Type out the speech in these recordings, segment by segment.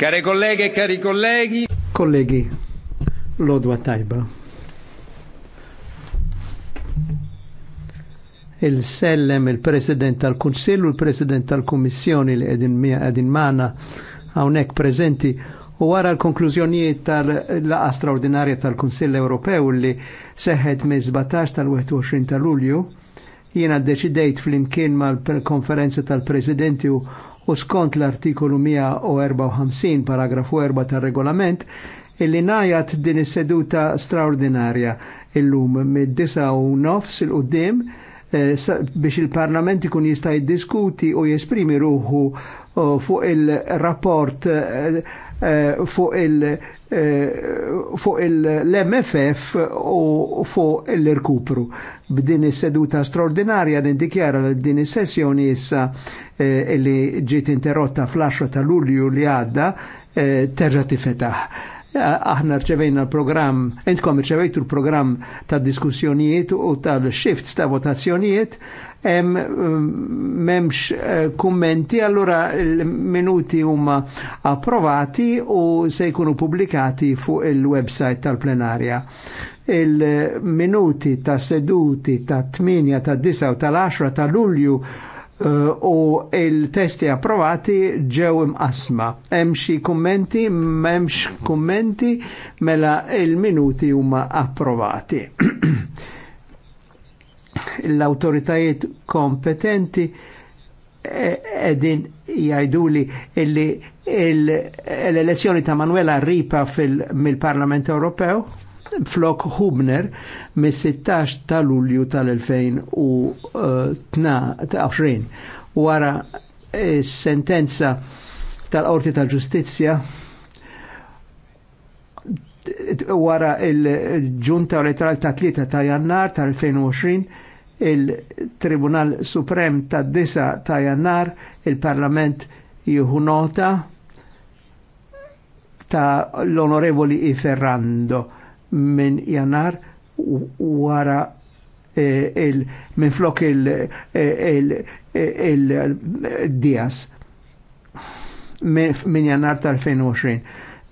Care colleghe e cari colleghi. Kollegi, lodwa tajba. Il-sellem, il-President tal-Kunsill u l-President tal-Kummissjoni li Edin mana għawnek prezenti u wara l-konklużjonijiet tal-laqa straordinarja tal-Kunsill Ewropew li seħed me 17 tal-21 tal-Lulju, jiena deċidejt fl-imkien mal-konferenza tal-Presidenti u u skont l-artikolu 154 paragrafu 4 tal-regolament illi najat din is-seduta straordinarja illum mid-9 u nofs il-qudiem eh, biex il-Parlament ikun jista' jiddiskuti u jesprimi ruħu eh, fuq il-rapport eh, fuq il Eh, fuq l-MFF u fuq l-irkupru. B'din is-seduta straordinarja nindikjara li din is-sessjoni issa eh, li ġiet interrotta fl-10 ta' Lulju li għadda eh, terġa' tifetaħ aħna rċevejna l-programm, entkom rċevejtu l-programm ta' diskussjonijiet u tal-shifts ta' votazzjonijiet memx eh, kummenti, allora il-minuti huma approvati u se jkunu pubblikati fuq il-website tal-plenarja. Il-minuti ta' seduti ta' 8, ta' 9 u tal-10 ta' lulju eh, u il-testi approvati ġew imqasma. Hemm xi kummenti, m'hemmx kummenti mela il-minuti huma approvati. l-autoritajiet kompetenti e, edin jajdu li l-elezzjoni ta' Manuela Ripa fil parlament Ewropew flok Hubner mis-16 ta' Lulju tal-2020 wara e, sentenza tal-Qorti tal-Ġustizzja wara il-ġunta elettorali ta' 3 ta' jannar tal-2020 il-Tribunal Suprem ta' disa ta' jannar il-Parlament juhu nota ta' l-Onorevoli Ferrando minn jannar wara eh, il, minn flok il-Dias eh, eh, minn jannar tal-2020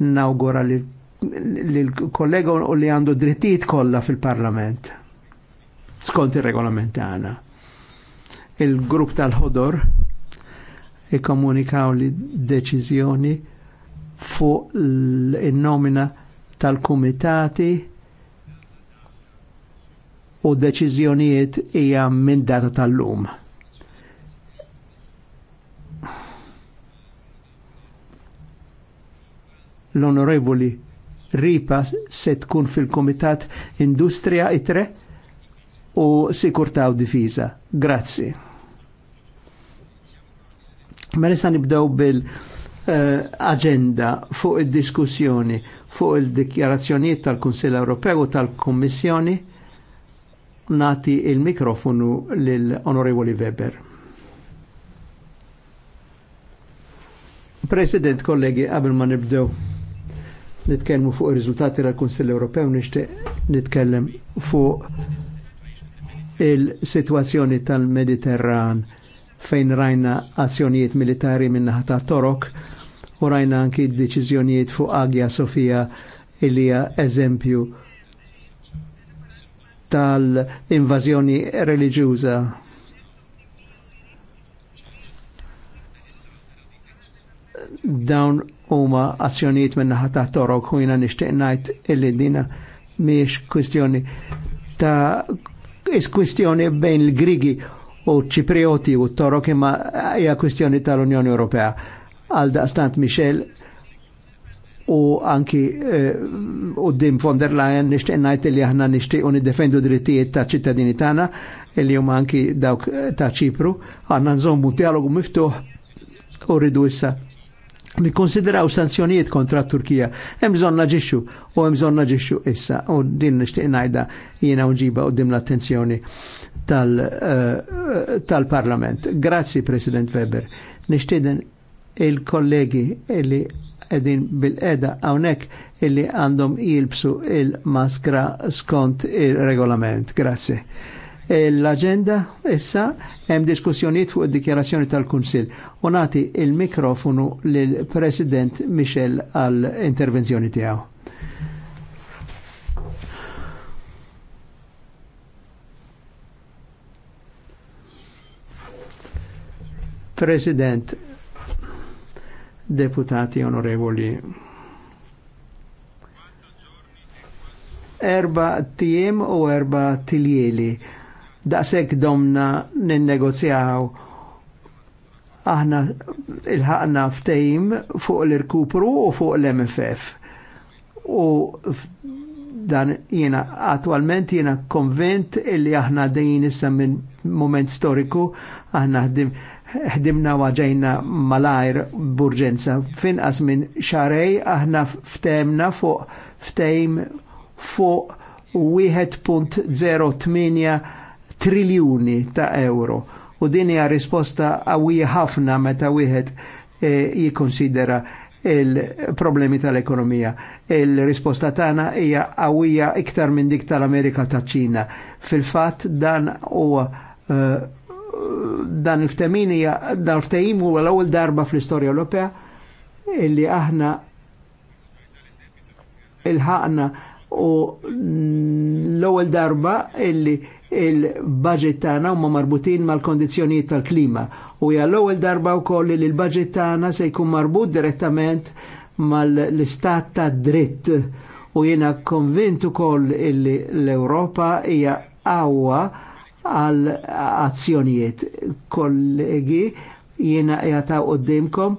nawgura li l-kollega u li għandu drittijiet kollha fil-Parlament skont il-regolament għana. Il-grupp tal-ħodor ikkomunikaw li deċiżjoni fuq il-nomina tal-kumitati u deċiżjonijiet hija minn data tal-lum. L-onorevoli Ripa se tkun fil-Komitat Industria Itre u sikurta u difiza. Grazzi. Ma nista' nibdew bil-agenda eh, fuq id-diskussjoni fuq il-dikjarazzjonijiet tal-Kunsill Ewropew u tal-Kummissjoni nati il-mikrofonu lill-Onorevoli Weber. President, kollegi, qabel ma nibdew nitkellmu fuq ir-riżultati tal-Kunsill Ewropew nixtieq nitkellem fuq il-situazzjoni tal-Mediterran fejn rajna azzjonijiet militari minnaħa ta' Torok u rajna anki deċiżjonijiet fuq Agja Sofija illi hija eżempju tal-invażjoni reliġjuża. Dawn huma azzjonijiet min-naħa ta' Torok u jiena nixtieq ngħid illi dina mhijiex kwistjoni ta' kwistjoni bejn il-Grigi u ċiprioti u t torok imma hija kwistjoni tal-Unjoni Ewropea. Għal daqstant Michel u anki eh, u dim von der Leyen nishtiq najt li aħna nishtiq u nidefendu drittijiet ta' ċittadini tagħna li huma anki dawk eh, ta' Ċipru, għandna nżommu dialogu miftuħ u rridu issa konsideraw sanzjonijiet kontra Turkija. Hemm bżonn naġixxu u hemm bżonn naġixxu issa u din nixtieq ngħidha jiena nġiba qudiem l-attenzjoni eh, tal-Parlament. Uh, tal Grazzi President Weber. Nixtieden il-kollegi li qegħdin bil-qeda hawnhekk illi għandhom jilbsu il-maskra skont il-regolament. Grazzi l-agenda issa hemm diskussjonijiet fuq id-dikjarazzjoni tal-Kunsill. U nagħti il-mikrofonu lil President Michel għall intervenzjoni tiegħu. President, deputati onorevoli, erba tiem u erba tiljeli Daqsek domna ninnegozjaw aħna il-ħaqna ftejim fuq l-irkupru u fuq l-MFF. U dan jena attualment jena konvent illi aħna dejjin issa minn moment storiku aħna ħdim ħdimna waġajna malajr burġenza. Finqas minn xarej aħna ftemna fuq ftejm fuq 1.08 triljuni ta' euro. U din hija risposta qawwija ħafna meta wieħed jikonsidera eh, jikkonsidera il-problemi tal-ekonomija. Il-risposta tagħna hija qawwija iktar minn dik tal-Amerika ta' ċina Fil-fatt dan huwa eh, dan il-ftemin hija dan il-ftehim huwa l-ewwel darba fl-istorja Ewropea illi aħna il-ħaqna u l-ewwel darba illi il-budget tagħna huma marbutin mal-kondizzjonijiet tal-klima u jallow il ewwel darba wkoll li l-budget tagħna se jkun marbut direttament mal-istat ta' dritt u jiena konvint ukoll li l-Ewropa hija qawwa għal azzjonijiet. Kollegi jiena jataw qoddimkom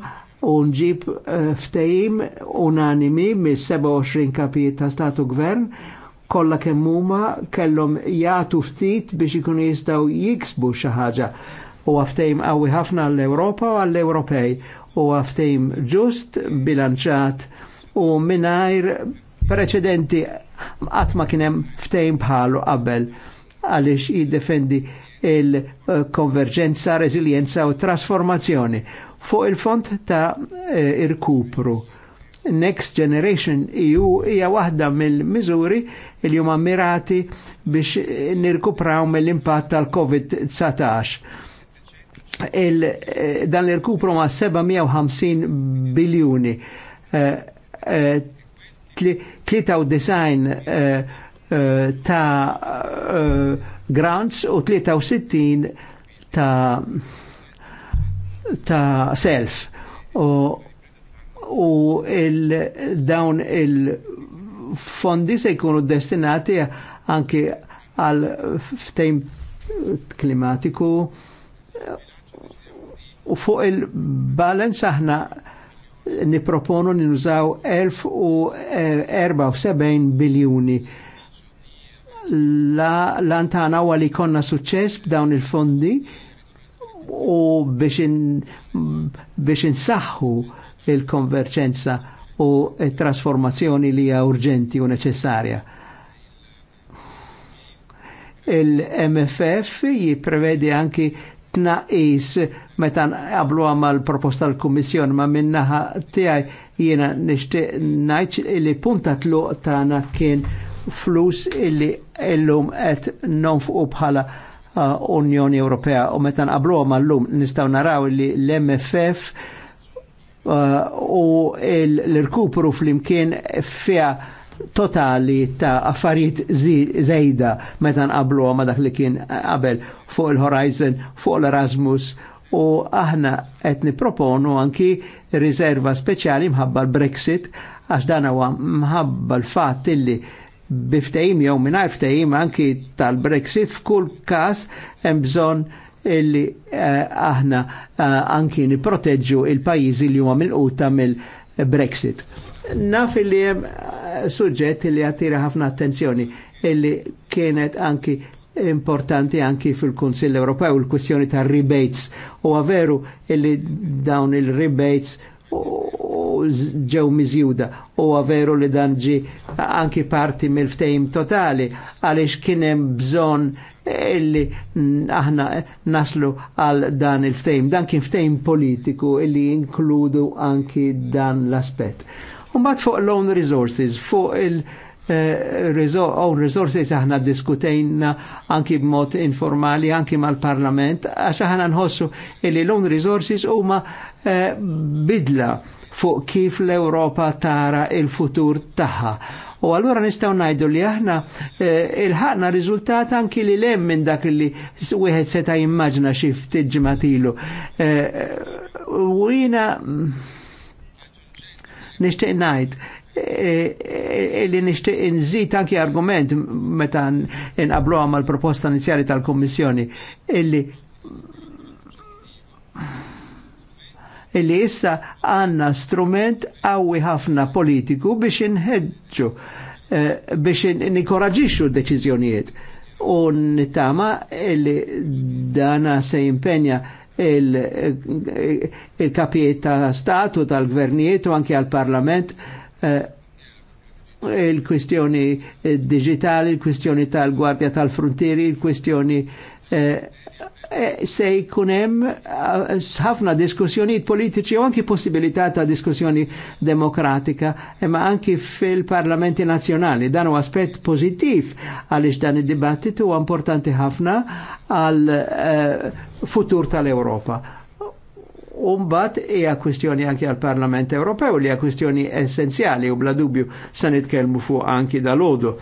u nġib eh, ftehim unanimi mis-27 kapijiet ta' statu gvern kollha kemm huma kellhom jagħtu ftit biex ikunu jistgħu jiksbu xi ħaġa. U għaftejm qawwi ħafna għall-Ewropa u għall-Ewropej u għaftejm ġust bilanċat u minajr preċedenti għatma kienem ftejm bħalu qabel għalix jiddefendi il-konverġenza, rezilienza u trasformazzjoni fuq il-font ta' eh, irkupru. Next Generation EU hija waħda mill-miżuri li huma mirati biex nirkupraw mill-impatt tal-COVID-19. Eh, dan l-irkupru ma' 750 biljuni. Eh, eh, design ta' grants u 63 ta' ta' self u il dawn il-fondi se jkunu destinati anki għal ftejm klimatiku u fuq il-balance aħna niproponu ninużaw 1074 biljuni l-antana għal ikonna konna suċċess b'dawn il-fondi u biex in, biex insaħħu il-konverġenza u trasformazzjoni li hija urġenti u neċessarja. Il-MFF jipprevedi anki tnaqis meta qablu għamal proposta l-Kummissjon ma minnaħa tiegħi jiena nixtieq ngħid li punta tluq tagħna kien flus illi illum qed nonfqu bħala uh, Unjoni Ewropea u meta nqablu għamal lum nistgħu naraw li l-MFF u l-irkupru fl-imkien fija totali ta' affarijiet zejda meta nqablu ma dak li kien qabel fuq il-Horizon, fuq l-Erasmus u aħna qed niproponu anki riserva speċjali mħabba l-Brexit għax dan huwa mħabba l-fatt illi biftejim jew mingħajr ftehim anki tal-Brexit f'kull każ hemm bżonn illi eh, aħna eh, anki niproteġġu il-pajjiżi li huma milquta mill-Brexit. Naf li hemm eh, suġġett li attira ħafna attenzjoni illi kienet anki importanti anki fil-Kunsill Ewropew il-kwestjoni ta' rebates u għaveru illi dawn il-rebates ġew miżjuda u għaveru li dan ġi anki parti mill-ftejm totali għaliex kienem bżonn illi aħna naslu għal dan il-ftejm. Dan kien ftejm politiku illi inkludu anki dan l-aspet. Umbat fuq l-own resources, fuq il- eh, own resources aħna diskutejna anki b'mod informali, anki mal-parlament, għax aħna nħossu illi l-own resources huma eh, bidla fuq kif l-Europa tara il-futur taħħa U allura nistgħu ngħidu li aħna eh, l-ħakna riżultat anki li lem minn dak li wieħed seta' jimmaġna xi ftit ġimatilu. Eh, u jina mm, nixtieq ngħid eh, li nixtieq inżid anki argument meta inqabluha mal-proposta inizjali tal-Kummissjoni illi illi issa għanna strument għawi ħafna politiku biex inħedġu, eh, biex nikoraġiċu deċizjonijiet. U nittama illi dana se jimpenja eh, il-kapijiet il ta' statu tal-gvernijiet u anki għal-parlament eh, il-kwistjoni digitali, il-kwistjoni tal-gwardja tal-frontieri, il-kwistjoni eh, Eh, se jkunem eh, ħafna diskussjonijiet politiċi u anki possibilità ta' diskussjoni demokratika, imma anki fil-parlamenti nazjonali. Dan u aspett pozittiv għaliex dan id-dibattitu u importanti ħafna għal eh, futur tal-Europa. Umbat hija kwistjoni anki għal Parlament Ewropew li hija kwistjoni essenzjali u bla dubju se nitkellmu fuq anki dal-għodu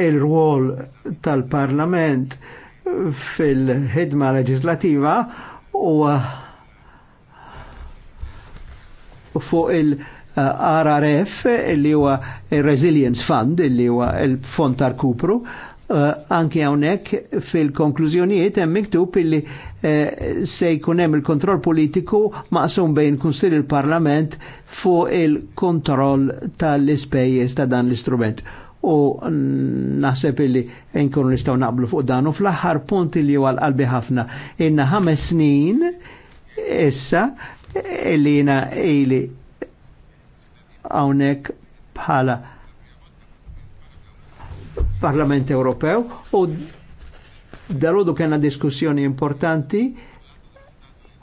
il ruol tal-Parlament fil-ħidma leġislativa u uh, fuq il-RRF li huwa il-Resilience Fund li huwa il-fond tal-kupru uh, anki hawnhekk fil-konklużjonijiet hemm miktub illi uh, se jkun hemm il-kontroll politiku maqsum bejn kunsill il-Parlament fuq il-kontroll tal-ispejjeż ta' dan l-istrument u naħseb illi nkunu nistgħu naqblu fuq dan u fl-aħħar punt li huwa qalbi ħafna inna ħames snin issa illi jiena ili hawnhekk bħala Parlament Ewropew u darodu kena diskussjoni importanti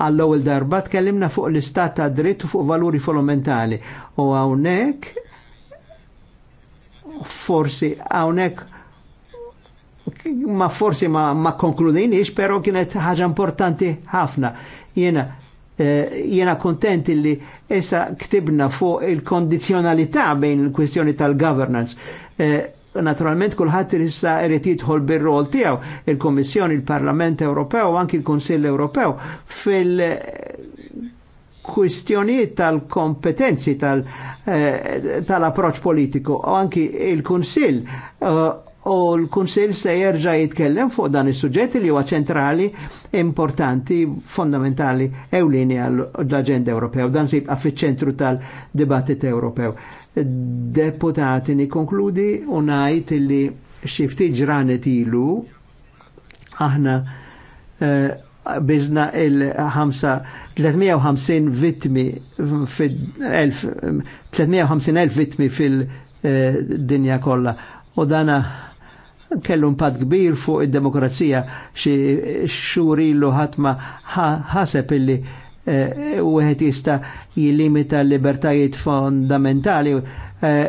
għall-ewwel darba tkellimna fuq l-istat ta' dritt u fuq valuri fondamentali. U hawnhekk forsi hawnhekk ma forsi ma, ma konkludinix, pero kienet ħaġa importanti ħafna. Jena eh, jena kontent li essa ktibna fuq il-kondizjonalità bejn il-kwestjoni tal-governance. Eh, naturalment kulħadd issa irid jidħol bir-rol tiegħu il-Kommissjoni, il-Parlament Ewropew u anki il-Kunsill Ewropew fil- kwistjonijiet tal-kompetenzi eh, tal-approċ politiku u anki il kunsil eh, u l-Kunsill se jerġa' jitkellem fuq dan is suġġetti li huwa ċentrali importanti, fondamentali ewlieni għall-Aġenda Ewropew. Dan si jibqa' fiċ-ċentru tal-dibattit Ewropew. Deputati konkludi u ngħid li xi ftit ġranet ilu aħna eh, bizna il-350 vittmi fil-350.000 vittmi fil-dinja eh, kollha. U dana kellu pad kbir fuq id-demokrazija xi xurilu ħatma ħaseb illi u eh, għed jista jilimita l-libertajiet fondamentali. Eh,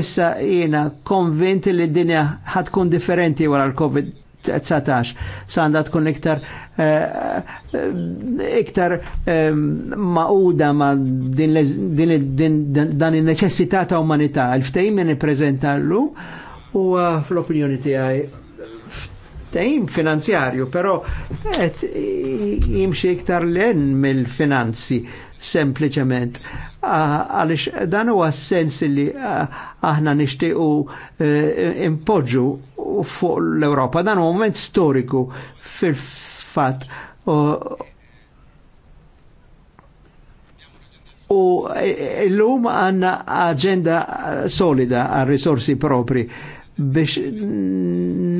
issa jena konvinti li d-dinja ħatkun differenti wara l-Covid-19 19 sanda tkun iktar eh, eh, iktar eh, maquda ma dan il-neċessità ta' umanità. Il-ftejn minn prezentallu u fl-opinjoni tiegħi ftehim finanzjarju, però qed jimxi iktar len mill-finanzi sempliciment. għalix dan huwa sens li aħna nixtiequ e, impoġġu fuq l-Ewropa. Dan huwa moment storiku fil fat u e, l-lum għanna agenda solida għal risorsi propri biex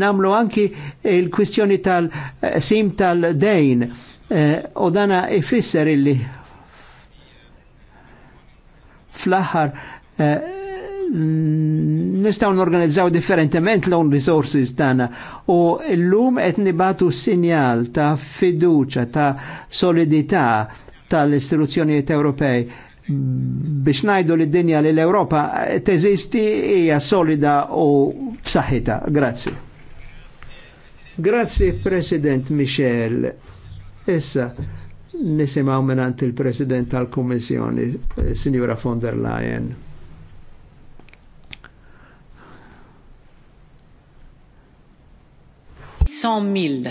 namlu anki il-kwistjoni tal-sim tal-dejn e, u dana ifisser illi fl-aħħar eh, nistaw n-organizzaw differentiment l-own resources tana u l-lum et nibatu sinjal ta' fiduċa, ta' solidità tal-istituzzjonijiet Ewropej biex najdu li dinja li l-Europa teżisti hija solida u b'saħħitha. Grazzi. Grazzi President Michel. Issa, nisimaw menant il-President tal-Kommissjoni, eh, Signora von der Leyen. mil.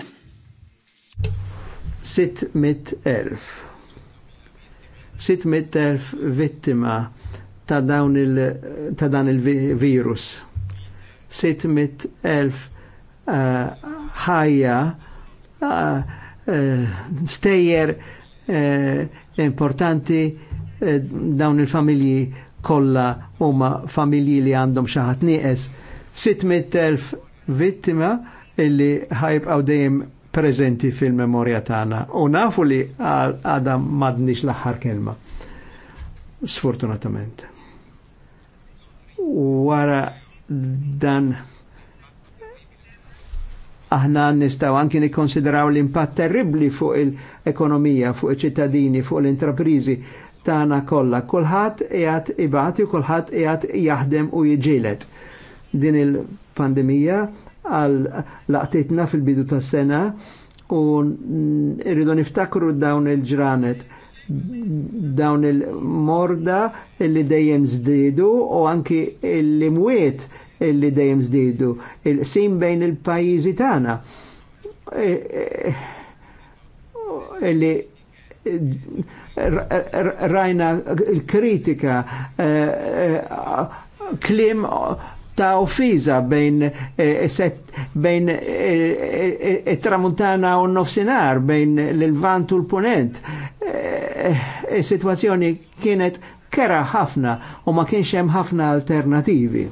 Sitt mit elf. Sitt mit elf vittima ta' il, ta dan il-virus. Sitt mit elf eh, ħajja uh, Eh, stejjer eh, importanti eh, dawn il-familji kollha huma familji li għandhom xaħat nieqes 600,000 vittima illi ħajbqgħu dejjem prezenti fil-memorja tagħna u nafu li għadha m'għadniex l-aħħar kelma. Sfortunatament. Wara dan aħna nistaw anki nikkonsideraw l-impatt terribli fuq il-ekonomija, fuq il-ċittadini, fuq l-intraprizi tana kolla. Kulħat jgħat u kulħadd jgħat jaħdem u jiġilet. Din il-pandemija għal laqtitna fil-bidu tas sena u irridu niftakru dawn il-ġranet dawn il-morda illi dejjem zdidu u anki il-limwiet il imwiet il li dejjem żdiedu, il-sim bejn il-pajjiżi tagħna. E, e, illi e, rajna il-kritika klim ta' ofiza bejn bejn tramuntana u nofsinar bejn l-vant u l-ponent. Situazzjoni kienet kera ħafna u ma kienx hemm ħafna alternativi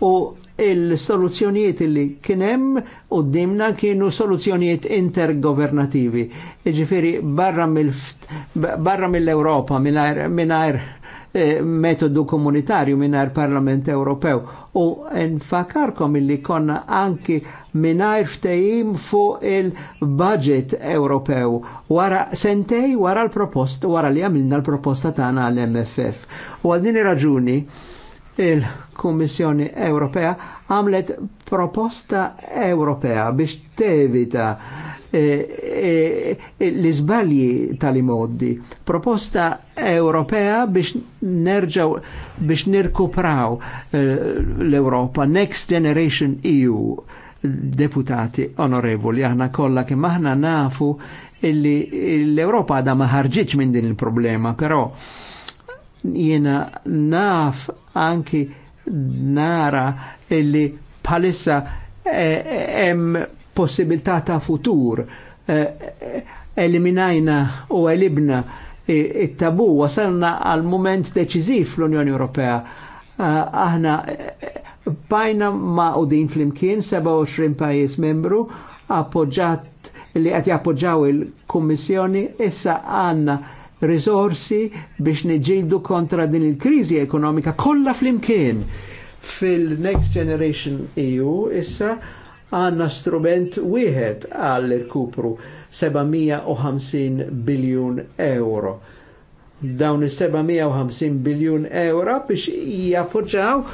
u il-soluzzjonijiet li kienem u dimna kienu soluzzjonijiet intergovernativi. Iġifiri barra mill-Europa, mil minar, eh, metodu komunitarju minar Parlament Ewropew u nfakarkom illi konna anki minar ftejim fuq il-budget Ewropew wara sentej wara l-proposta wara li għamilna l-proposta tagħna għall-MFF. U għal din raġuni il kommissjoni Ewropea għamlet proposta Ewropea biex tevita eh, eh, eh, l-izbalji tal-imoddi. Proposta Ewropea biex nerġaw biex nirkupraw l-Europa Next Generation EU deputati onorevoli aħna kolla kemm aħna nafu illi l-Europa għada ma ħarġitx minn din il-problema, però jiena naf anki nara illi palissa hemm eh, eh, possibilità ta' futur eh, eliminajna u elibna it-tabu wasalna għal moment deċiżiv fl-Unjoni Ewropea. Aħna bajna ma' u din fl-imkien 27 pajis membru appoġġat li qed jappoġġaw il-Kummissjoni issa għandna risorsi biex niġildu kontra din il-kriżi ekonomika kollha flimkien fil-Next Generation EU issa għanna strument wieħed għall kupru 750 biljun euro. Dawn is 750 biljun euro biex jappoġġaw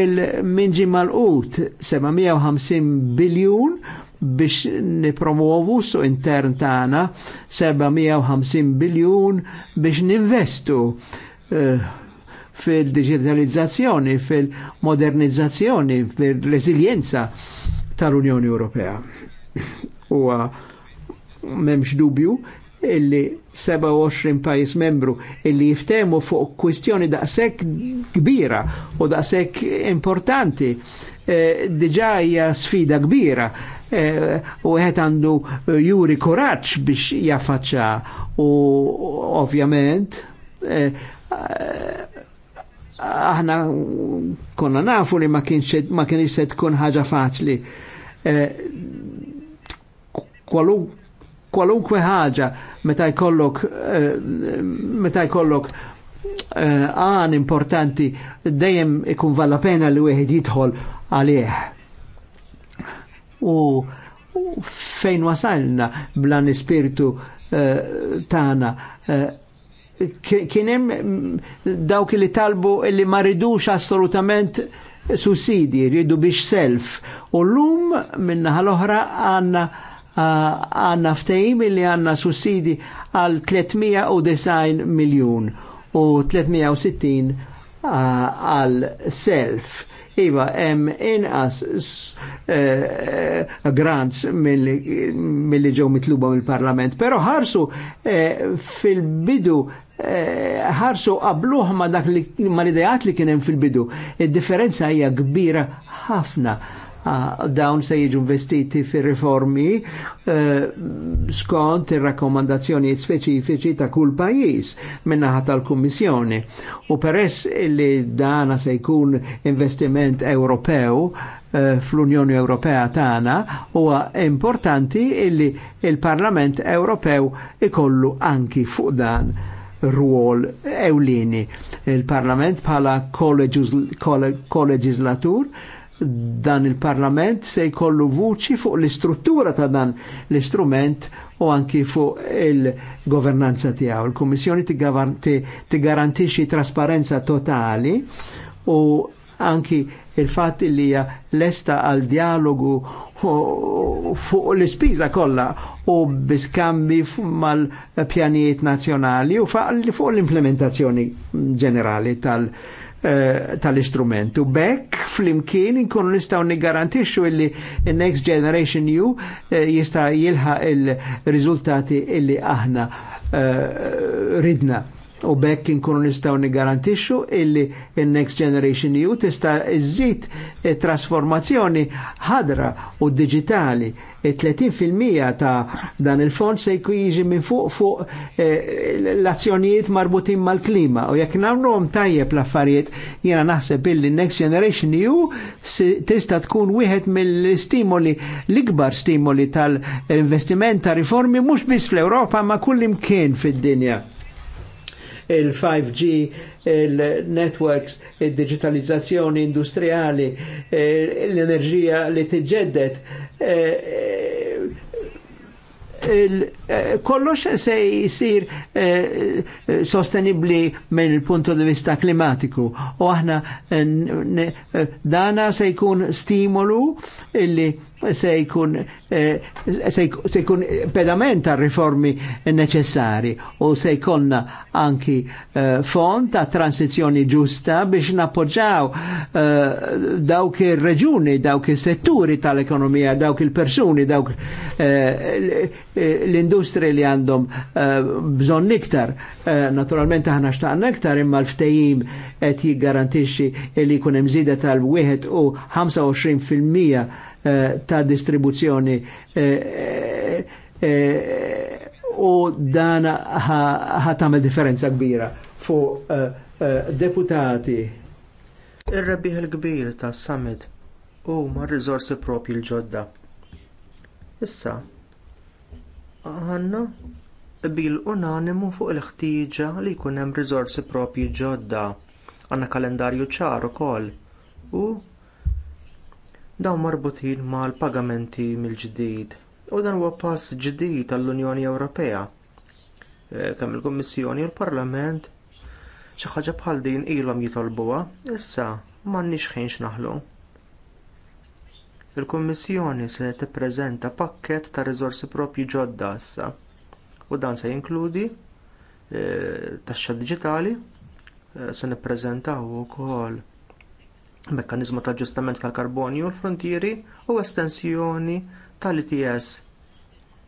il-minġi mal-qut 750 biljun biex nipromovu su intern tana 750 biljun biex ninvestu eh, fil-digitalizzazzjoni, fil-modernizzazzjoni, fil-reżiljenza tal-Unjoni Ewropea. U memx dubju illi 27 pajis membru illi jiftemu fuq kwistjoni daqsek kbira u daqsek importanti. E, eh, Diġa hija sfida kbira Eh, u għed għandu eh, juri kuraċ biex jaffaċċa u ovvjament eh, aħna konna nafu li ma kienx se tkun ħaġa faċli. Kwalunkwe ħaġa meta jkollok għan importanti dejjem ikun valla pena li wieħed jidħol għalih u fejn wasalna blan ispiritu uh, eh, tana uh, kienem mm, dawk li talbu li ma ridux assolutament sussidi, ridu biex self. U l-lum minna l-oħra għanna eh, għanna ftejim li għanna sussidi għal 390 miljon u 360 għal self Iva, hemm inqas eh, grants mill-li ġew mitluba mill-Parlament, però ħarsu eh, fil-bidu eh, ħarsu e, qabluħ ma dak li ma l-idejat li kienem fil-bidu. Id-differenza hija kbira ħafna. Ah, dawn se jiġu investiti fi riformi eh, skont ir-rakkomandazzjoni speċifiċi ta' kull pajjiż minnaħa tal-Kummissjoni. U peress li dana se jkun investiment Ewropew, eh, fl-Unjoni Ewropea tagħna huwa importanti illi il-Parlament Ewropew ikollu anki fuq dan ruol ewlieni. Il-Parlament bħala koleġislatur dan il-parlament se jkollu vuċi fuq l-istruttura ta' dan l-istrument u anki fuq il-governanza tiegħu. Il-Kummissjoni tigarantixxi trasparenza totali u anki il-fatt li hija lesta għal dialogu fuq l-ispiża kollha u biskambi mal-pjanijiet nazzjonali u fuq l-implementazzjoni ġenerali tal- Eh, tal-istrumentu. Bekk flimkien inkunu nistaw nigarantixxu illi Next Generation U eh, jista jilħa il-riżultati illi aħna eh, ridna. U bekk inkunu nistaw nigarantixxu illi Next Generation U tista' iżid trasformazzjoni ħadra u digitali 30% ta' dan il-fond se jiġi minn fuq fuq eh, l-azzjonijiet marbutin mal-klima u jekk nagħmluhom tajjeb l-affarijiet jiena naħseb billi Next Generation EU tista' tkun wieħed mill-stimoli l-ikbar stimoli tal-investiment ta' riformi mhux biss fl-Ewropa ma' kull imkien fid-dinja il-5G, il-networks, il-digitalizzazzjoni industriali, eh, l-enerġija li tiġġeddet kollox se jisir eh, sostenibli minn il-punto di vista klimatiku u aħna eh, eh, dana se jkun stimolu illi se jkun eh, se jkun pedament ta' riformi neċessari u se jkonna anki eh, fond ta' transizjoni ġusta biex nappoġġaw eh, dawk il reġuni dawk il setturi tal-ekonomija, dawk il-persuni, dawk l-industri li għandhom bżonn iktar. Naturalment aħna xtaqna iktar imma l-ftejim qed jiggarantixxi li jkun hemm tal-1 u 25 fil-mija Eh, ta' distribuzzjoni eh, eh, u dan ħatamel differenza kbira fuq deputati. Ir-rebbieħ il-kbir ta' summit u ma' rizorsi propi l-ġodda. Issa, għanna bil unanimu fuq il-ħtieġa li jkun hemm riżorsi propri ġodda għandna kalendarju ċar ukoll u dawn marbutin mal-pagamenti mill-ġdid u dan huwa pass ġdid għall-Unjoni Ewropea. E, kemm il-Kummissjoni u l-Parlament xi ħaġa bħal din ilhom jitolbuha, issa m'għandniex ħin x'naħlu. Il-Kummissjoni se tippreżenta pakkett ta' riżorsi propji ġodda issa u dan se jinkludi e, taxxa diġitali e, se nippreżentaw ukoll mekkanizmu ta' ġustament tal-karbonju l-frontieri u estensjoni tal-ITS.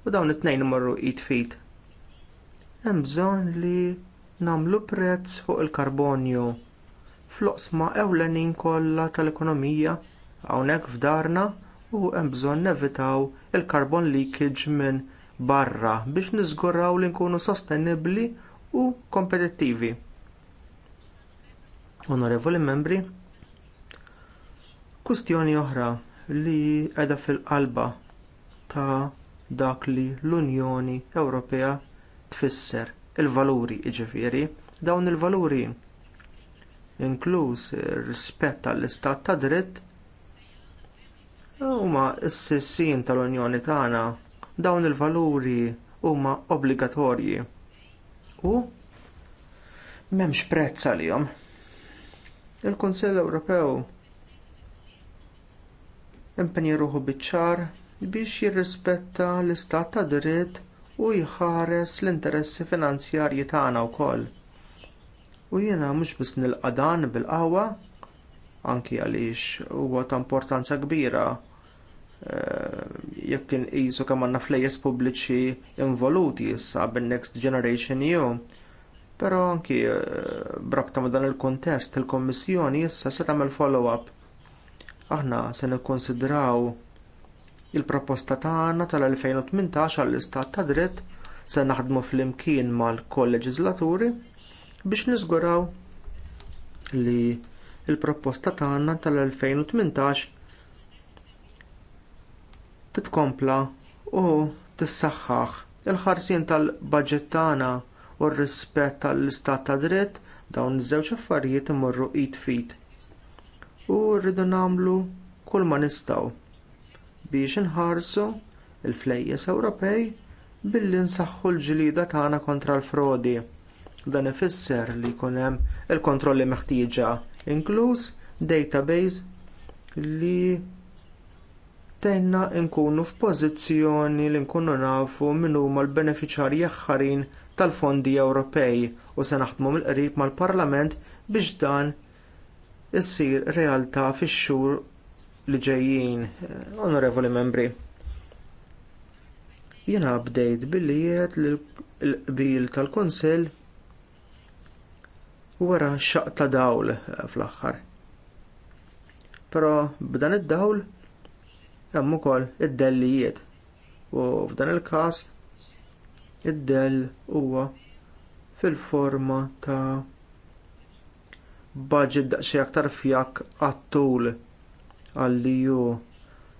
U dawn it-tnejn imorru it-fit. Hemm bżonn li nagħmlu prezz fuq il-karbonju fl-oqsma ewlenin kollha tal-ekonomija hawnhekk f'darna u hemm bżonn nevitaw il karbon leakage minn barra biex niżguraw li nkunu sostenibbli u kompetittivi. Onorevoli membri, Kustjoni oħra li qiegħda fil-qalba ta' dak li l-Unjoni Ewropea tfisser il-valuri jiġifieri, dawn il-valuri inkluż ir rispett tal-istat ta' dritt huma s-sissin tal-Unjoni tagħna dawn il-valuri huma obbligatorji u m'hemmx prezz għalihom. il kunsill Ewropew impenja ruħu biċ-ċar biex jirrispetta l-istat ta' dritt u jħares l-interessi finanzjarji tagħna wkoll. U jiena mhux biss nilqa' dan bil-qawwa, anki għaliex huwa ta' importanza kbira eh, jekk inqisu kemm għandna flejjes pubbliċi involuti issa bin-Next Generation EU. Però anki eh, brabta ma' dan il kuntest il-Kommissjoni issa se tagħmel follow-up Aħna se nikkonsidraw il-proposta tagħna tal-2018 għall-Istat ta' dritt se naħdmu flimkien mal-kolleġislaturi biex niżguraw li l proposta tagħna tal-2018 titkompla u tissaħħaħ il ħarsien tal-baġġett tagħna u r-rispett tal-istat ta' dritt dawn iż-żewġ affarijiet imorru id fit u rridu nagħmlu kull ma nistgħu biex inħarsu l flejjes Ewropej billi nsaħħu l-ġlieda tagħna kontra l-frodi. Dan ifisser li jkun hemm il-kontrolli meħtieġa inkluż database li tejna nkunu f'pożizzjoni li nkunu nafu min huma l benefiċjarji aħħarin tal-fondi Ewropej u se naħdmu mill-qrib mal-Parlament biex dan issir realtà fix-xhur li ġejjin. Onorevoli membri, jiena bdejt billi jgħid l-qbil tal-Kunsill wara xaq ta' dawl eh, fl-aħħar. Però b'dan id-dawl hemm ukoll id-dellijiet u f'dan il-każ id-dell huwa fil-forma ta' budget daqsxejn aktar fjak għat-tul għall-EU.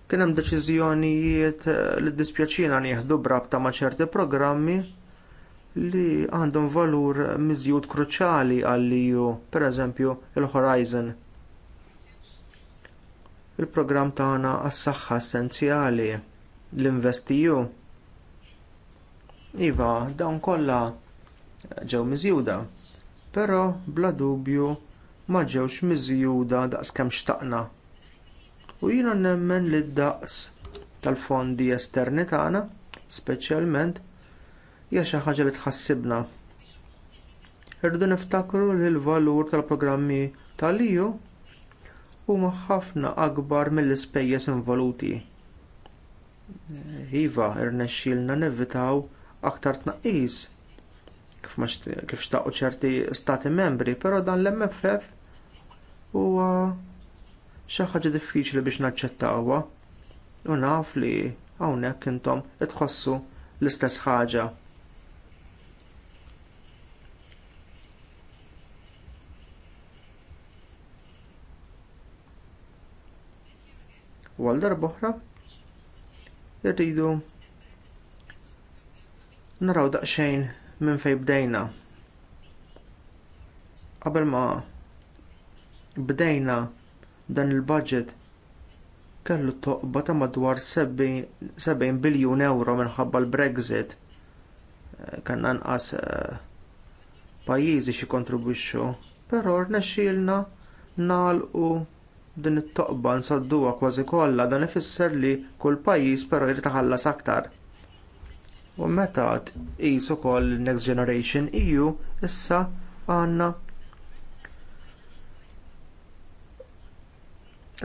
Kien hemm deċiżjonijiet eh, li dispjaċina nieħdu brabta ma' ċerti programmi li għandhom valur miżjud kruċjali għall-EU, pereżempju il-Horizon. Il-programm tagħna għas-saħħa essenzjali l-investiju. E iva, dawn kollha ġew miżjuda, però bla dubju ma ġewx miżjuda daqskemm xtaqna. U jiena nemmen li d-daqs tal-fondi esterni tagħna, speċjalment, hija xi ħaġa li tħassibna. Irridu niftakru li l-valur tal-programmi tal-EU huma ħafna akbar mill-ispejjeż involuti. Iva, rnexxielna nevitaw aktar tnaqqis kif xtaqgħu ċerti stati membri, però dan l-MFF huwa xi ħaġa diffiċli biex naċċettawha u naf li hawnhekk intom itħossu l-istess ħaġa. U għal darba irridu naraw daqsxejn minn fejn bdejna qabel ma' bdejna dan il-budget kellu toqba ta' madwar 70 biljun euro minħabba l-Brexit. Eh, Kanna nqas eh, pajjiżi xi kontribwixxu, però rnexxielna nagħlqu din it-toqba nsadduha kważi kollha dan ifisser li kull pajjiż però jrid iħallas aktar. U meta qis ukoll Next Generation EU issa għandna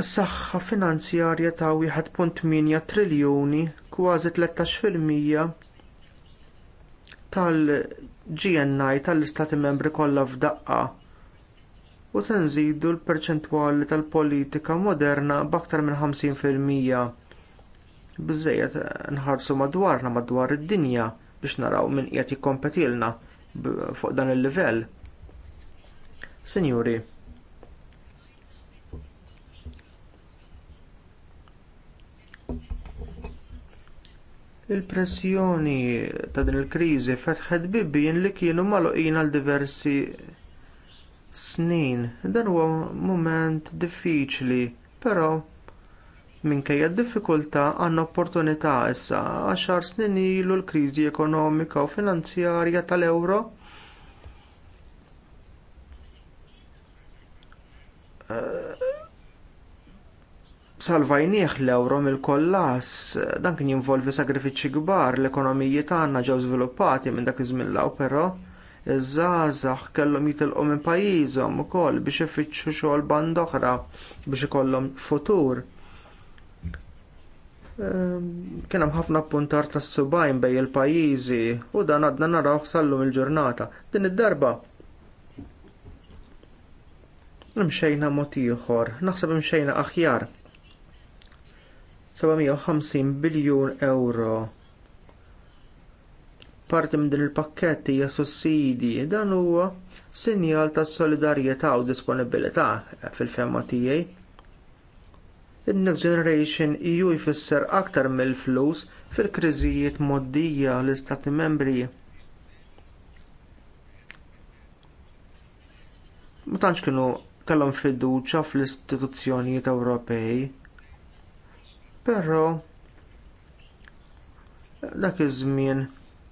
s-saxħa finanzjarja ta' 1.8 triljuni kważi 13% tal-GNI tal-Istati membri kollha f'daqqa u se nżidu l-perċentwali tal-politika moderna b'aktar minn 50%. Biżżejjed nħarsu madwarna madwar id-dinja biex naraw min qiegħed jikkompetilna fuq dan il-livell. Sinjuri, Il-pressjoni ta' din il-kriżi fetħet bibien li kienu maluqin għal diversi snin. Dan huwa mument diffiċli, però minkejja d-diffikultà għandna opportunità issa għaxar snin ilu l-kriżi ekonomika u finanzjarja tal ewro uh, eh, salvajnieħ l-euro mill-kollass, dan kien jinvolvi sagrifiċċji kbar l-ekonomiji tagħna ġew żviluppati minn dak iż-żmien però iż-żgħażagħ kellhom jitilqu minn pajjiżhom ukoll biex ifittxu xogħol band oħra biex ikollhom futur. Ehm, kien hemm ħafna appuntar tas-subajn bejn il-pajjiżi u dan għadna naraw sallum il-ġurnata. Din id-darba imxejna mod ieħor, naħseb imxejna aħjar 750 biljun euro. Parti minn din il-pakketti hija sussidji dan huwa sinjal ta' solidarjetà u disponibilità fil-femma tiegħi. In-next generation EU jfisser aktar mill-flus fil-kriżijiet moddija l-istati membri ma tantx kienu kellhom fiduċja fl-istituzzjonijiet Ewropej Però dak iż-żmien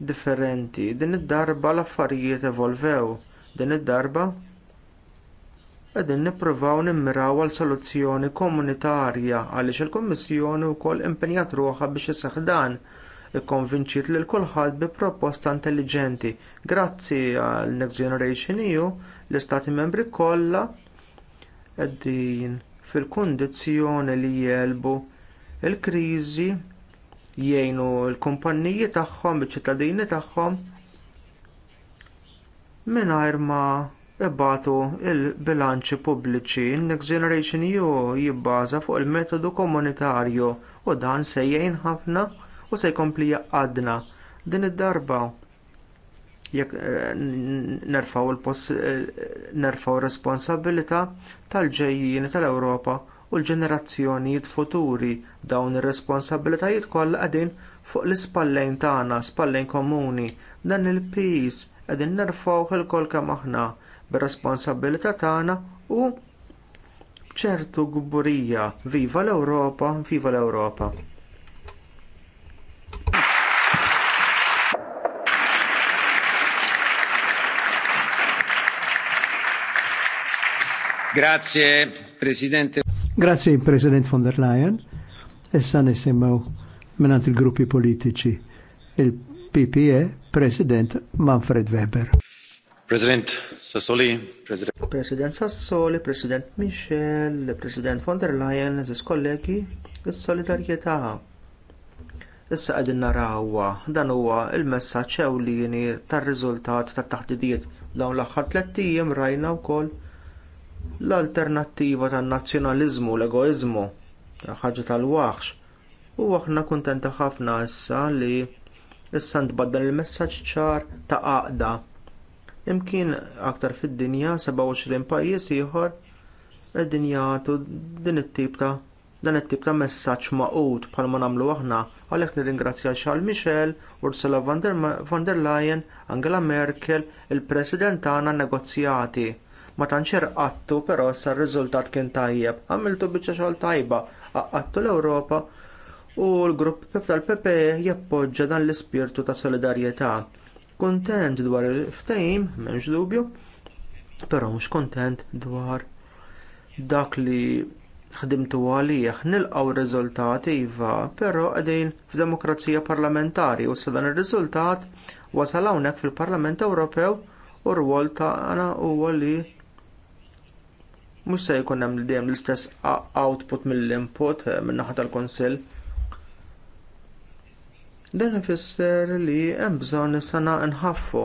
differenti. Din id-darba l-affarijiet evolvew. Din id-darba qegħdin nippruvaw nimmiraw għal soluzzjoni komunitarja għaliex il-Kummissjoni wkoll impenjat ruħa biex isseħħ dan li lil kulħadd bi proposta intelligenti. Grazzi għal Next Generation EU, l-Istati membri kollha qegħdin fil kundizzjoni li jelbu il-kriżi jgħinu l-kumpanniji tagħhom, iċ-ċittadini tagħhom mingħajr ma ibatu l bilanċi pubbliċi. Next Generation EU jibbaża fuq il-metodu komunitarju u dan se jgħin ħafna u se jkompli jaqadna din id-darba jekk eh, nerfaw il-responsabilità eh, tal-ġejjin tal-Ewropa u l-ġenerazzjonijiet futuri dawn ir-responsabbiltajiet kollha qegħdin fuq l-ispallejn tagħna, spallejn komuni, dan il-pis qegħdin nerfgħu lkoll kemm aħna bir-responsabilità tagħna u ċertu gburija. Viva l-Ewropa, viva l-Ewropa. Grazie Presidente. Grazzi President von der Leyen. Issa nisimgħu minant il-gruppi politiċi. Il-PPE, President Manfred Weber. President Sassoli, President. President Sassoli, President Michel, President von der Leyen, eżis kollegi, is solidarieta Issa qegħdin narawha dan huwa il-messaġġ ewlieni tar-riżultat tat-taħdidiet dawn l-aħħar tlettijem rajna rajna wkoll l-alternattiva tan-nazzjonaliżmu u l-egoiżmu ħaġa tal-waħx. U aħna kuntenta ħafna issa li issa ntbaddal il-messaġġ ċar ta' għaqda. Imkien aktar fid-dinja 27 pajjiż ieħor qegħdin jagħtu din it-tip ta' dan it-tip ta' messaġġ maqut ma nagħmlu aħna għalhekk nirringrazzja Charles Michel, Ursula von der, von der Leyen, Angela Merkel, il-President tagħna negozjati Ma tantx irqattu però sa r-riżultat kien tajjeb. Għamiltu biċċa xogħol tajba, aqattu l-Ewropa u l-grupp tal-PP e jappoġġa dan l-ispirtu ta' solidarjetà. Kuntent dwar il-ftejm, m'hemmx dubju, però mhux kuntent dwar dak li ħdimtu għalih nilqgħu r riżultat iva, però qegħdin f'demokrazija parlamentari u sadan ir-riżultat wasal hawnhekk fil-Parlament Ewropew u r-rwol tagħna huwa li Mhux se jkun hemm dejjem l-istess output mill-input eh, min naħa tal-Kunsill. Dan ifisser li hemm bżonn is nħaffu.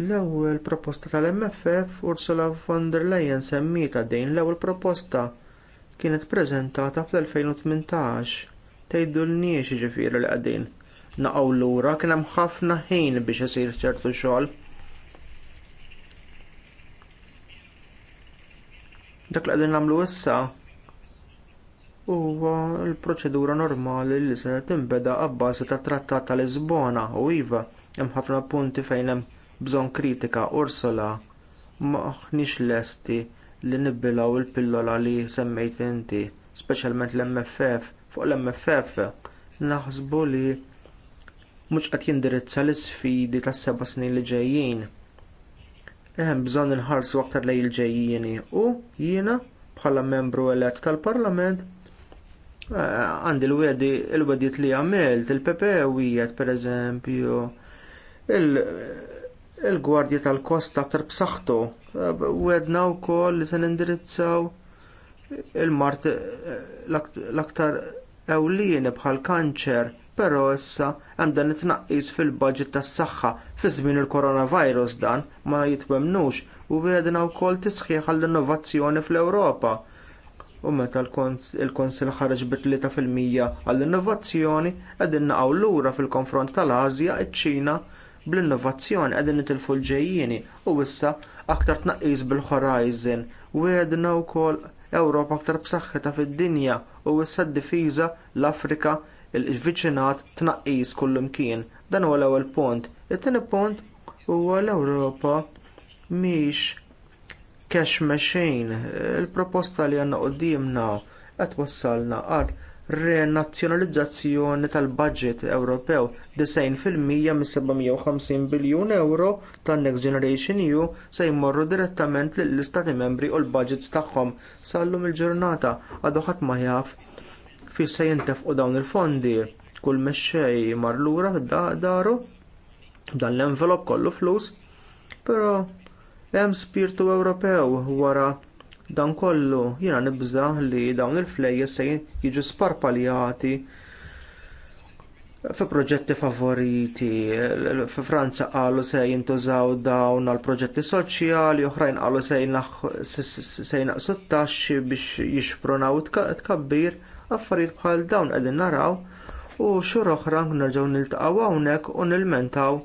L-ewwel proposta tal-MFF Ursula von der Leyen semmita din l-ewwel proposta kienet preżentata fl-2018 tgħidulniex jiġifieri li qegħdin naqgħu lura kien hemm ħafna ħin biex isir ċertu xogħol Dak li qegħdin nagħmlu issa huwa l-proċedura normali li se tinbeda abbażi tat Trattat ta' Lisbona u iva hemm ħafna punti fejn hemm bżonn kritika Ursola maħniex lesti li nibbilaw il-pillola li semmejt inti, speċjalment l-MFF fuq l-MFF naħsbu li mhux qed jindirizza l isfidi tas seba' snin li ġejjin hemm bżonn inħarsu aktar lejn il-ġejjieni u jiena bħala membru elett tal-Parlament eh, għandi l-wedi l li għamilt il-PP e wiegħed pereżempju il-gwardja tal-kosta aktar b'saħħtu eh, wedna wkoll li se nindirizzaw il-mart eh, l-aktar ewlieni bħal kanċer però issa hemm dan it-tnaqqis fil-budget tas-saħħa fi żmien il-coronavirus dan ma jitwemmnux u għedna wkoll tisħiħ għall-innovazzjoni fl-Ewropa. U meta l-Konsil ħareġ bi 3% għall-innovazzjoni qegħdin naqgħu lura fil-konfront tal-Asja iċ-Ċina bl-innovazzjoni qegħdin nitilfu l-ġejjieni u issa aktar tnaqqis bil-horizon u għedna wkoll Ewropa aktar b'saħħitha fid-dinja u issa d-difiża l-Afrika il-viċinat tnaqqis kullimkien. Dan huwa l-ewwel punt. It-tieni punt huwa l-Ewropa mhix cash mexejn il-proposta li għandna qudiemna qed wassalna għal renazzjonalizzazzjoni tal-budget Ewropew 90% mis-750 biljun euro tan Next Generation EU se jmorru direttament lill istati membri u l-budgets tagħhom sal-lum il-ġurnata għadu ħadd ma jaf fis se jintefqu dawn il-fondi kull mexxej mar lura daru dan l-envelop kollu flus, però hemm spirtu Ewropew wara dan kollu jiena nibża li dawn il-flejjes se jiġu sparpaljati fi proġetti favoriti, fi Franza qalu se jintużaw dawn għal proġetti soċjali, oħrajn qalu se jnaqsu t-taxxi biex jixpronaw tkabbir affarijiet bħal dawn qegħdin naraw u xhur oħra nerġgħu niltaqgħu hawnhekk u nilmentaw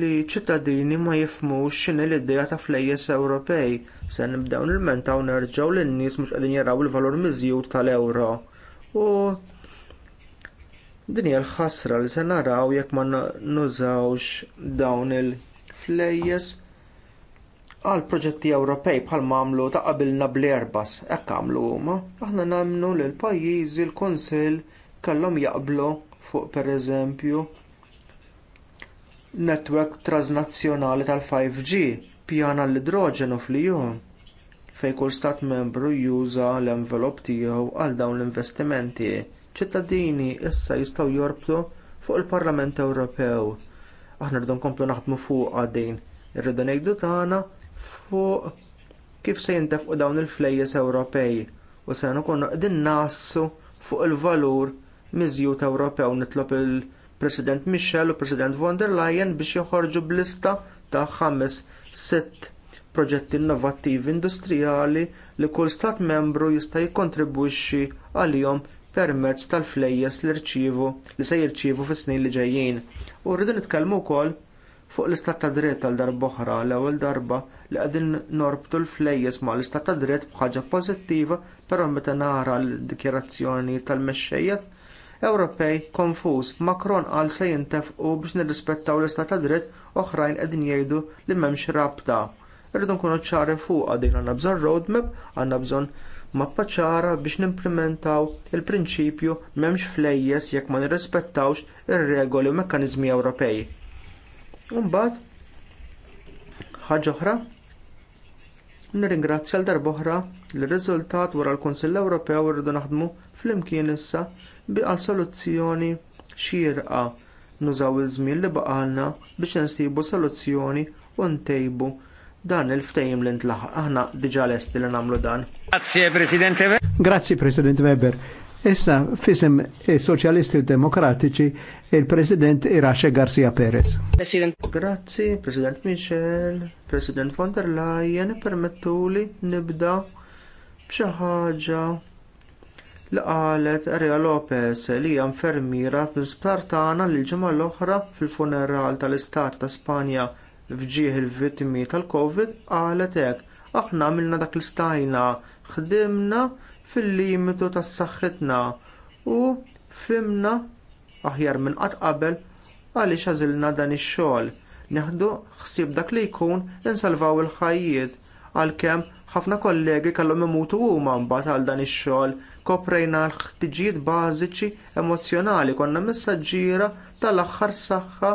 li ċittadini ma jifhmux x'inhi l-idea ta' flejjes Ewropej se nibdew nilmentaw nerġgħu lin nies mhux qegħdin jaraw il-valur miżjud tal-ewro. U din hija l-ħasra li se naraw jekk ma nużawx dawn il-flejjes għal proġetti Ewropej bħalma għamlu ta' qabilna bl-Airbus, hekk għamlu huma. Aħna nagħmlu li l-pajjiżi l-Kunsill kellhom jaqblu fuq pereżempju netwerk transnazzjonali tal-5G pjana l-idroġenu fl-ju fejn kull stat membru juża l-envelop tiegħu għal dawn l-investimenti. ċittadini issa jistgħu jorbtu fuq il-Parlament Ewropew. Aħna rridu nkomplu naħdmu fuq għadin. Irridu ngħidu tagħna fuq kif se jintefqu dawn il-flejjes Ewropej u se nkunu qegħdin nassu fuq il-valur miżjud Ewropew nitlob il-President Michel u President von der Leyen biex joħorġu b'lista ta' ħames sitt proġetti innovattivi industrijali li kull stat membru jista' jikkontribwixxi għalihom permezz tal-flejjes li rċivu li se jirċievu fis-snin li ġejjin. U rridu nitkellmu wkoll fuq l-istat ta' dritt għal darba oħra l-ewwel darba li qegħdin norbtu l-flejjes mal istat ta' dritt bħaġa pożittiva però meta nara l-dikjerazzjoni tal-mexxejjed Ewropej konfuż Macron qal se jintefqu biex nirrispettaw l-istat ta' dritt oħrajn qegħdin jgħidu li m'hemmx rabta. Irridu nkunu ċari fuq għadin għandna bżonn roadmap, għandna bżonn mappa ċara biex nimplementaw il-prinċipju m'hemmx flejjes jekk ma nirrispettawx ir-regoli u mekkaniżmi Ewropej. Imbagħad ħaġa oħra nirringrazzja l darb'oħra l riżultat wara l-Kunsill Ewropew irridu naħdmu flimkien issa bi għal soluzzjoni xirqa nużaw il żmien li baqalna biex insibu soluzzjoni u ntejbu dan il ftejm li ntlaħ. aħna diġà lesti li nagħmlu dan. Grazie Presidente Weber. Grazie President Weber. Issa, fisem soċjalisti u demokratiċi, il-President Irace Garcia Perez. President. Grazzi, President Michel, President von der Leyen, li nibda bċaħġa ħaġa li qalet Aria Lopez li hija infermiera fl-Spartana li l-ġimgħa l-oħra fil-funeral tal-Istat ta' Spanja fġieħ il vittimi tal-Covid qalet hekk aħna għamilna dak l-istajna ħdimna fil-limitu tas saħħitna u fimna aħjar minn qatt qabel għaliex għażilna dan ix-xogħol. Neħdu ħsieb dak li jkun insalvaw il-ħajjiet għalkemm ħafna kollegi kellhom imutu huma mbagħad għal dan ix-xogħol koprejna l-ħtiġijiet bażiċi emozjonali konna messaġġiera tal-aħħar saħħa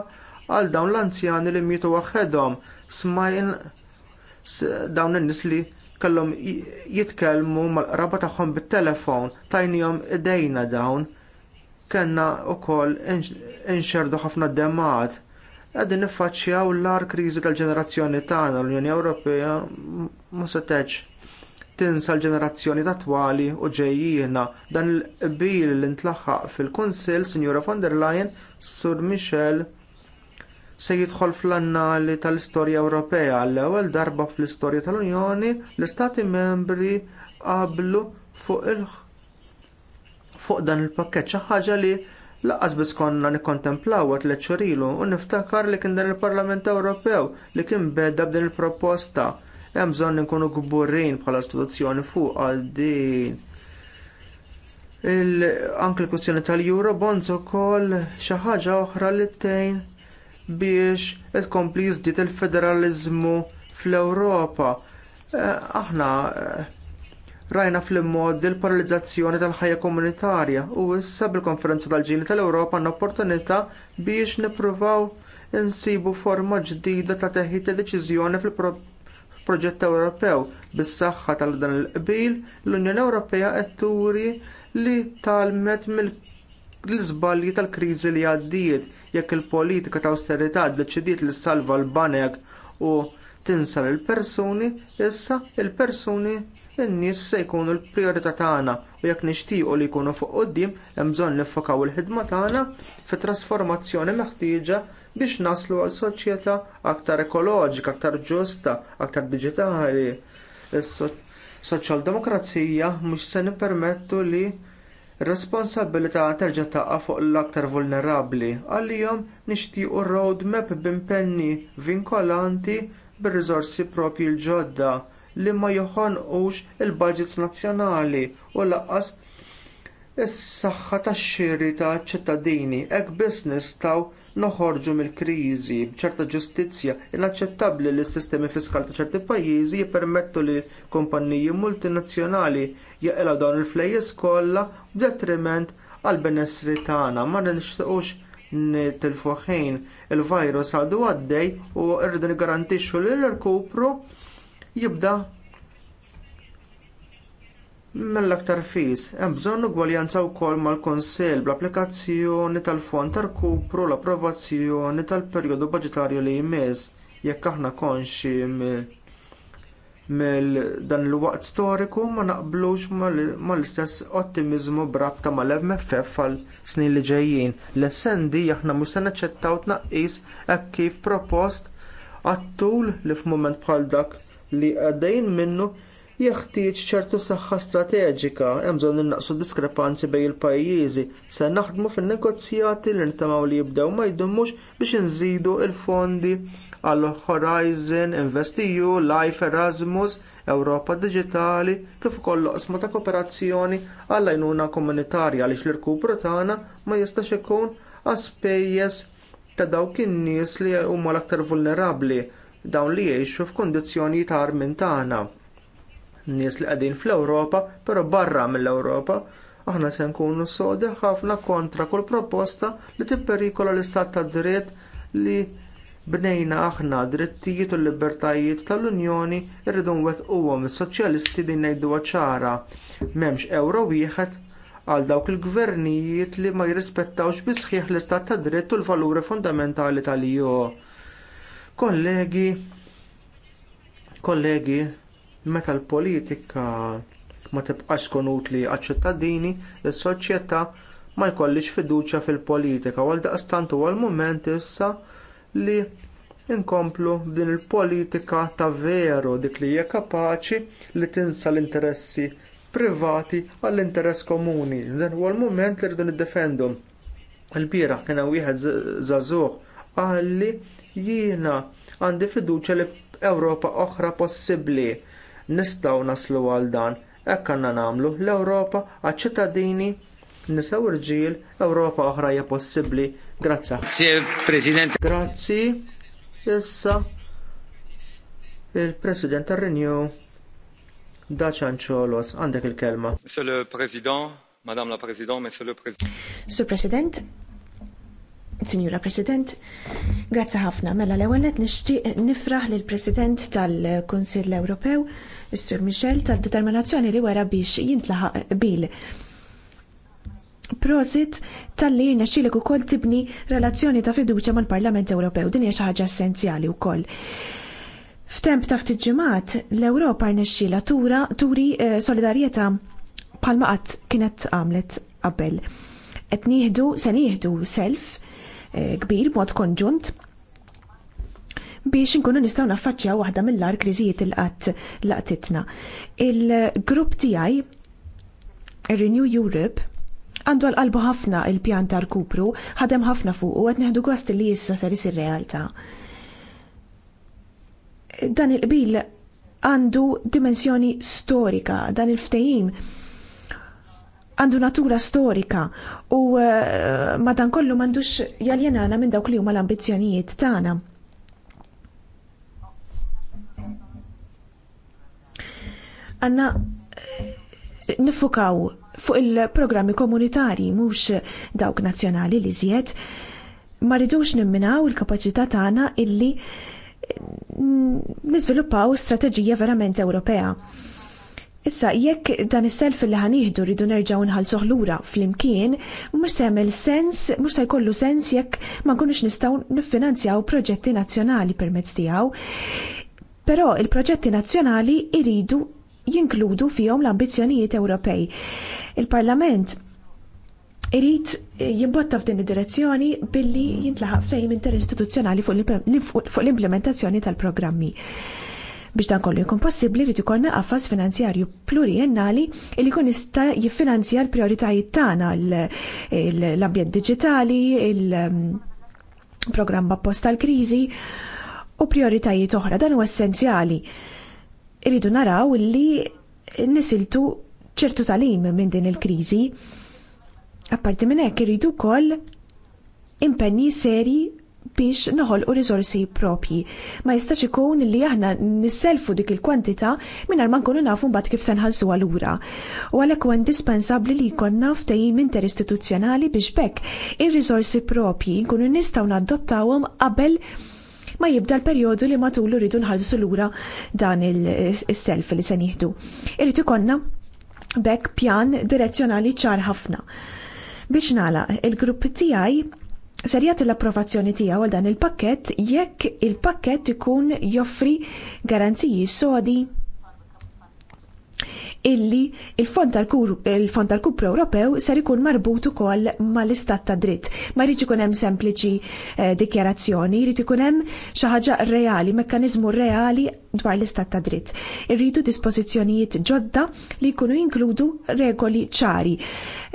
għal dawn l-anzjani li mietu waħedhom smajn dawn in-nies li kellhom jitkellmu mal-qraba tagħhom bit-telefon tajnihom idejna dawn kellna wkoll inxerdu ħafna demmat Qegħdin niffaċċjaw l-ar kriżi tal-ġenerazzjoni tagħna l-Unjoni Ewropea ma setgħetx tinsa l-ġenerazzjoni twali u ġejjina dan il-qbil li ntlaħħaq fil-Kunsill Sinjura von der Leyen, Sur Michel se jidħol fl-annali tal-istorja Ewropea għall-ewwel darba fl-istorja tal-Unjoni l-Istati membri qablu fuq il fuq dan il pakkett xi ħaġa li laqqas biss konna nikkontemplaw għat leċċurilu u niftakar li kien dan il-Parlament Ewropew li kien beda b'din il-proposta hemm bżonn inkunu gburrin bħala istituzzjoni fuq għal din anke l-kwistjoni tal-Eurobonds ukoll xi ħaġa oħra li tgħin biex tkompli jiżdied il-federaliżmu fl-Ewropa. Eh, aħna eh, rajna fl-immod il-paralizzazzjoni tal-ħajja komunitarja u issa bil-konferenza tal ġini tal-Ewropa għandna opportunità biex nippruvaw insibu forma ġdida ta' teħid ta' deċiżjoni fil-proġett Ewropew bis-saħħa tal dan il-qbil, l-Unjoni Ewropea qed turi li talmet mill l-iżbalji tal-kriżi li għaddiet jekk il-politika ta' awsterità ddeċidiet li salva l-banek u tinsal il-persuni, issa il-persuni in-nies se jkunu l-prijorità tagħna u jekk nixtiequ li jkunu fuq quddiem hemm bżonn niffokaw il-ħidma tagħna fit trasformazzjoni meħtieġa biex naslu għal soċjetà aktar ekoloġika, aktar ġusta, aktar diġitali. Is-soċjaldemokrazija mhux se nippermettu li responsabilità terġa' taqa' fuq l-aktar vulnerabbli għalihom nixtiequ roadmap b'impenni vinkolanti bir-riżorsi propri l-ġodda li ma joħonqux il-budgets nazzjonali u lanqas is-saħħa tax-xiri taċ ċittadini hekk biss nistgħu noħorġu mill-kriżi b'ċerta ġustizzja inaċċettabbli li s-sistemi fiskali ta' ċerti pajjiżi jippermettu li kumpaniji multinazzjonali jaqilgħu dawn il-flejjes kollha b'detriment għall benessri tagħna ma nixtiequx nitilfu ħin il-virus għadu għaddej u rridu nigarantixxu li l-irkupru jibda mill-aktar fis. Hemm bżonn ugwaljanza wkoll mal-Kunsill bl-applikazzjoni tal-fond tal-kupru l-approvazzjoni tal-perjodu budġetarju li jmiss jekk aħna konxi mill dan il-waqt storiku ma naqblux mal-istess ottimiżmu brabta mal-MFF għal snin li ġejjin. L-essendi aħna mhux se naċċettaw tnaqqis hekk kif propost għattul li f'mument bħal dak li għaddejn minnu jeħtieġ ċertu saħħa strateġika hemm bżonn innaqsu diskrepanzi bejn il-pajjiżi se naħdmu fin-negozjati li nitamaw li jibdew ma jdummux biex inżidu l fondi għal Horizon, InvestEU, Life Erasmus, Ewropa Digitali, kif ukoll qosma ta' kooperazzjoni għall għajnuna komunitarja għaliex l-irkupru tagħna ma jistax ikun għaspejjeż ta' dawk in-nies li huma l-aktar vulnerabbli dawn li jgħixu f'kundizzjonijiet ta' armin tagħna nies li qegħdin fl-Ewropa, però barra mill-Ewropa, aħna se nkunu sodi ħafna kontra kull proposta li tipperikola l-istat ta' dritt li bnejna aħna drittijiet u libertajiet tal-Unjoni rridu nwettquhom is-soċjalisti din jgħidu ċara. M'hemmx ewro wieħed għal dawk il-gvernijiet li ma jirrispettawx bi sħiħ l-istat ta' dritt u l-valuri fundamentali tal-IO. Kollegi, kollegi, Meta l-politika ma tibqax tkun li għaċ-ċittadini, is-soċjetà ma jkollix fiduċja fil-politika għal daqstant huwa l-mument issa li inkomplu din il-politika ta' veru dik li hija kapaċi li tinsa l-interessi privati għall-interess komuni. Dan huwa l-mument li rridu niddefendu. Il-bira kien hemm wieħed żagħżugħ qal li jiena għandi fiduċja li Ewropa oħra possibbli nistgħu naslu għal dan. Hekk għandna nagħmlu l-Ewropa għaċ-ċittadini nisa u rġiel Ewropa oħra hija possibbli. Grazzi. Grazie President. Grazzi. Issa il-President tar-Renew Dacian Ciolos għandek il-kelma. Monsieur le Président, Madame la President, Monsieur le Sur President, Sinjura President, grazzi ħafna. Mela l-ewwel qed nixtieq nifraħ lill President tal-Kunsill Ewropew Sur Michel tad determinazzjoni li wara biex jintlaħaq bil. Prosit tal-li naxxilek ukoll tibni relazzjoni ta' fiduċja mal-Parlament Ewropew din hija xi ħaġa essenzjali wkoll. F'temp ta' ftit ġimgħat l-Ewropa rnexxila tura turi eh, solidarjetà bħalma qatt kienet għamlet qabel. Qed nieħdu se nieħdu self eh, kbir b'mod konġunt biex inkunu nistgħu naffaċċjaw waħda mill li kriżijiet il-qatt laqtitna. Il-grupp tiegħi Renew Europe għandu għal-qalbu ħafna il-pjan ta' kupru ħadem ħafna fuq u għed neħdu gost li jissa ser isir realtà. Dan il-qbil għandu dimensjoni storika, dan il-ftejim għandu natura storika u uh, madankollu mandux jaljenana minn dawk li huma l-ambizzjonijiet tagħna. għanna eh, nifukaw fuq il-programmi komunitari mhux dawk nazzjonali li żjed ma rridux nimminaw il-kapaċità tagħna illi mm, niżviluppaw strateġija verament Ewropea. Issa, jekk dan is-self li ħanieħdu rridu nerġgħu nħallsuh lura flimkien, mhux se jagħmel sens, mhux se jkollu sens jekk ma nkunux nistgħu niffinanzjaw proġetti nazzjonali permezz tiegħu. Però il-proġetti nazzjonali iridu jinkludu fihom l-ambizzjonijiet Ewropej. Il-Parlament irid jimbotta f'din id-direzzjoni billi jintlaħaq fejn interistituzzjonali fuq l-implementazzjoni tal-programmi. Biex dan kollu jkun possibbli rrid ikollna qafas finanzjarju pluriennali li jkun jista' jiffinanzja l-prijoritajiet tagħna l-ambjent diġitali, il-programm mm, apposta tal kriżi u prijoritajiet oħra dan huwa essenzjali irridu naraw li nisiltu ċertu talim minn din il-kriżi. Apparti minn hekk irridu wkoll impenni seri biex noħolqu riżorsi propji. Ma jistax ikun li aħna nisselfu dik il kwantita mingħajr ma nkunu nafu mbagħad kif se nħallsu allura. U għalhekk huwa indispensabbli li jkollna ftehim interistituzzjonali biex bekk ir-riżorsi propji nkunu nistgħu naddottawhom qabel ma jibda l-perjodu li matul rridu nħallsu lura dan il-self li se nieħdu. Irid ikonna bekk pjan direzzjonali ċar ħafna. Biex nala, il-grupp tiegħi ser jagħti l-approvazzjoni tiegħu għal dan il-pakket jekk il-pakket ikun joffri garanziji sodi illi il-Fond tal-Kupru Ewropew ser ikun marbut ukoll mal-istat ta' dritt. Ma jrid ikun hemm sempliċi eh, dikjarazzjoni, jrid ikun hemm xi ħaġa reali, mekkaniżmu reali dwar l-istat ta' dritt. Irridu dispożizzjonijiet ġodda li jkunu jinkludu regoli ċari.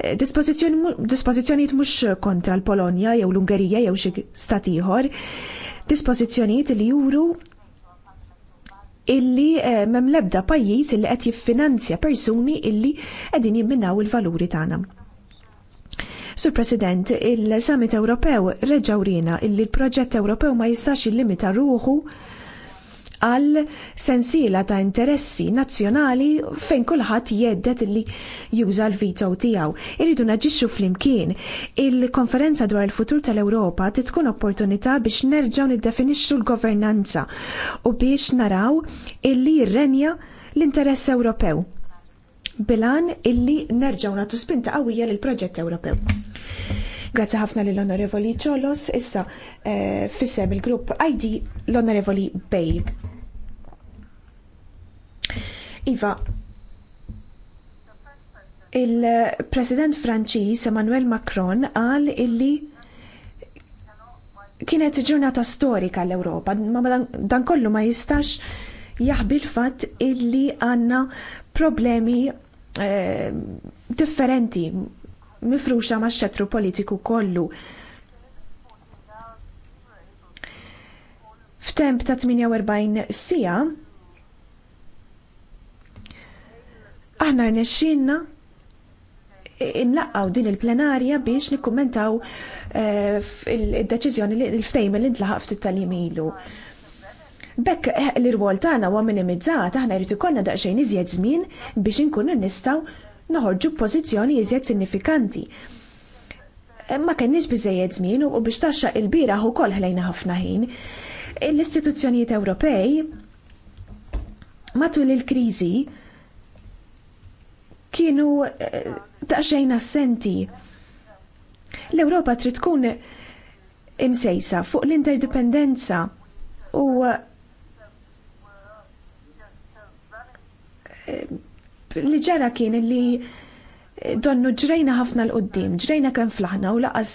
Eh, dispożizzjonijiet mhux kontra l-Polonja jew l-Ungerija jew xi stat ieħor, dispożizzjonijiet li juru illi eh, mem lebda pajjiż illi qed jiffinanzja persuni illi qegħdin jimminaw il-valuri tagħna. Sur President, il-Summit Ewropew reġawrina illi l-proġett Ewropew ma jistax il-limita ruħu għal sensiela ta' interessi nazzjonali fejn kulħadd jeddet li juża l-vito tiegħu. Iridu naġixxu flimkien. Il-konferenza dwar il-futur tal-Ewropa titkun opportunità biex nerġgħu niddefinixxu l-governanza u biex naraw illi jirrenja l-interess Ewropew bilan illi nerġgħu nagħtu spinta qawwija lill proġett Ewropew. Grazzi ħafna lill onorevoli Ċolos, issa eh, fissem il-grupp ID l-onorevoli Bejb. Iva, il-President Franċiż Emmanuel Macron qal illi kienet ġurnata storika l-Ewropa, ma dan kollu ma jistax jaħbi l-fatt illi għanna problemi eh, differenti mifruxa ma' xetru politiku kollu. F'temp ta' 48 sija, aħna rnexxinna inlaqgħu din il-plenarja biex nikkummentaw eh, id deċiżjoni li l-ftejm li ntlaħaq ftit tal-jim ilu. Bekk eh, l-irwol tagħna huwa minimizzat, aħna jrid ikollna daqsxejn iżjed żmien biex inkunu nistgħu noħorġu b'pożizzjoni iżjed sinifikanti. Eh, ma kenniex biżejjed żmien u biex taxxa il bieraħ ukoll ħlejna ħafna ħin. L-istituzzjonijiet Ewropej matul il-kriżi kienu eh, taqxejn assenti. L-Ewropa trid tkun imsejsa fuq l-interdipendenza u eh, li ġara kien li eh, donnu ġrejna ħafna l-qoddim, ġrejna kemm flaħna u laqas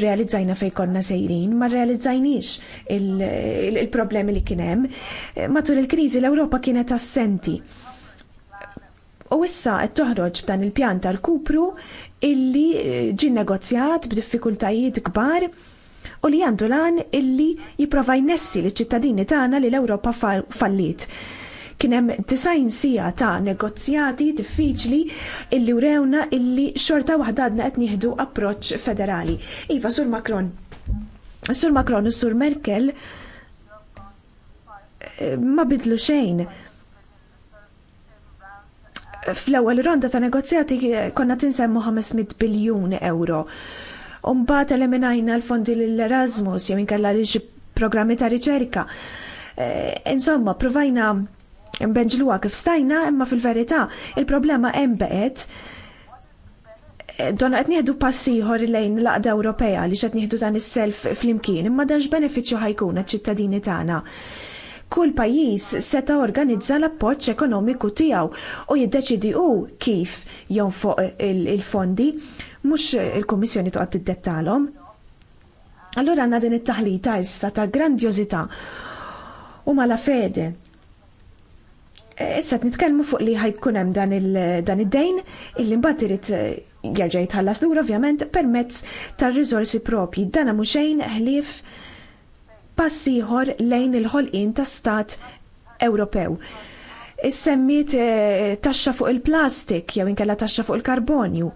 realizzajna fej konna sejrin, ma realizzajnix il-problemi li kienem. Eh, matul il-krizi l-Europa kienet assenti. U issa qed toħroġ b'dan il-pjan tal-kupru illi eh, ġin negozjat b'diffikultajiet kbar u li għandu lan illi jipprova jnessi li ċittadini tagħna li l-Ewropa fallit. Kien hemm design sija ta' negozjati diffiċli illi urewna illi xorta waħda għadna qed nieħdu approċċ federali. Iva, Sur Macron. Sur Macron u Sur Merkel eh, ma bidlu xejn fl-ewwel ronda ta' negozjati konna tinsemmu 500 biljun euro. Umbat eliminajna l-fondi l-Erasmus jew inkella li xi programmi ta' riċerka. Eh, insomma, provajna Mbenġluwa kif stajna, imma fil-verità il-problema hemm beqgħet donna qed nieħdu passiħor lejn l-aqda Ewropea li qed nieħdu dan is-self flimkien, imma danx benefiċċju ħajkun għaċ-ċittadini tagħna. Kull pajjiż seta organizza l-appoġġ ekonomiku tiegħu u jiddeċidi hu kif jonfoq il-fondi, mhux il-Kummissjoni toqgħod tiddettalhom. Allura għandna din it-taħlita issa ta' grandjożità u mala fede Issa nitkellmu fuq li ħajkun hemm dan id-dejn illi mbagħad irid eh, jerġa' jitħallas lura ovvjament permezz tar-riżorsi propji. Dan hemm xejn ħlief pass ieħor lejn il-ħolqien ta' stat Ewropew. Is-semmiet eh, taxxa fuq il-plastik jew inkella taxxa fuq il-karbonju.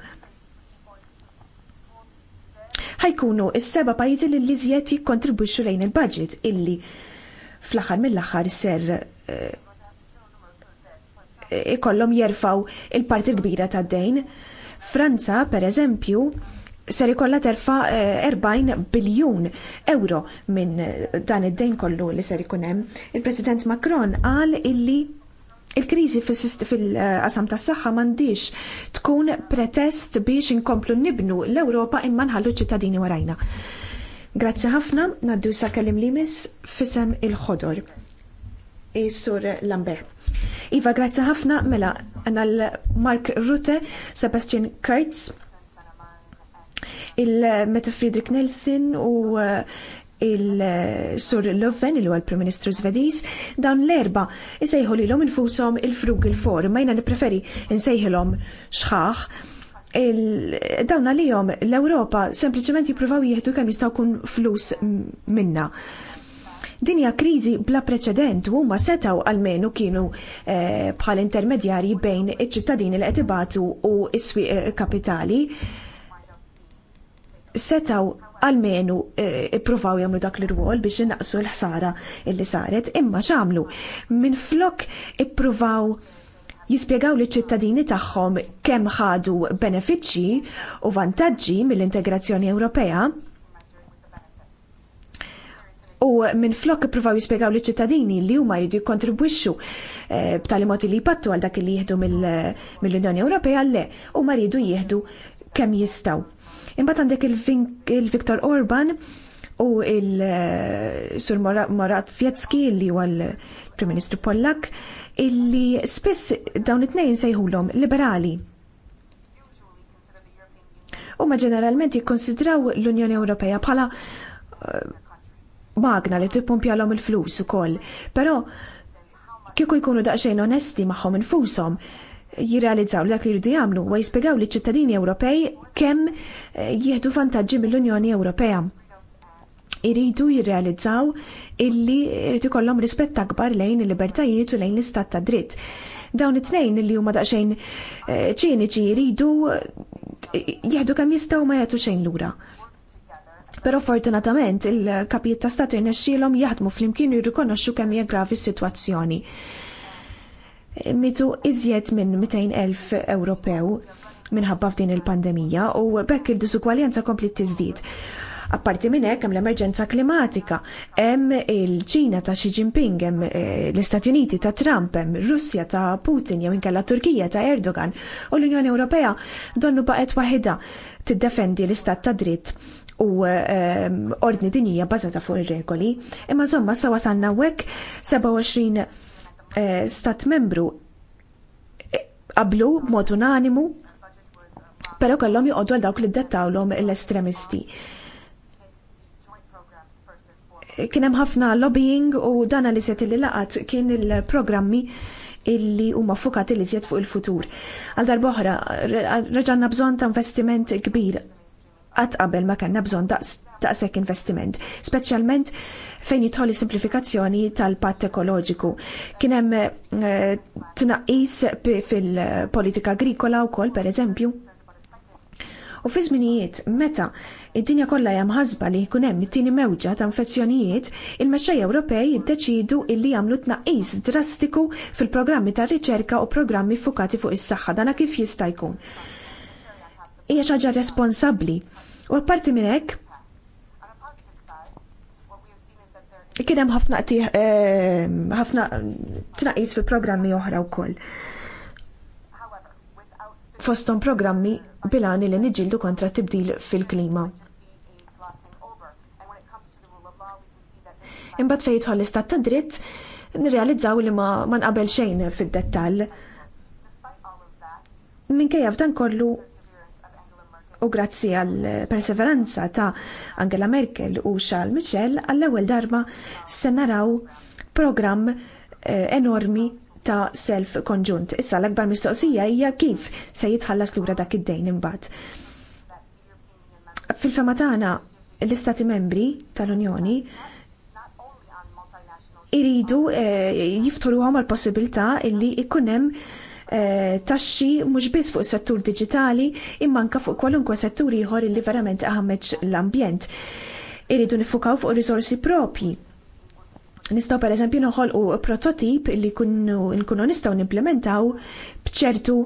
Ħajkunu is-seba' pajjiżi li l-iżjed jikkontribwixxu lejn il-budget illi fl-aħħar mill-aħħar ser eh, ikollhom jerfaw il-parti kbira tad-dejn. Franza, per eżempju, ser ikolla terfa 40 eh, biljun euro minn eh, dan id-dejn kollu li ser ikun hemm. Il-President Macron qal illi il-kriżi fil-qasam tas saħħa m'għandix tkun pretest biex inkomplu nibnu l-Ewropa imma nħallu ċittadini warajna. Grazzi ħafna, naddu sa kellim li fisem il-ħodor sur Lambert. Iva, grazie ħafna, mela, għanna l-Mark Rutte, Sebastian Kurtz, il-Meta Friedrich Nelson u uh, il-Sur Loven, il u għal prim Ministru Svediż, dawn l-erba isejħu lilhom infushom il-frug il-forum, ma jiena nippreferi insejħilhom xħaħ dawn għalihom l-Ewropa sempliċement jippruvaw jieħdu kemm jistgħu jkun flus minna Din hija kriżi bla preċedent u huma setaw għalmenu kienu eh, bħal intermedjarji bejn iċ-ċittadini li qed ibatu u s-swieq eh, kapitali. Setaw għalmenu eh, ippruvaw jagħmlu dak l irwol biex innaqsu l-ħsara illi saret, imma x'għamlu. Minn flok ippruvaw jispjegaw li ċittadini tagħhom kemm ħadu benefiċċji u vantaġġi mill-integrazzjoni Ewropea, u minn flok provaw jispiegaw li ċittadini li huma jridu jikkontribwixxu eh, b'tali mod li jpattu għal dak li jieħdu mill-Unjoni Ewropea le u ma jridu jieħdu kemm jistgħu. Imbagħad għandek il-Viktor Orban u il-Sur eh, Morat Fjetski li huwa l-Prim Ministru Pollak illi spiss dawn it-tnejn sejħulhom liberali. U ma ġeneralment jikkonsidraw l-Unjoni Ewropea bħala eh, magna li tippumpjalhom il-flus ukoll. Però kieku jkunu daqsxejn onesti magħhom infushom, jirrealizzaw li dak li jridu jagħmlu u jispjegaw li ċittadini Ewropej kemm eh, jieħdu vantaġġi mill-Unjoni Ewropea. Iridu jirrealizzaw illi jrid ikollhom rispett akbar lejn il-libertajiet u lejn l-istat ta' dritt. Dawn it-tnejn li huma daqsxejn eh, ċiniċi jridu eh, jieħdu kemm jistgħu ma jagħtu xejn lura. Pero fortunatament il-kapijiet ta' stat irnexxielhom jaħdmu flimkien jirrikonoxxu kemm hija gravi s-sitwazzjoni. Mitu iżjed minn 200,000 Ewropew minħabba f'din il-pandemija u bekk il-disukwaljanza kompli tiżdied. Apparti minn hekk hemm l-emerġenza klimatika, hemm il-Ċina ta' Xi Jinping, hemm eh, l-Istati Uniti ta' Trump, hemm Russja ta' Putin, jew inkella Turkija ta' Erdogan u l-Unjoni Ewropea donnu baqgħet waħedha tiddefendi l-istat ta' dritt u ehm, ordni dinija bazata fuq ir-regoli. Imma zomma, sa wasanna hekk 27 stat membru eh, qablu b'mod unanimu però kellhom joqogħdu għal dawk li dettawlhom l-estremisti. Kien hemm ħafna lobbying u dan li se li laqat kien il-programmi illi huma fukati li fuq il-futur. Għal darboħra, raġanna bżonn ta' investiment kbir qatt qabel ma kellna bżonn daqshekk investiment, speċjalment fejn jitħolli simplifikazzjoni tal-patt ekoloġiku. Kien hemm eh, tnaqqis fil-politika agrikola wkoll pereżempju. U fi żminijiet meta id-dinja kollha hija mħasba li jkun hemm it-tieni mewġa ta' infezzjonijiet, il-mexxej Ewropej iddeċidu illi jagħmlu tnaqqis drastiku fil-programmi ta' riċerka u programmi fukati fuq is-saħħa dana kif jista' jkun hija xi ħaġa responsabbli. U apparti minn hekk, kien hemm ħafna eh, ħafna tnaqis fi programmi oħra wkoll. Fosthom programmi bilani li niġildu kontra tibdil fil-klima. Imbagħad fejn jidħol l-istat ta' dritt, nirrealizzaw li ma nqabel xejn fid-dettall. Minkejja f'dan kollu u grazzi għal perseveranza ta' Angela Merkel u Charles Michel għall ewwel darba se naraw programm eh, enormi ta' self konġunt. Issa l-akbar mistoqsija hija kif se jitħallas lura dak id-dejn imbagħad. Fil-fema tagħna l-Istati Membri tal-Unjoni iridu eh, jiftru għall għal li illi hemm Eh, taxxi mhux biss fuq settur diġitali imma anke fuq kwalunkwe settur ieħor li verament aħmeġ l-ambjent. Iridu nifukaw fuq risorsi Nistaw Nistgħu pereżempju noħolqu prototip li nkunu nistgħu nimplementaw bċertu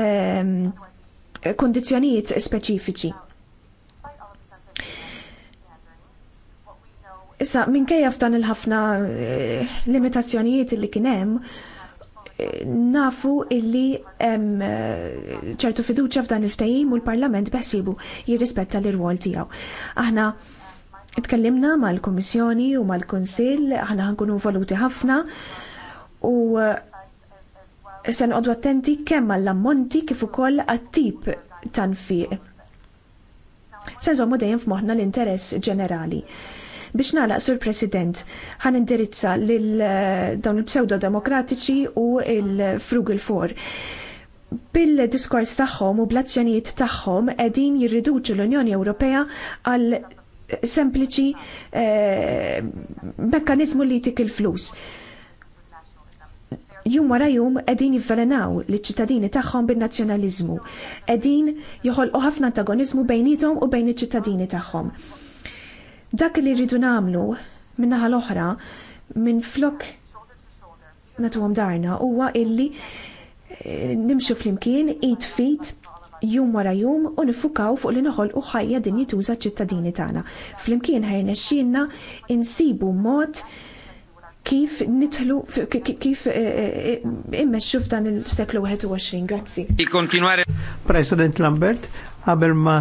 ehm, kundizzjonijiet speċifiċi. Issa, minkejja f'dan il-ħafna eh, limitazzjonijiet li kien hemm, nafu illi hemm eh, ċertu fiduċa f'dan il-ftajim u l-Parlament beħsibu jirrispetta l-irwol tiegħu. Aħna itkellimna mal-Kummissjoni u mal-Kunsill, aħna ħankunu voluti ħafna u eh, se noqogħdu attenti kemm għall-ammonti kif ukoll għat-tip tanfiq. Se nżommu dejjem f'moħħna l-interess ġenerali. Biex nagħlaq sur President, ħan indirizza lil eh, dawn il pseudo u il-frugal four bil-diskors tagħhom u bl-azzjonijiet tagħhom qegħdin jirriduċu l-Unjoni Ewropea għal sempliċi eh, mekkanizmu li jtik il-flus. Jum wara jum qegħdin jivvelenaw liċ ċittadini tagħhom bin-nazzjonaliżmu, qegħdin joħolqu ħafna antagoniżmu bejnietom u bejn iċ-ċittadini tagħhom. Dak li rridu namlu naħa l-oħra minn flok natuhom darna huwa illi eh, nimxu flimkien eat fit jum wara jum u nifukaw fuq li noħol u ħajja din jituża ċittadini tagħna. Flimkien ħajna xienna insibu mod kif nitħlu kif eh, eh, immexxu f'dan il-seklu 21. Grazzi. President Lambert, qabel ma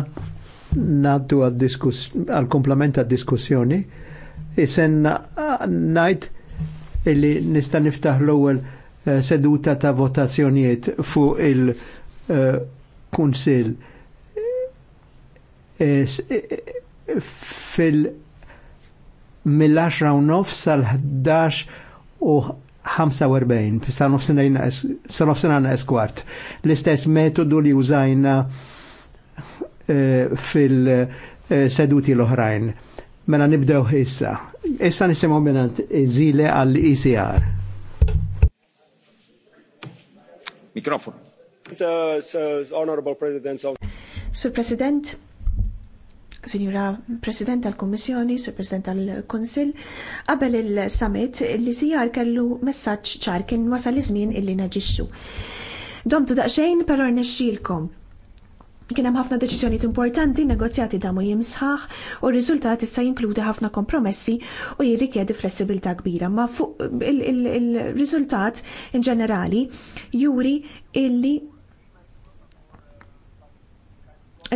naddu għal-komplement għal-diskussjoni, jisen najt illi nista niftaħ l ewel eh, seduta ta' votazzjonijiet fuq il-Kunsil. Eh, e, e, fil- mill-10 u nof sal-11 u 45, sal nofsinajna eskwart. L-istess metodu li użajna Eh, fil-seduti l-oħrajn. Mela nibdew issa. Issa nisimgħu minant iżile għall-ECR. Mikrofon. Uh, Honorable President. Sir President, Sinjura President tal-Kommissjoni, Sur President tal-Konsil, qabel il-summit l icr kellu messaġġ ċar kien wasal iż-żmien illi naġixxu. Domtu daqsxejn però rnexxielkom Kien hemm ħafna deċiżjonijiet importanti, negozjati damu jimsħaħ u r-riżultat issa jinkludi ħafna kompromessi u jirrikjedi flessibilità kbira. Ma fuq il-riżultat in ġenerali juri illi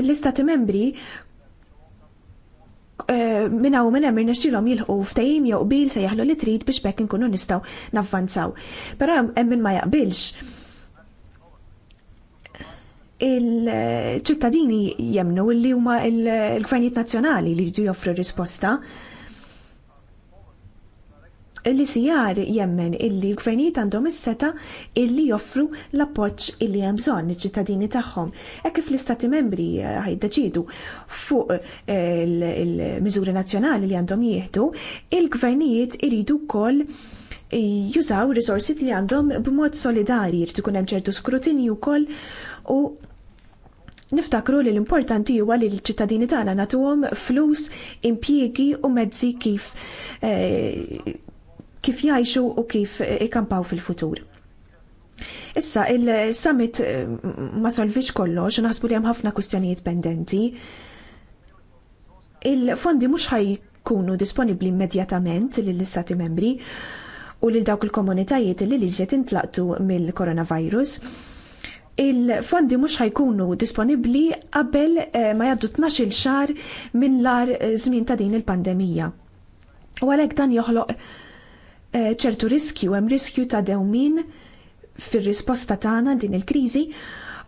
l-istati membri eh, minna u minna minna xilom jilħu ftajim jew bil se jaħlu li trid biex bekk nkunu nistaw navvanzaw. Pero hemm min ma jaqbilx il-ċittadini jemnu li huma il-gvernijiet nazzjonali li jridu joffru risposta li sijar jemmen illi l-gvernijiet għandhom is-seta illi joffru l-appoġġ illi hemm bżonn iċ-ċittadini tagħhom. Hekk kif l-istati membri eh, ħajdeċidu fuq eh, il-miżuri nazzjonali li għandhom jieħdu, il-gvernijiet iridu wkoll jużaw risorsi li għandhom b'mod solidari, jrid ikun hemm ċertu skrutinju wkoll u Niftakru li l-importanti huwa li l-ċittadini tagħna nagħtuhom flus, impjiegi u mezzi kif eh, kif jgħixu u kif eh, ikampaw fil-futur. Issa, il-summit eh, ma solvix kollox, naħsbu li hemm ħafna kwistjonijiet pendenti. Il-fondi mhux ħajkunu disponibbli immedjatament lill-istati membri u lil dawk il-komunitajiet li liżiet intlaqtu mill-coronavirus il-fondi mhux ħajkunu disponibbli qabel eh, ma jaddu 12 xar minn lar eh, żmien ta' din il-pandemija. U għalhekk dan joħloq eh, ċertu riskju, hemm riskju ta' dewmin fir-risposta tagħna din il-kriżi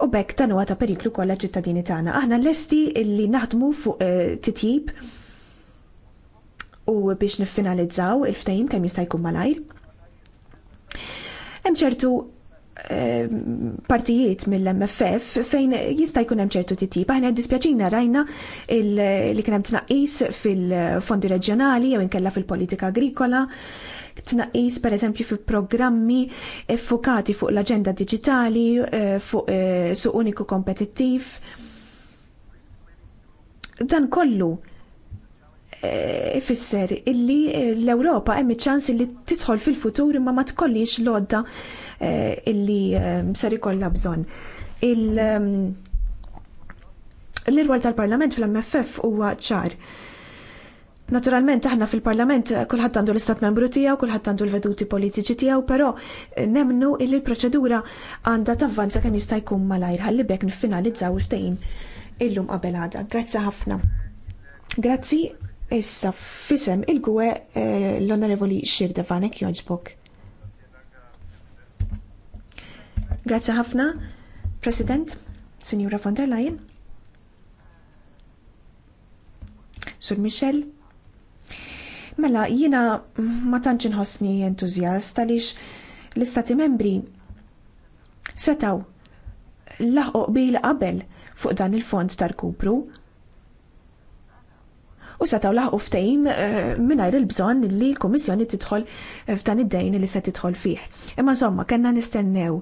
u bekk dan huwa ta' periklu kollha ċittadini tagħna. Aħna lesti li naħdmu fuq titjib u biex niffinalizzaw il-ftajim kemm jista' jkun malajr. Hemm ċertu Eh, partijiet mill-MFF fejn jista' jkun hemm ċertu titjib. Aħna dispjaċina rajna li kien hemm tnaqqis fil-fondi reġjonali jew inkella fil-politika agrikola, tnaqqis pereżempju fi programmi effokati fuq l-aġenda diġitali, eh, fuq eh, suq uniku kompetittiv. Dan kollu ifisser illi l-Ewropa hemm iċ-ċans li tidħol fil-futur imma ma tkollix l-għodda Eh, illi eh, ser ikollha bżonn. Ehm, L-irwal tal-Parlament fl-MFF huwa ċar. Naturalment aħna fil-Parlament eh, kulħadd għandu l-istat membru tiegħu, kulħadd għandu l-veduti politiċi tiegħu, però nemnu illi l-proċedura għandha tavvanza kemm jista' jkun malajr ħalli bekk niffinalizzaw il-ftehim illum qabel għada. Grazzi ħafna. Grazzi issa fisem il-gwe l-Onorevoli Shirdevanek joġbok. Grazzi ħafna, President, Sinjura von der Leyen. Sur Michel. Mela, jina ma tantx inħossni entuzjast għaliex l-istati membri setaw laħqoq bil qabel fuq dan il-fond tal-kupru u setaw laħqu ftejim eh, mingħajr il-bżonn li l-Kummissjoni tidħol f'dan id-dejn li se tidħol fih. Imma somma kellna nistennew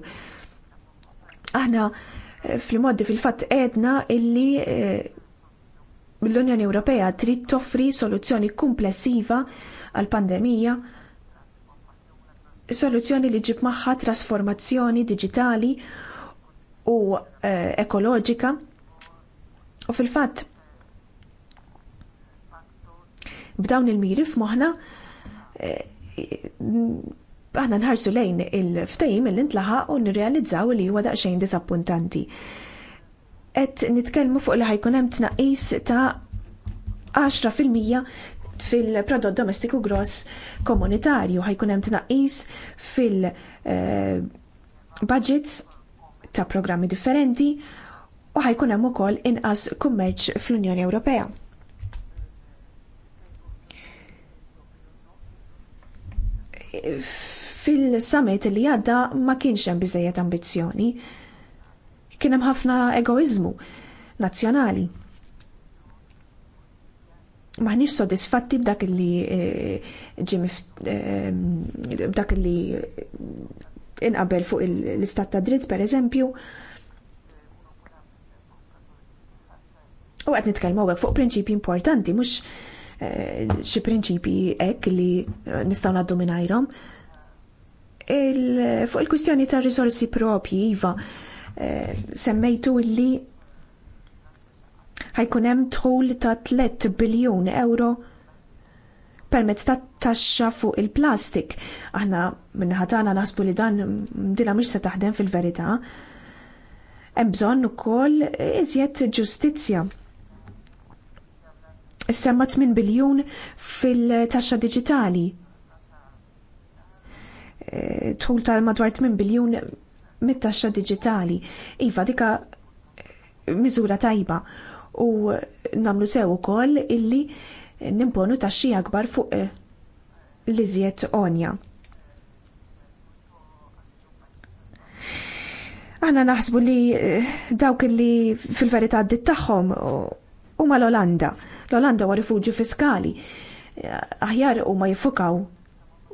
Aħna eh, fil-moddi fil-fatt edna illi eh, l-Unjoni Ewropea trid toffri soluzzjoni komplessiva għal pandemija soluzzjoni li ġib magħha trasformazzjoni diġitali u eh, ekoloġika u fil-fatt b'dawn il-miri f'moħħna aħna nħarsu lejn il-ftajim il intlaħaq u nirrealizzaw li huwa daqsxejn disappuntanti. Et nitkellmu fuq li ħajkun hemm tnaqqis ta' 10% fil-prodott domestiku gross komunitarju, ħajkun hemm tnaqqis fil-budgets eh, ta' programmi differenti u ħajkun hemm ukoll inqas kummerċ fl-Unjoni Ewropea. Fil-summit li għadda ma kienx hemm biżejjed ambizzjoni. Kien hemm ħafna egoizmu nazzjonali. Maħniex sodisfatti b'dak li eh, ġim eh, b'dak li inqabel fuq l-istat ta' dritt per eżempju. U għed nitkellmu għek fuq prinċipi importanti, mux eh, xi prinċipi ek li nistaw naddu minn il, fuq il-kwistjoni ta' risorsi propji, Iva, eh, semmejtu li ħajkun hemm tħul ta' 3 biljun euro permezz ta' taxxa fuq il-plastik. Aħna minnaħatana naħsbu li dan dila mhix se taħdem fil-verità. Hemm bżonn ukoll iżjed ġustizzja. Semma 8 biljun fil-taxxa digitali tħul ta' madwar 8 biljun mit-taxxa digitali. Iva, dika eh, miżura tajba u namlu sew ukoll illi nimponu taxxi akbar fuq eh, l-iżjed onja. Aħna naħsbu li eh, dawk li fil-verità għaddit tagħhom huma l-Olanda. L-Olanda huwa rifuġju fiskali. Aħjar huma jiffukaw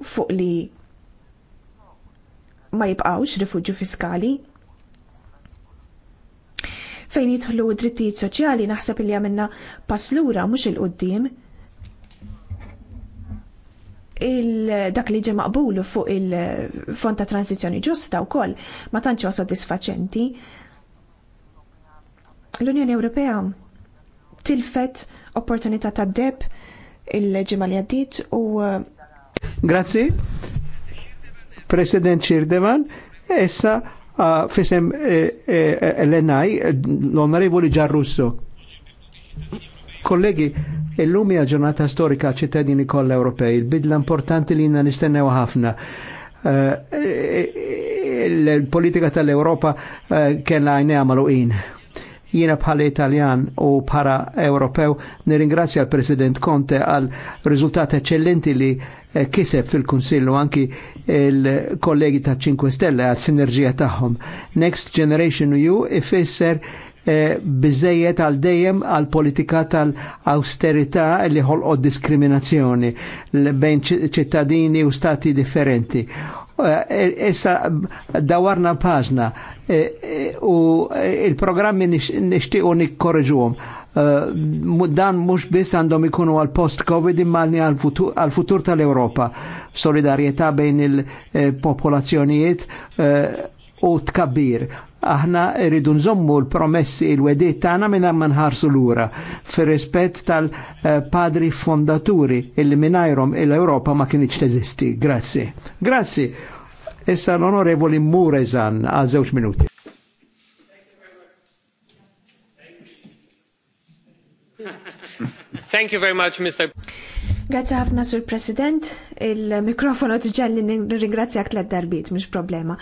fuq li ma jibqawx rifuġġju fiskali. Fejn jidħlu drittijiet soċjali naħseb li għamilna pass lura mhux il-qoddim. Il dak li ġie maqbulu fuq il-fond ta' tranzizjoni ġusta wkoll ma tantx huwa sodisfaċenti. L-Unjoni Ewropea tilfet opportunità ta' deb il-ġimgħa li għaddiet u Grazzi. President Xirdevan, essa fisem e, e, l-enaj l-onorevoli Ġarrusso. Kollegi, illum hija ġurnata storika ċittadini kollha Ewropej, il-bidla importanti li jina nistennew ħafna. Il-politika e, tal-Ewropa għajne għamalu maluqin. Jina bħal Italjan u para Ewropew nirringrazzja l-President Conte għal riżultat eccellenti li Eh, kiseb fil-Kunsillu anki il-kollegi ta' 5 Stelle għal sinerġija tagħhom. Next Generation EU ifisser eh, biżejjed bizzejiet għal dejjem għal politika tal-austerità li ħolqod diskriminazzjoni bejn ċittadini u stati differenti. Eh, issa dawarna paġna u il-programmi nixtiequ nikkorreġuhom Eh, dan mhux biss għandhom ikunu għal post-Covid imma għal-futur tal-Europa. Solidarietà bejn il-popolazzjonijiet eh, eh, u tkabbir aħna rridu nżommu l-promessi il-wedit tagħna minn ma nħarsu lura fir-rispett tal-padri fondaturi illi mingħajrhom l-Ewropa ma kienx teżisti. Grazzi. Grazzi. Issa l-Onorevoli Murezan għal żewġ minuti. Thank you very much, Mr. Grazie ħafna sur President, il-mikrofono tġalli ringrazzjak tlet darbit, mux problema.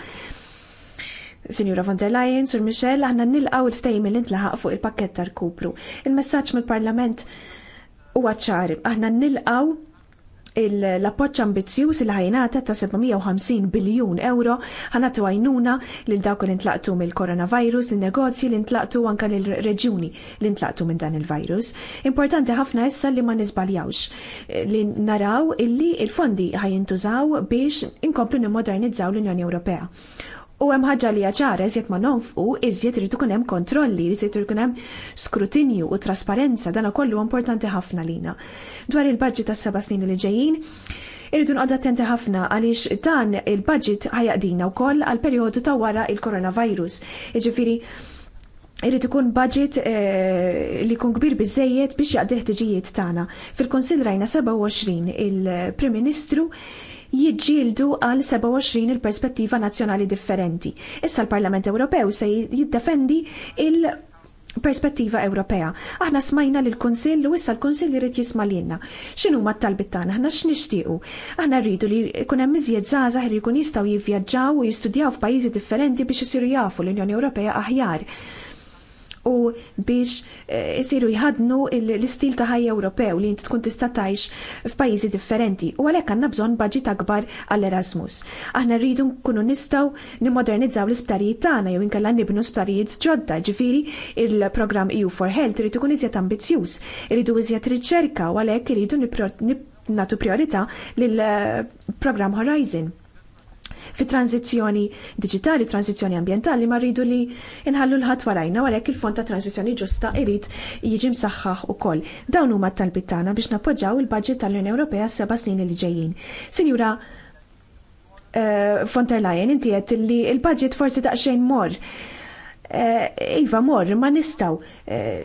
Sinjura von der Leyen, Sur Michel, aħna għaw il-ftejim li intlaħaq fuq il-pakket tar-kupru. Il-messaġġ mill-Parlament huwa ċari, aħna għaw l-appoċ ambizzjuż li ħajnata ta' 750 biljun euro ħanatu għajnuna lil dawk li ntlaqtu mill koronavirus lin negozji li ntlaqtu anka l reġuni li ntlaqtu minn dan il-virus. Importanti ħafna issa li ma nisbaljawx li naraw illi il-fondi ħajintużaw biex inkomplu nimmodernizzaw l-Unjoni Ewropea. U hemm ħaġa li ċara iżjed ma nonfqu iżjed irid ikun hemm kontrolli, iżjed irid ikun hemm skrutinju u trasparenza dan ukoll importanti ħafna lina. Dwar il-budget tas-seba' snin li ġejjin, irridu nqod attenti ħafna għaliex dan il-budget ħajaqdina wkoll għal perjodu ta' wara il-coronavirus. Jiġifieri irrid ikun budget eh, li jkun kbir biżejjed biex jaqdi ħtiġijiet tagħna. Fil-konsil rajna 27 il-Prim Ministru jiġġieldu għal 27 il-perspettiva nazzjonali differenti. Issa l-Parlament Ewropew se jiddefendi il- perspettiva Ewropea. Aħna smajna lil kunsill u issa l-Kunsill irid jisma' lilna. X'inhu ma talbit tagħna aħna x'nixtiequ? Aħna rridu li jkun hemm iżjed żgħażagħ li jkun jistgħu jivvjaġġaw u jistudjaw f'pajjiżi differenti biex isiru jafu l-Unjoni Ewropea aħjar u biex jisiru eh, jħadnu l-istil ta' ħajja Ewropew li inti tkun tista' tgħix f'pajjiżi differenti u għalhekk għandna bżonn baġit akbar għall Erasmus. Aħna rridu nkunu nistgħu nimmodernizzaw l-isptarijiet tagħna jew inkella nibnu sptarijiet ġodda, ġifieri il-programm EU for Health irid ikun iżjed ambizzjuż, iridu iżjed riċerka u għalhekk iridu nagħtu natu priorità lill-programm eh, Horizon fi tranzizjoni digitali, tranzizjoni ambientali, ma rridu li inħallu l-ħat warajna għalhekk il-fond ta' tranzizjoni ġusta irid jiġi msaħħaħ ukoll. Dawn huma t-talbit tagħna biex nappoġġaw il-budget tal-Unjoni Ewropea seba' snin li ġejjin. Sinjura, eh, von der Leyen inti qed li l-budget forsi daqsxejn mor. Eh, iva mor, ma nistaw eh,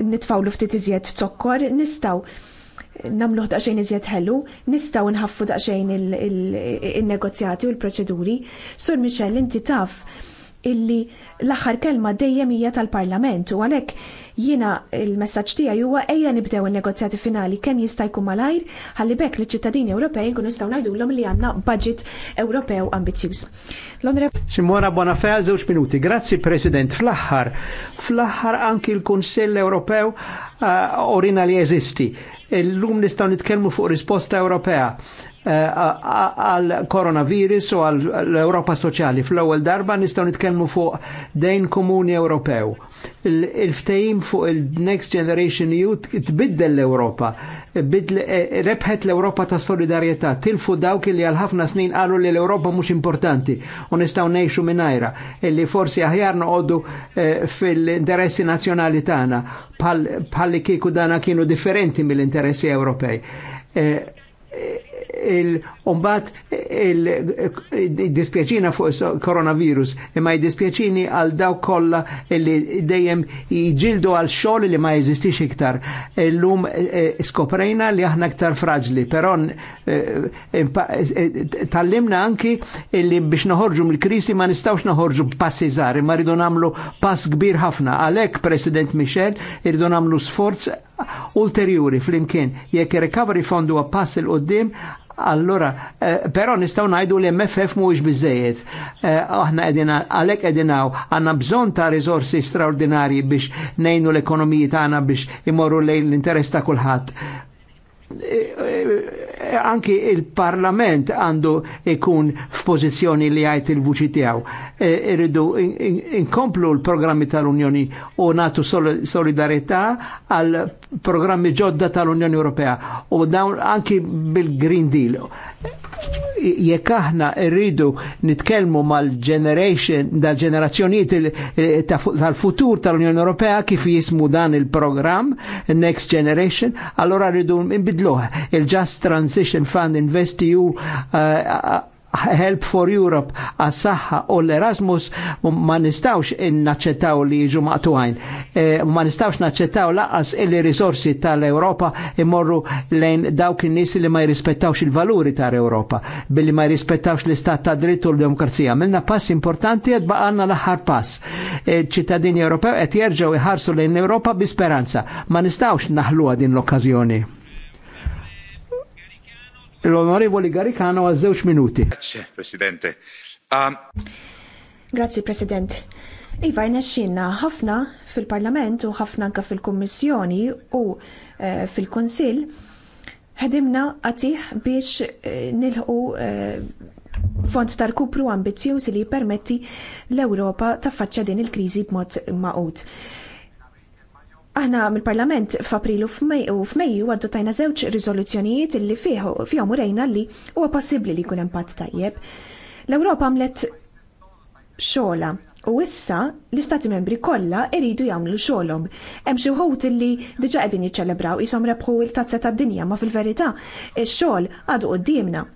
nitfawlu ftit iżjed t'zokkor nistaw namluħ daqxejn iżjed ħellu, nistaw nħaffu daqxejn il-negozjati u l-proċeduri. Sur Michel, inti taf illi l-axar kelma dejjem hija tal-Parlament u għalhekk jiena il-messaġġ tiegħi huwa ejja nibdew il negozjati finali kemm jista' jkun malajr għalli bekk liċ-ċittadini Ewropej najdu l ngħidulhom li għandna budget Ewropew ambizzjuż. Simona Bonafea żewġ minuti. Grazzi President. Fl-aħħar, fl-aħħar anki l-Kunsill Ewropew eh, orina li jeżisti il-lum nistgħu nitkellmu fuq risposta Ewropea Eh, għal koronavirus u għal l-Europa Soċjali. Fl-ewwel darba nistgħu nitkellmu fuq dejn komuni Ewropew. Il-ftehim fuq il-Next Generation EU tbiddel l-Ewropa, eh, rebħet l-Ewropa ta' solidarjetà, tilfu dawk li għal ħafna snin qalu li l-Ewropa mhux importanti u nistgħu ngħixu mingħajra li forsi aħjar noqogħdu eh, fil-interessi nazzjonali tagħna bħalli kieku dana kienu differenti mill-interessi Ewropej il Umbat il dispieċina fuq koronavirus, imma jdispjaċini għal daw kolla li dejjem jġildu għal xogħol li ma jeżistix iktar. Illum eh, eh, skoprejna li aħna iktar fraġli, però eh, tallimna anki li biex noħorġu mill-krisi ma nistawx noħorġu passi żgħar, imma rridu nagħmlu pass kbir ħafna. Għalhekk President Michel irridu nagħmlu sforz ulterjuri fl-imkien jekk recovery fondu huwa pass il qoddim allora Eh, però nistgħu ngħidu li MFF mhuwiex biżejjed. Eh, aħna edina, għalek qegħdin għanna bżonn ta' rizorsi straordinarji biex ngħinu l-ekonomiji tagħna biex imorru lejn l interes ta' kulħadd eh, anki il-parlament għandu ikun f'pożizzjoni li għajt il-vuċi tijaw. E, irridu inkomplu l-programmi tal-Unjoni u natu solidarietà għal programmi ġodda tal-Unjoni Ewropea u dawn anki bil-Green Deal. Jekk aħna rridu nitkellmu mal-generation, dal-ġenerazzjonijiet e, tal-futur tal-Unjoni Ewropea kif jismu dan il-programm Next Generation, allora rridu nbidluħ il-Just Transition Transition Fund, you uh, uh, Help for Europe għas saħħa u l-Erasmus ma nistawx naċċettaw li jiġu maqtuħajn. E, ma nistawx naċċettaw laqas illi risorsi tal-Europa imorru lejn dawk in nisi li ma jirrispettawx il-valuri tal-Europa, billi ma jirrispettawx l-istat ta' dritt u l-demokrazija. Milna pass importanti qed baqanna l-aħħar pass. ċittadini Ewropew qed jerġgħu iħarsu lejn Europa bi speranza. Ma nistawx naħluha din l-okkażjoni l-onorevoli Garicano għal żewġ minuti. Grazie, Presidente. Um... Grazie, President. Iva, nesċinna ħafna fil-Parlament u ħafna anka fil-Kommissjoni u uh, eh, fil-Konsil ħedimna għatiħ biex uh, nilħu uh, eh, font tal-kupru ambizjuż li jippermetti l-Ewropa taffaċċja din il-kriżi b'mod maqut. Ma Aħna mill-Parlament f'April u f'Mejju tajna żewġ riżoluzzjonijiet illi fihom urejna li huwa possibbli li jkun hemm patt tajjeb. L-Ewropa għamlet xogħla u issa l-Istati Membri kollha jridu jagħmlu xogħolhom. Hemm xi wħud illi diġà qegħdin jiċċelebraw ishom rebħu l-tazza tad-dinja ma fil-verità ix-xogħol għadu qudiemna.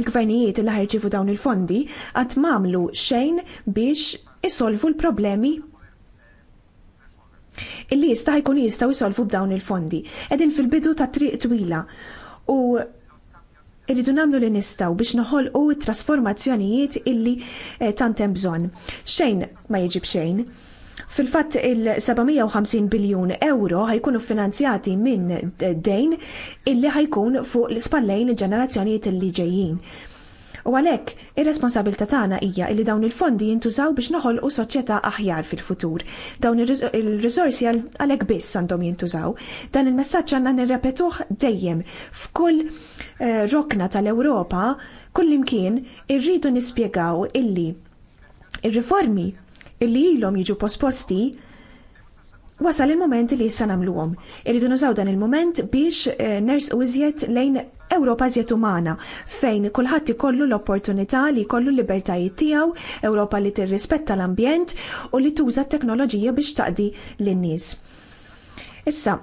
Il-gvernijiet li ħarċifu dawn il-fondi għat mamlu xejn biex isolvu l-problemi illi jista' jkun jistgħu jsolvu b'dawn il-fondi. edin fil-bidu ta' triq twila u irridu nagħmlu li nistgħu biex noħolqu t-trasformazzjonijiet illi eh, tant hemm bżonn. Xejn ma jiġib xejn. Fil-fatt il-750 biljun euro ħajkunu finanzjati minn dejn illi ħajkun fuq l-spallejn il-ġenerazzjonijiet illi ġejjin. U għalhekk ir-responsabilità tagħna hija li dawn il-fondi jintużaw biex noħolqu soċjetà aħjar fil-futur. Dawn ir-riżorsi għalhekk biss għandhom jintużaw. Dan il-messaġġ għandna nirrepetuh dejjem f'kull eh, rokna tal-Ewropa kullimkien irridu nispjegaw illi ir-riformi illi ilhom jiġu posposti Wasal il-moment li issa nagħmluhom. Irridu nużaw dan il-moment biex eh, ners u iżjed lejn Ewropa żjed umana fejn kulħadd ikollu l-opportunità li jkollu l-libertajiet tiegħu, Ewropa li tirrispetta l-ambjent u li tuża t-teknoloġija biex taqdi lin-nies. Issa,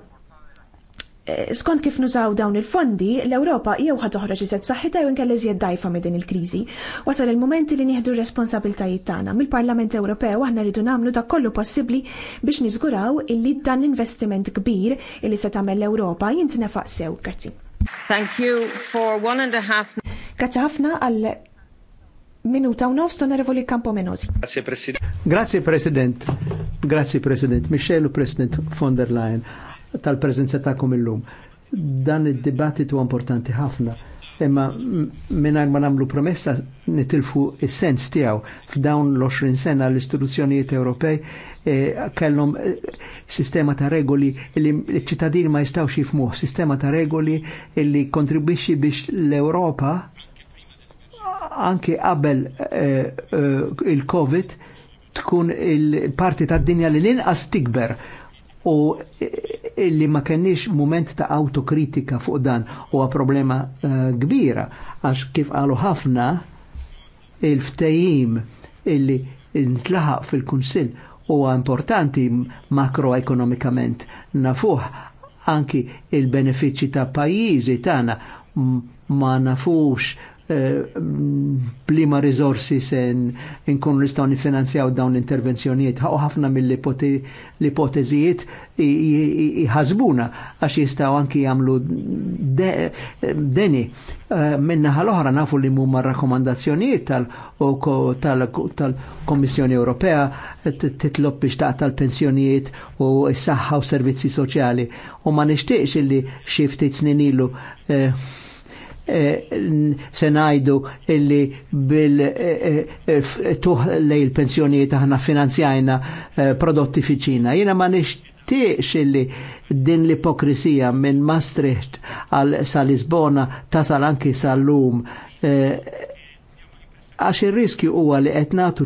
Eh, skont kif nużaw dawn il-fondi, l-Ewropa jew ħad toħroġ iżjed b'saħħitha jew inkella iżjed dajfa minn din il-kriżi. Wasal il-moment li nieħdu r-responsabiltajiet tagħna. Mill-Parlament Ewropew aħna rridu nagħmlu dak kollu possibbli biex niżguraw illi dan l-investiment kbir illi se tagħmel l-Ewropa jintnefaq sew. Grazzi. Thank you for one and a half. Grazzi ħafna għal minuta u nofs tonervoli Campo Menosi. Grazie President. Grazie President. Grazie President Michel President von der Leyen tal prezenza ta' kum illum. Dan id-dibattitu importanti ħafna imma minnar ma namlu promessa nitilfu il-sens tijaw f'dawn l-20 sena l-istituzzjonijiet Ewropej eh, kellhom eh, sistema ta' regoli li l-ċittadini ma jistaw jifmuh, sistema ta' regoli li kontribwixxi biex l-Ewropa anke qabel eh, il-Covid tkun il-parti tad-dinja li l-inqas tikber u illi ma kenniex moment ta' autokritika fuq dan huwa problema eh, kbira għax kif qalu ħafna il-ftejim illi ntlaħaq fil-Kunsill huwa importanti makroekonomikament nafuh anki il-benefiċi ta' pajjiżi tagħna ma nafux Eh, mm, blima rizorsi sen nkun nistaw nifinanzjaw dawn l-intervenzjonijiet. U ħafna mill-ipotezijiet iħazbuna għax jistaw anki jamlu deni. Eh, minna ħal-oħra nafu li mumma rakkomandazzjonijiet tal-Komissjoni Ewropea titlob biex taqta tal-pensjonijiet u s-saħħa u servizzi soċjali. U ma nishtiqx li xiftit snin ilu eh, Eh, se ngħidu illi bil-tuħ eh, eh, li il-pensjonijiet aħna finanzjajna prodotti fiċina. Jiena ma nixtiex illi din l-ipokrisija minn Maastricht għal sa Lisbona tasal anki sal-lum għax ir-riskju huwa li qed nagħtu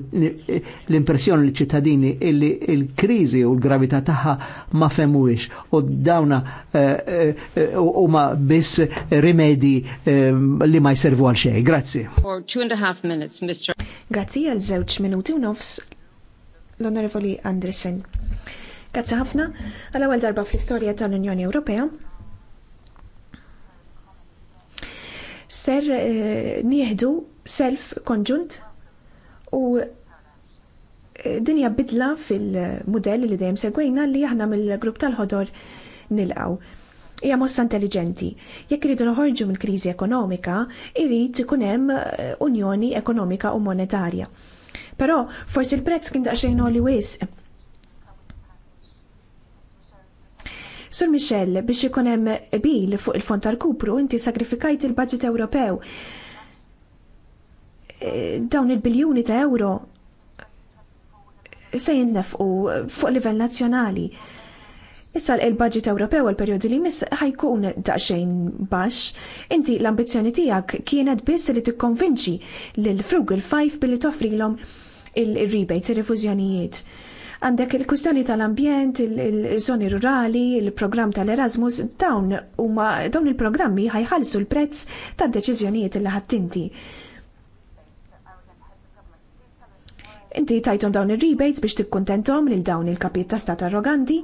l-impressjoni li ċittadini illi l-kriżi u l-gravità tagħha ma femmuhiex u dawna huma eh, eh, biss rimedi eh, li ma jservu għal xejn. Grazzi. Grazzi għal żewġ minuti u nofs l-Onorevoli Andresen. Grazzi ħafna għal-ewwel darba fl-istorja tal-Unjoni Ewropea ser nieħdu self konġunt u eh, dinja bidla fil-modell li dejjem segwejna li aħna mill-grupp tal-ħodor nilqaw. Hija mossa intelligenti. Jekk iridu noħorġu mill-kriżi ekonomika, irid ikun hemm eh, unjoni ekonomika u monetarja. Però forsi l-prezz kien daqsxejn li wisq. Sur Michel, biex ikun hemm bil fuq il-fond tal-kupru, inti sagrifikajt il-budget Ewropew dawn il-biljuni ta' euro se jinnefqu fuq livell nazzjonali. Issa l-budget Ewropew għal periodu li mis ħajkun daqsxejn bax, inti l-ambizzjoni tiegħek kienet biss li tikkonvinċi lil Frugal 5 billi toffrilhom il-rebates, ir refuzjonijiet Għandek il-kustjoni tal-ambjent, il-żoni rurali, il-programm tal-Erasmus, dawn dawn il-programmi ħajħalsu l-prezz tad-deċiżjonijiet il il ħattinti inti tajtom dawn ir-rebates biex tikkuntentom lil dawn il-kapiet ta' stat arroganti u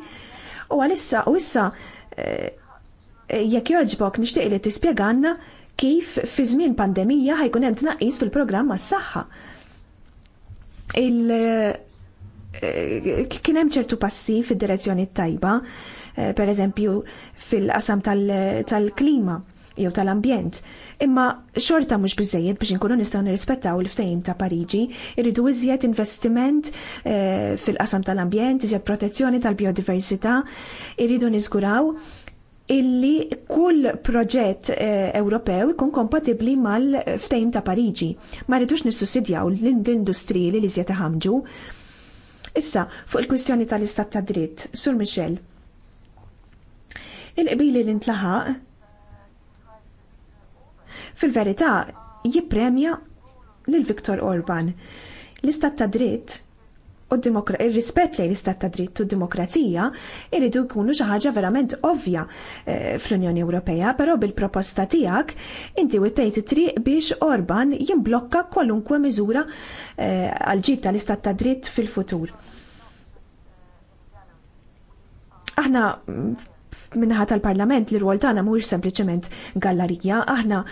għalissa u issa eh, jekk joġbok nixtieq li tispjeganna kif fi żmien pandemija ħajkun hemm tnaqqis fil-programm għas-saħħa. Eh, kien hemm ċertu passi fid-direzzjoni tajba, eh, per eżempju fil-qasam tal-klima jew tal-ambjent. Imma xorta mhux biżejjed biex inkunu nistgħu nirrispettaw il-ftehim ta' Pariġi, irridu iżjed investiment eh, fil-qasam tal-ambjent, iżjed protezzjoni tal-biodiversità, irridu niżguraw illi kull proġett eh, Ewropew ikun kompatibbli mal-ftehim ta' Pariġi. Ma rridux nissussidjaw l-industriji li iżjed zjed ħamġu. Issa, fuq il-kwistjoni tal-istat ta' dritt, Sur Michel. Il-qbili l-intlaħaq fil-verità jippremja lil Viktor Orban. L-istat ta' dritt u il-rispett lejn l-istat ta' dritt u d-demokrazija jridu jkunu xi ħaġa verament ovvja eh, fl-Unjoni Ewropea, però bil-proposta tiegħek inti wittejt triq biex Orban jimblokka kwalunkwe miżura eh, għal ġid tal-istat ta' dritt fil-futur. Aħna mm, minnaħa tal-parlament li rwol tagħna mhuwiex sempliċement gallerija, aħna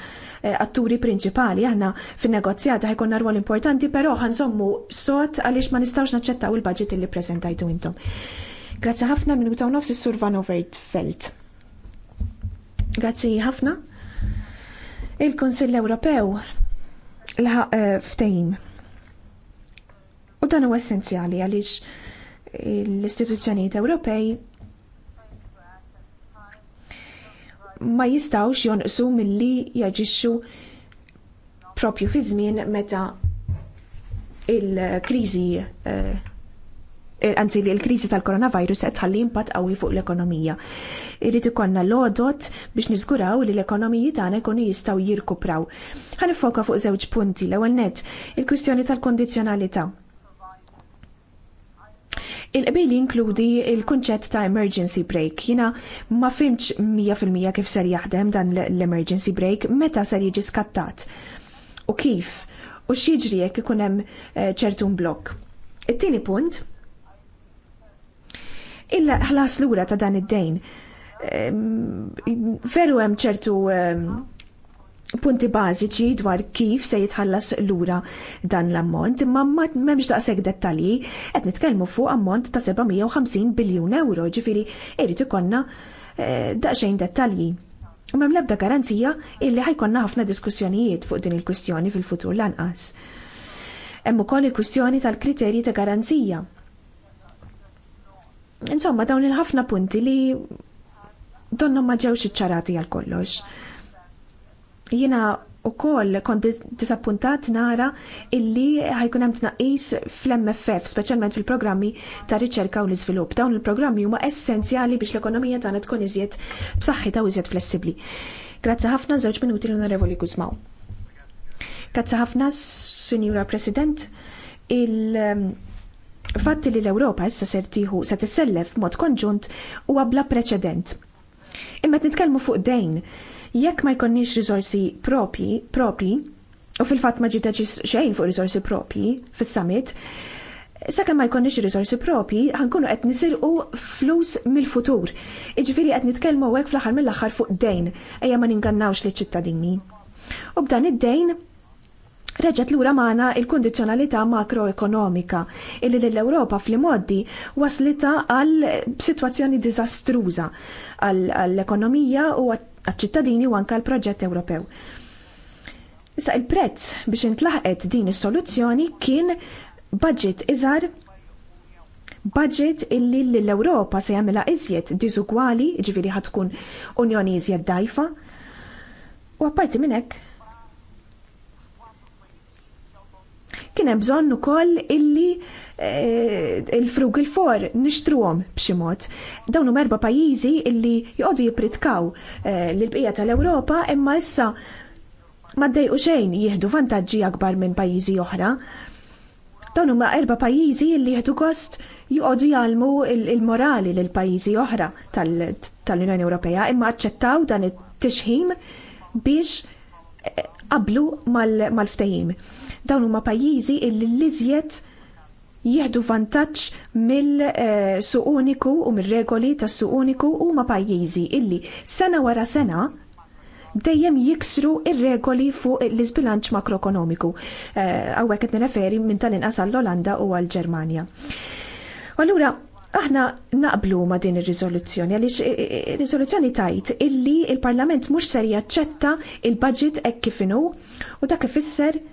Eh, atturi prinċipali. Aħna fin-negozjata ħajkonna rwol importanti, però ħanżommu sot għaliex ma nistgħux naċċettaw il-budget li prezentajtu intom. Grazzi ħafna minn utaw nofs is-Sur Van Overtfeld. Grazzi ħafna. Il-Konsill Ewropew laħaq eh, ftehim. U dan huwa essenzjali għaliex l-istituzzjonijiet Ewropej ma jistawx jonqsu milli jaġixxu propju fi żmien meta il-kriżi eh, anzi li l-kriżi tal-koronavirus qed ħalli impatt qawwi fuq l-ekonomija. Irid ikollna l biex niżguraw li l-ekonomiji tagħna jkunu jistgħu jirkupraw. Ħanifoka fuq żewġ punti l-ewwel net, il-kwistjoni tal-kondizzjonalità. Il-qbil jinkludi il-kunċett ta' emergency break. Jina ma fimx 100% kif ser jaħdem dan l-emergency break, meta ser jiġi skattat u kif u xieġri jekk ikun hemm eh, ċertu blok. It-tieni punt illa ħlas lura ta' dan id-dejn. Ehm, veru hemm ċertu ehm, punti bażiċi dwar kif se jitħallas lura dan l-ammont, imma m'hemmx daqshekk dettalji qed nitkellmu fuq ammont ta' 750 biljun euro, ġifiri, irrit ikonna eh, daqsxejn dettalji. U mem l-ebda garanzija illi ħajkonna ħafna diskussjonijiet fuq din il-kwistjoni fil-futur lanqas. Hemm ukoll il-kwistjoni tal-kriterji ta' garanzija. Insomma, dawn il-ħafna punti li donnom ma ġewx iċċarati għal kollox. Jiena wkoll kont disappuntat nara illi ħajkun hemm tnaqqis fl-MFF, speċjalment fil-programmi ta' riċerka u l-iżvilupp. Dawn il-programmi huma essenzjali biex l-ekonomija tagħna tkun iżjed b'saħħitha u iżjed flessibbli. Grazzi ħafna żewġ minuti l-Onorevoli Guzmaw. Grazzi ħafna, Sinjura President, il- ehm, Fatti li l-Ewropa issa ser tieħu se tissellef mod konġunt huwa bla preċedent. Imma nitkellmu fuq dejn Jekk ma jkonniex risorsi propi, propi, u fil-fatt ma ġietx xejn fuq risorsi propi fis-summit, sakemm ma jkonniex risorsi propi, ħankunu qed nisirqu flus mill-futur. Iġifieri qed nitkellmu hekk fl-aħħar mill-aħħar fuq dejn, ejja ma ningannawx liċ-ċittadini. U b'dan id-dejn reġgħet lura magħna il-kundizzjonalità makroekonomika illi l-Ewropa fl-modi waslita għal sitwazzjoni diżastruża għall-ekonomija u għat għal ċittadini u anke l-proġett Ewropew. Issa il-prezz biex intlaħqet din is-soluzzjoni kien budget iżar budget illi l-Ewropa se jagħmilha iżjed diżugwali, ġifieri ħadd tkun Unjoni iżjed dajfa. U apparti minn hekk, kien hemm bżonn ukoll illi eh, il-frug il-for nixtruhom b'xi mod. Dawn huma erba' pajjiżi illi joqogħdu jippritkaw eh, l-bqija tal-Ewropa imma issa ma ddejqu xejn jieħdu vantaġġi akbar minn pajjiżi oħra. Dawn huma erba' pajjiżi illi jieħdu kost joqogħdu jgħalmu il-morali lil pajjiżi oħra tal-Unjoni Ewropea imma aċċettaw dan it-tixħim biex eh, qablu mal-ftehim. Dawn huma pajjiżi illi l-iżjed jieħdu vantaġġ mill-suq eh, uniku u mir-regoli tas-suq uniku huma pajjiżi illi sena wara sena dejjem jiksru ir-regoli fuq l-isbilanċ makroekonomiku. Għawek eh, qed nireferi minn tal-inqas għall-Olanda u għall-Ġermanja. Allura, aħna naqblu ma din ir-riżoluzzjoni għaliex ir-riżoluzzjoni eh, tajt illi il-Parlament mhux ser jaċċetta il-budget hekk kif inhu u dak ifisser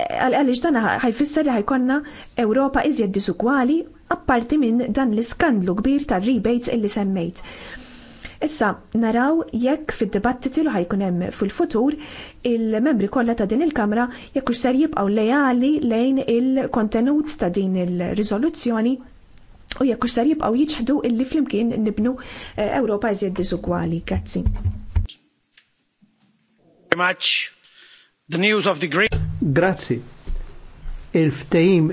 għaliex dan ħajfisser li ħajkonna Ewropa iżjed disukwali apparti minn dan l-iskandlu kbir tar-rebates illi semmejt. Issa, naraw jekk fid-dibattiti li ħajkun hemm fil-futur il-membri kollha ta' din il-Kamra jekk hux ser jibqgħu lejali lejn il-kontenut ta' din il-riżoluzzjoni u jekk hux ser jibqgħu jiġħdu illi flimkien nibnu eh, Ewropa iżjed diżugwali. Grazzi. The news of the Greek Grazzi. Il-ftehim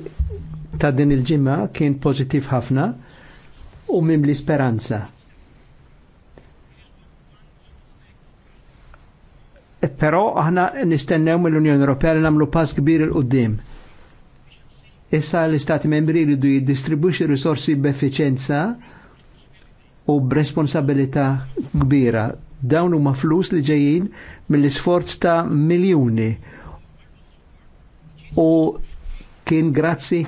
ta' din il-ġimma kien pozitif ħafna u mimli speranza. E, però aħna nistennew mill-Unjoni Ewropea li nagħmlu pass kbir il qudiem Issa l-Istati membri jridu jiddistribwixxi risorsi b'effiċenza u b'responsabilità kbira. Dawn huma flus li ġejjin mill-isforz ta' miljuni u kien grazzi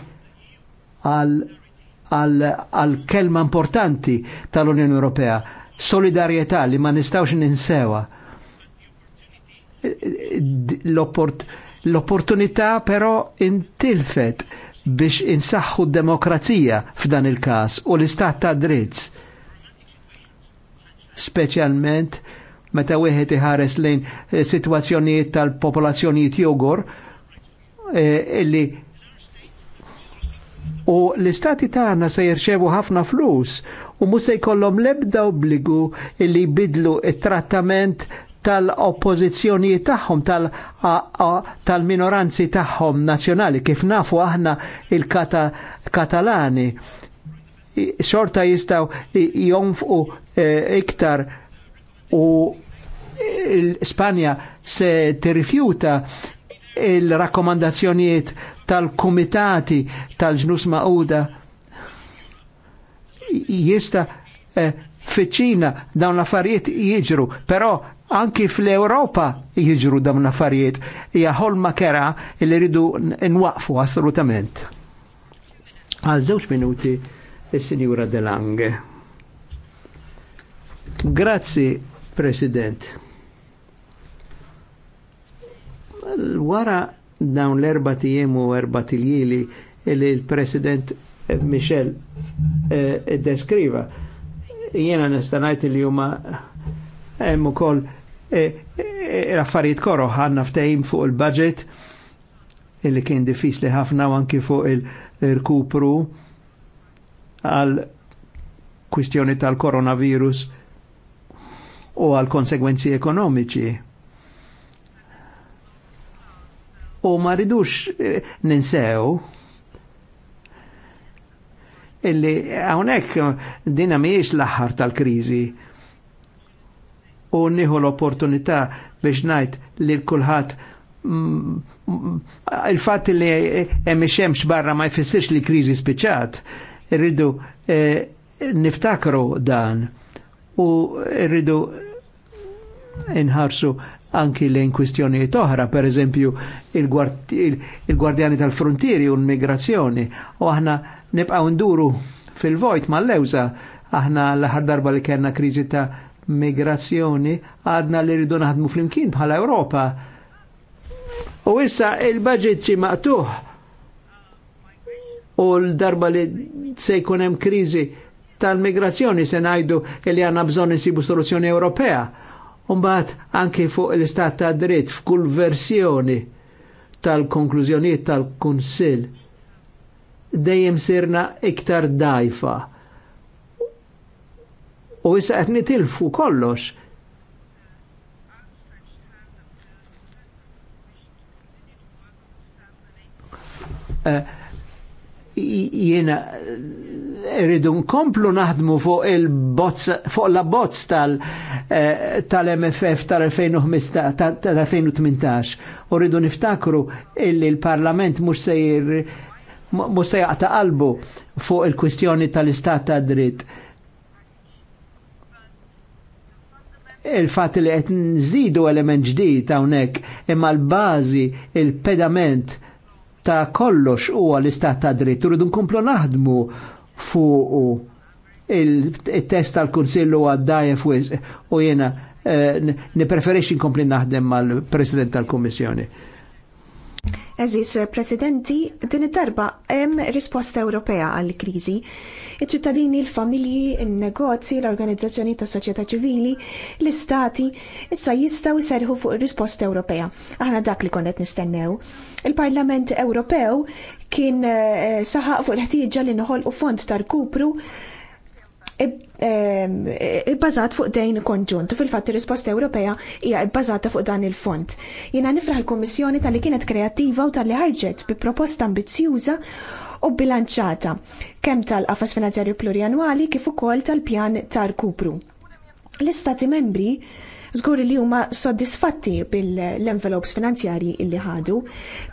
għal kelma importanti tal-Unjoni Ewropea, solidarietà li ma nistawx ninsewa. L-opportunità però intilfet biex insaħħu d-demokrazija f'dan il-kas u l-istat ta' dritt. Speċjalment meta wieħed iħares lejn eh, sitwazzjonijiet tal-popolazzjonijiet jogur. Eh, illi u l-istati tagħna se jirċevu ħafna flus u mhux se jkollhom l-ebda obbligu illi jbidlu it-trattament tal-oppożizzjonijiet tagħhom tal-minoranzi tal tagħhom nazzjonali kif nafu aħna il-Katalani -kata xorta jistaw jonfqu eh, iktar u l-Spanja se tirrifjuta il rakkomandazzjoniet tal-komitati tal-ġnus ma'uda jista eh, fiċina dawn l-affarijiet jiġru, però anki fl-Europa jiġru dawn l-affarijiet hija ħolma kera li rridu nwaqfu assolutament. Għal żewġ minuti is-Sinjura Delange. Grazzi, President. wara dawn l-erba Tiemu u erba tiljili li l-President Michel eh, deskriva. Jena nistanajt li huma hemm ukoll eh, eh affarijiet koro ħanna ftehim fuq il-budget illi kien diffiċli ħafna anki fuq il-rkupru għal kwistjoni tal-koronavirus u għal konsegwenzi ekonomiċi u ma ridux eh, ninsew illi għonek dina miex l-axar tal-krizi u nieħu l-opportunità biex najt li l-kulħat mm, il-fat li hemm barra ma jfissirx li kriżi spiċċat, irridu eh, niftakru dan u rridu inħarsu anki lejn kwistjonijiet oħra, per eżempju il-Gwardjani il tal-Frontieri u l-Migrazzjoni. U aħna nibqgħu nduru fil-vojt mal-lewża, aħna l-aħħar darba li kellna kriżi ta' migrazzjoni għadna li rridu naħdmu fl-imkien bħala Ewropa. U issa il-budget ġi maqtuħ u l-darba li se jkun hemm kriżi tal-migrazzjoni se ngħidu li għandna bżonn insibu soluzzjoni Ewropea Umbat anki fuq l-istat ta' dritt f'kull versjoni tal-konklużjonijiet tal-Kunsill dejjem sirna iktar dajfa. U issa qed nitilfu kollox. Uh, jiena eh, rridu nkomplu naħdmu fuq il-bozz, fuq la bozz eh, tal-MFF tal-2015, tal-2018, u rridu niftakru illi l-Parlament se sejr mhux se jaqta qalbu fuq il-kwistjoni tal-istat ta' dritt. Il-fat li qed nżidu element ġdid hawnhekk imma l-bażi, il-pedament, il pedament ta' kollox huwa l-istat ta' dritt. Uridu nkomplu naħdmu fuq il-test tal-Kunsillu għad għaddajef u jena eh, nipreferixi nkompli naħdem mal-President tal-Kommissjoni. Eżis, eh, Presidenti, din id-darba hemm risposta Ewropea għall kriżi Iċ-ċittadini, l-familji, il-negozji, l-organizzazzjoni ta' soċjetà ċivili, l-istati, issa jistgħu serħu fuq ir-risposta Ewropea. Aħna dak li konnet nistennew. Il-Parlament Ewropew kien eh, saħaq fuq l-ħtieġa li noħolqu fond tar-kupru ibbażat fuq dejn konġunt. Fil-fatt ir-risposta Ewropea hija bbażata fuq dan il-fond. Jiena nifraħ il-Kummissjoni tal-li kienet kreattiva u tal-li ħarġet bi proposta ambizzjuża u bilanċata kemm tal-qafas finanzjarju plurianwali kif ukoll tal-pjan tal-kupru. L-istati membri żgur li huma soddisfatti bil-envelopes finanzjarji illi ħadu,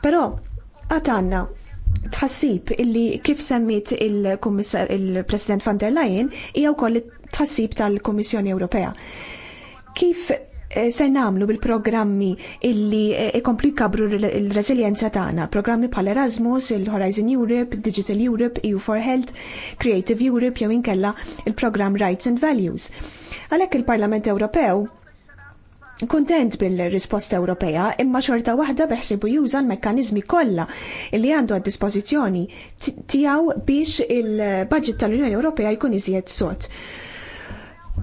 però għatanna tħassib illi kif semmit il-Kummissar il-President van der Leyen hija wkoll tħassib tal-Kummissjoni Ewropea. Kif eh, se namlu bil-programmi illi eh, ikompli kabru l resilienza tagħna, programmi bħal Erasmus, il-Horizon Europe, Digital Europe, EU for Health, Creative Europe jew inkella il-programm Rights and Values. Għalhekk il-Parlament Ewropew Kuntent bil-risposta Ewropea imma xorta waħda beħsibu juża l-mekkanizmi kollha li għandu għad dispożizzjoni tiegħu biex il-budget tal-Unjoni Ewropea jkun iżjed sot.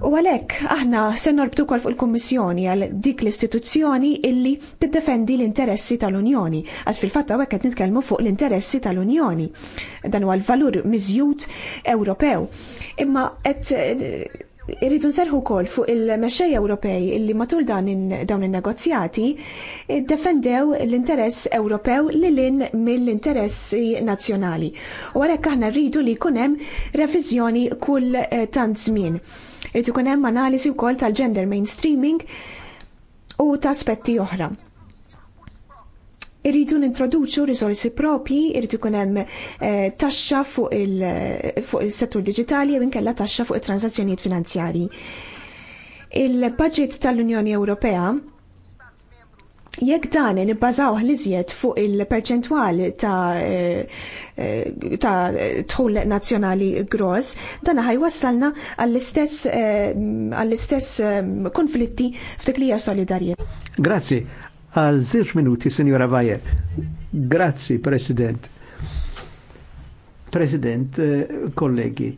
U għalhekk aħna se norbtu kol fuq il-Kummissjoni għal dik l-istituzzjoni illi tiddefendi l-interessi tal-Unjoni, għax fil-fatt hawnhekk qed nitkellmu fuq l-interessi tal-Unjoni. Dan huwa l-valur miżjud Ewropew. Imma qed Irridu nserħu kol fuq il-mexxej Ewropej illi matul dan dawn in-negozjati eh, defendew l-interess Ewropew li lin mill-interessi nazzjonali. U għalhekk aħna rridu li jkun hemm reviżjoni kull eh, tant żmien. Irid ikun hemm analiżi wkoll tal-gender mainstreaming u ta' aspetti oħra. Irridu nintroduċu risorsi propi, irridu ikun hemm eh, taxxa fuq il-settur digitali jew inkella taxxa fuq it-transazzjonijiet finanzjarji. Il-budget tal-Unjoni Ewropea jekk dan nibbażawh li żjed fuq il-perċentwal ta' eh, ta' tħul nazzjonali gross, dan ħajwassalna għall-istess eh, għall-istess konflitti f'dik li hija solidarjetà. Grazzi, għal zirx minuti, Signora Vaje. Grazzi, President. President, eh, kollegi,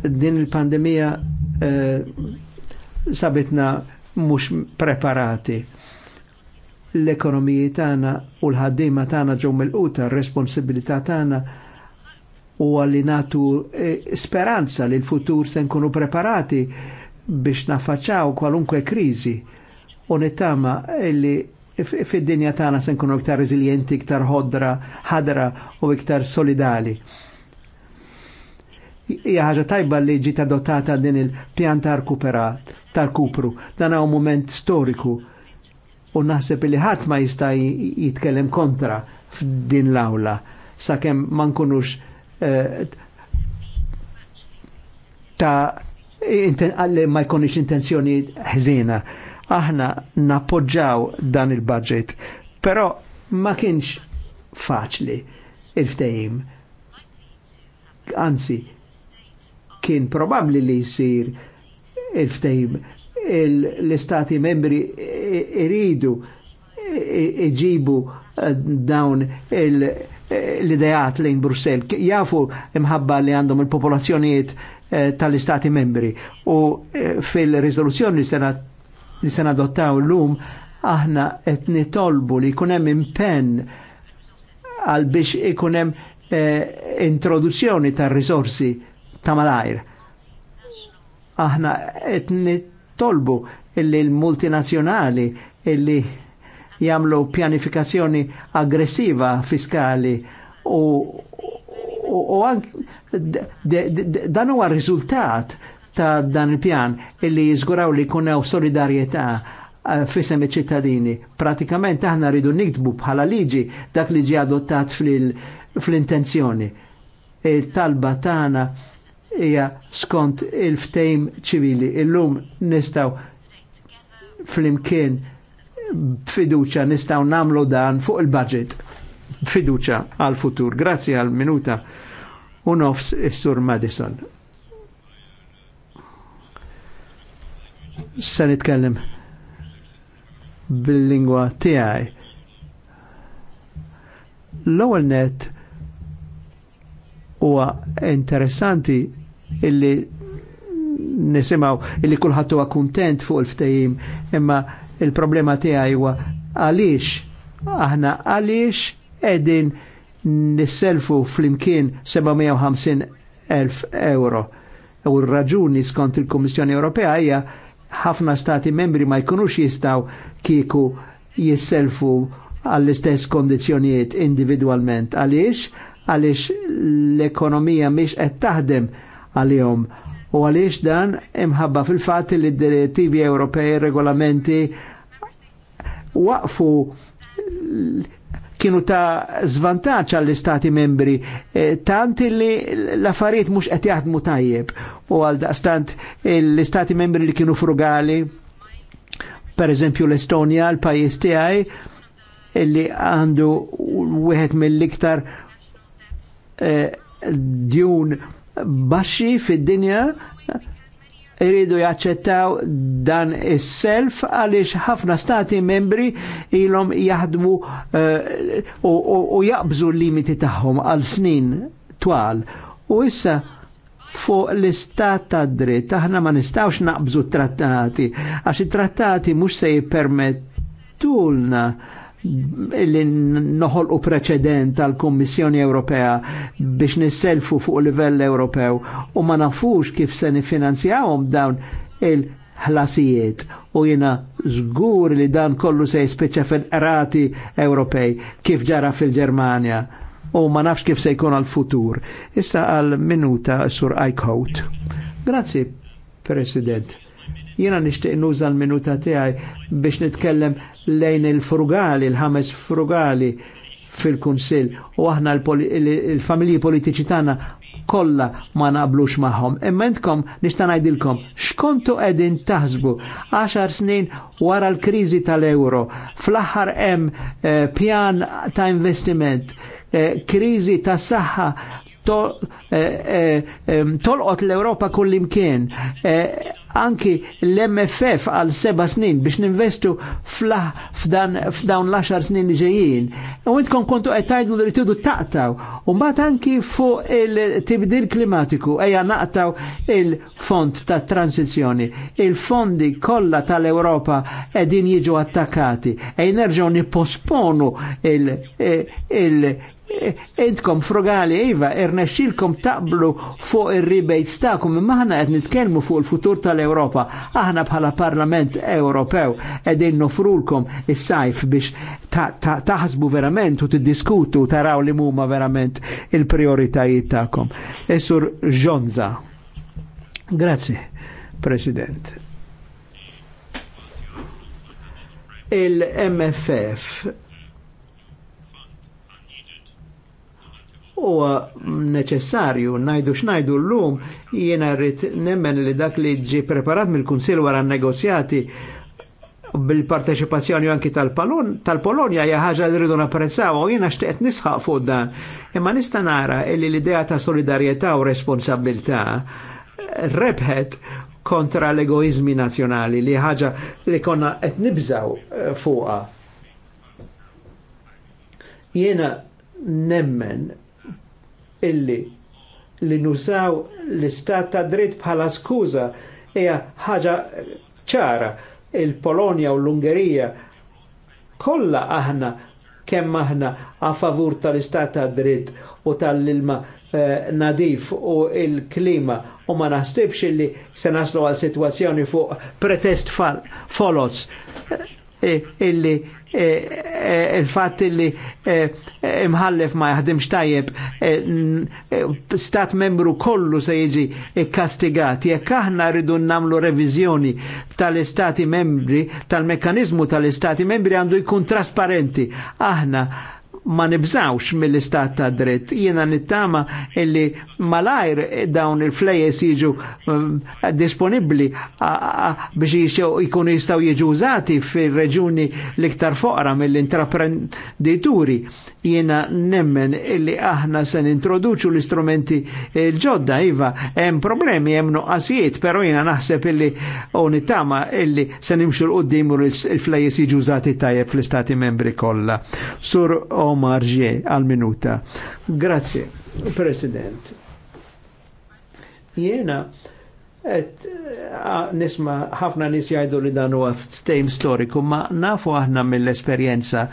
din il-pandemija eh, sabitna mux preparati l-ekonomiji tagħna u l-ħaddiema tagħna ġew mill-quta, r-responsabilità tagħna u għalli natu eh, speranza li l-futur se nkunu preparati biex nafaċċaw kwalunkwe kriżi u nittama illi fid-dinja tagħna se nkunu iktar reżiljenti, iktar ħodra, ħadra u iktar solidali. Hija ħaġa tajba li ġiet adottata din il-pjan ta' rkuperat, ta' kupru. Dan hawn moment storiku u naħseb li ħadd ma jista' jitkellem kontra f'din l-awla sakemm ma nkunux eh, ta' ma jkunix intenzjoni ħżina Aħna nappoġġaw dan il-budget, però ma kienx faċli il-ftejim. Anzi, kien probabli li jisir il-ftejim l-istati membri iridu iġibu eh, dawn l-idejat lejn Brussel. Jafu imħabba li għandhom il-popolazzjonijiet eh, tal-istati membri u eh, fil-rizoluzzjoni li sena li se nadottaw l-lum aħna et nitolbu li jkun hemm impenn għal biex ikun hemm eh, introduzzjoni ta' risorsi ta' malajr. Aħna et nitolbu illi l multinazjonali illi jagħmlu pjanifikazzjoni aggressiva fiskali u u, u, u dan huwa riżultat ta' dan il-pjan illi jizguraw li kunew solidarieta eh, fissem iċ-ċittadini. Pratikament aħna rridu niktbu bħala liġi dak li ġi adottat fl-intenzjoni. E talba tagħna hija skont il-ftejm ċivili. Illum nistaw fl-imkien fiduċa nistaw namlu dan fuq il-budget. Fiduċa għal-futur. Grazie għal-minuta. Unofs is-sur Madison. se nitkellem bil-lingwa tiegħi. L-ewwel net huwa interessanti illi nisimaw illi kulħadd huwa kuntent fuq il-ftehim, imma il-problema tiegħi huwa għaliex aħna għaliex qegħdin nisselfu flimkien 750 elf euro. U r-raġuni skont il-Kummissjoni Ewropea hija ħafna stati membri ma jkunux jistaw kieku jisselfu għall-istess kondizjonijiet individualment. Għaliex? Għaliex l-ekonomija miex qed taħdem għalihom. U għaliex dan imħabba fil-fatt li d-direttivi Ewropej regolamenti waqfu kienu ta' zvantaċ għall-istati membri, e, tant li l-affarijiet mux qed jaħdmu tajjeb u għal daqstant l-istati membri li kienu frugali, per eżempju l-Estonja, l-pajis tiegħi, illi għandu wieħed mill-iktar eh, djun baxxi fid-dinja iridu jaċċettaw dan is-self għaliex ħafna stati membri ilhom jaħdmu eh, u uh, jaqbżu l-limiti tagħhom għal snin twal. U issa fuq l-istat ta' dritt aħna ma nistawx naqbżu trattati għax it-trattati mhux se jippermettulna li noħol u preċedent tal-Kommissjoni Ewropea biex nisselfu fuq livell Ewropew u ma nafux kif se nifinanzjawhom dawn il-ħlasijiet u jina żgur li dan kollu se jispiċċa fil rati Ewropej kif ġara fil ġermania u ma nafx kif se jkun għal-futur. Issa għal-minuta sur Eichhout. Grazie, President Jiena nixtieq nuża l-minuta tiegħi biex nitkellem lejn il-frugali, il-ħames frugali fil-Kunsill u aħna l-familji politiċi tagħna kollha ma naqblux magħhom. Imma intkom nista' ngħidilkom x'kontu qegħdin taħsbu 10 snin wara l-kriżi tal-euro, fl-aħħar hemm eh, pjan ta' investiment, eh, kriżi ta' saħħa eh, tolqot l-Europa kullimkien anki l-MFF għal seba snin biex ninvestu f'dan f'dawn l axar snin ġejjin. U intkom kontu għetajdu tgħidu li taqtaw. U mbagħad anki fuq il-tibdil klimatiku ejja naqtaw il-fond ta' transizjoni. Il-fondi kollha tal europa qegħdin jiġu attakati. Ej nerġaw niposponu il-, il, il Entkom frogali, Iva, irnexxilkom taqblu fuq ir ribejt tagħkom imma aħna qed nitkellmu fuq il-futur tal-Ewropa. Aħna bħala Parlament Ewropew qegħdin nofrulkom is-sajf biex taħsbu verament u tiddiskutu taraw li huma verament il-prioritajiet tagħkom. Isur Ġonza. Grazzi, President. Il-MFF u neċessarju najdu xnajdu l-lum jiena rrit nemmen li dak li ġi preparat mill-Kunsil wara negozjati bil-parteċipazzjoni anki tal-Polonja tal ħaġa li rridu napprezzaw u jiena xtieqed nisħaq fuq dan. Imma nista' nara li l-idea ta' solidarjetà u responsabilità rebħet kontra l-egoizmi nazjonali li ħaġa li konna qed nibżaw eh, fuqa. Jiena nemmen illi li nużaw l-istat ta' dritt bħala skuża hija ħaġa ċara il-Polonja u l-Ungerija kollha aħna kemm aħna a favur tal-istat ta' dritt u tal-ilma eh, nadif u il-klima u ma naħsibx illi se naslu għal situazzjoni fuq pretest fal folots eh, illi Eh, eh, il fat li eh, imħallef ma jaħdimx tajjeb stat membru kollu se jiġi kastigat. Jekk aħna rridu namlu revizjoni tal-istati membri, tal mekanizmu tal-istati membri għandu jkun trasparenti. Aħna ma nibżawx mill-istat ta' dritt. Jiena nittama illi malajr dawn il-flejes jiġu mm, disponibli biex jkunu jistaw jiġu użati fil-reġuni l-iktar foqra mill-intraprendituri. Jiena nemmen illi aħna se introduċu l-istrumenti l-ġodda, iva, hemm problemi, hemm nuqqasijiet, pero jiena naħseb illi u nittama illi se nimxu l-qoddim il flejes jiġu użati tajjeb fl-istati membri kollha. Sur om omarġe għal-minuta. Grazie, President. Jena, et nisma ħafna nis jgħidu li dan huwa stejm storiku, ma nafu aħna mill-esperjenza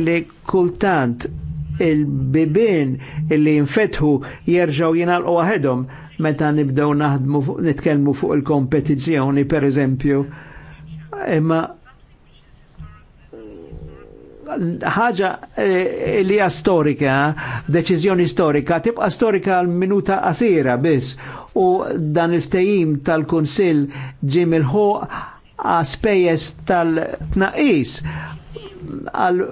li kultant il-bibin illi jinfetħu jerġaw jinalqu għahedhom meta nibdew naħdmu nitkellmu fuq il-kompetizzjoni per eżempju. Imma ħaġa eh, li hija storika, deċiżjoni storika, tibqa' storika għal minuta qasira biss u dan il-ftehim tal-Kunsill ġim il-ħoq għaspejjeż tal-tnaqis għal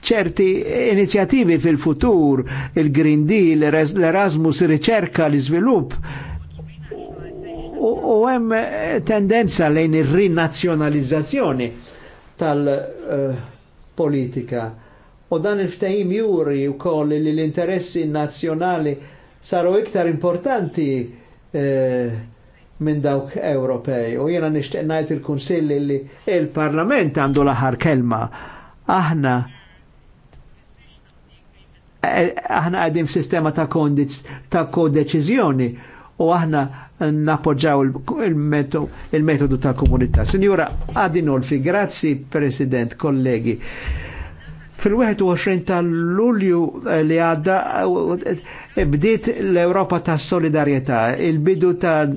ċerti inizjattivi fil-futur, il-Green Deal, l-Erasmus, riċerka, l-iżvilupp, u hemm tendenza lejn ir-rinazzjonalizzazzjoni tal- uh, politika. U dan il-ftehim juri u koll li l-interessi nazjonali saru iktar importanti eh, minn dawk Ewropej. U jena nishtiq najt il-Kunsilli li il-Parlament għandu laħar kelma. Aħna eh, aħna għadim sistema ta' kondiz ta' kodeċizjoni u aħna nappoġġaw il-metodu il tal-komunità. Signora Adinolfi, grazzi President, kollegi. Fil-21 tal-Lulju eh, li għadda eh, bdiet l-Europa ta' solidarietà, il-bidu ta'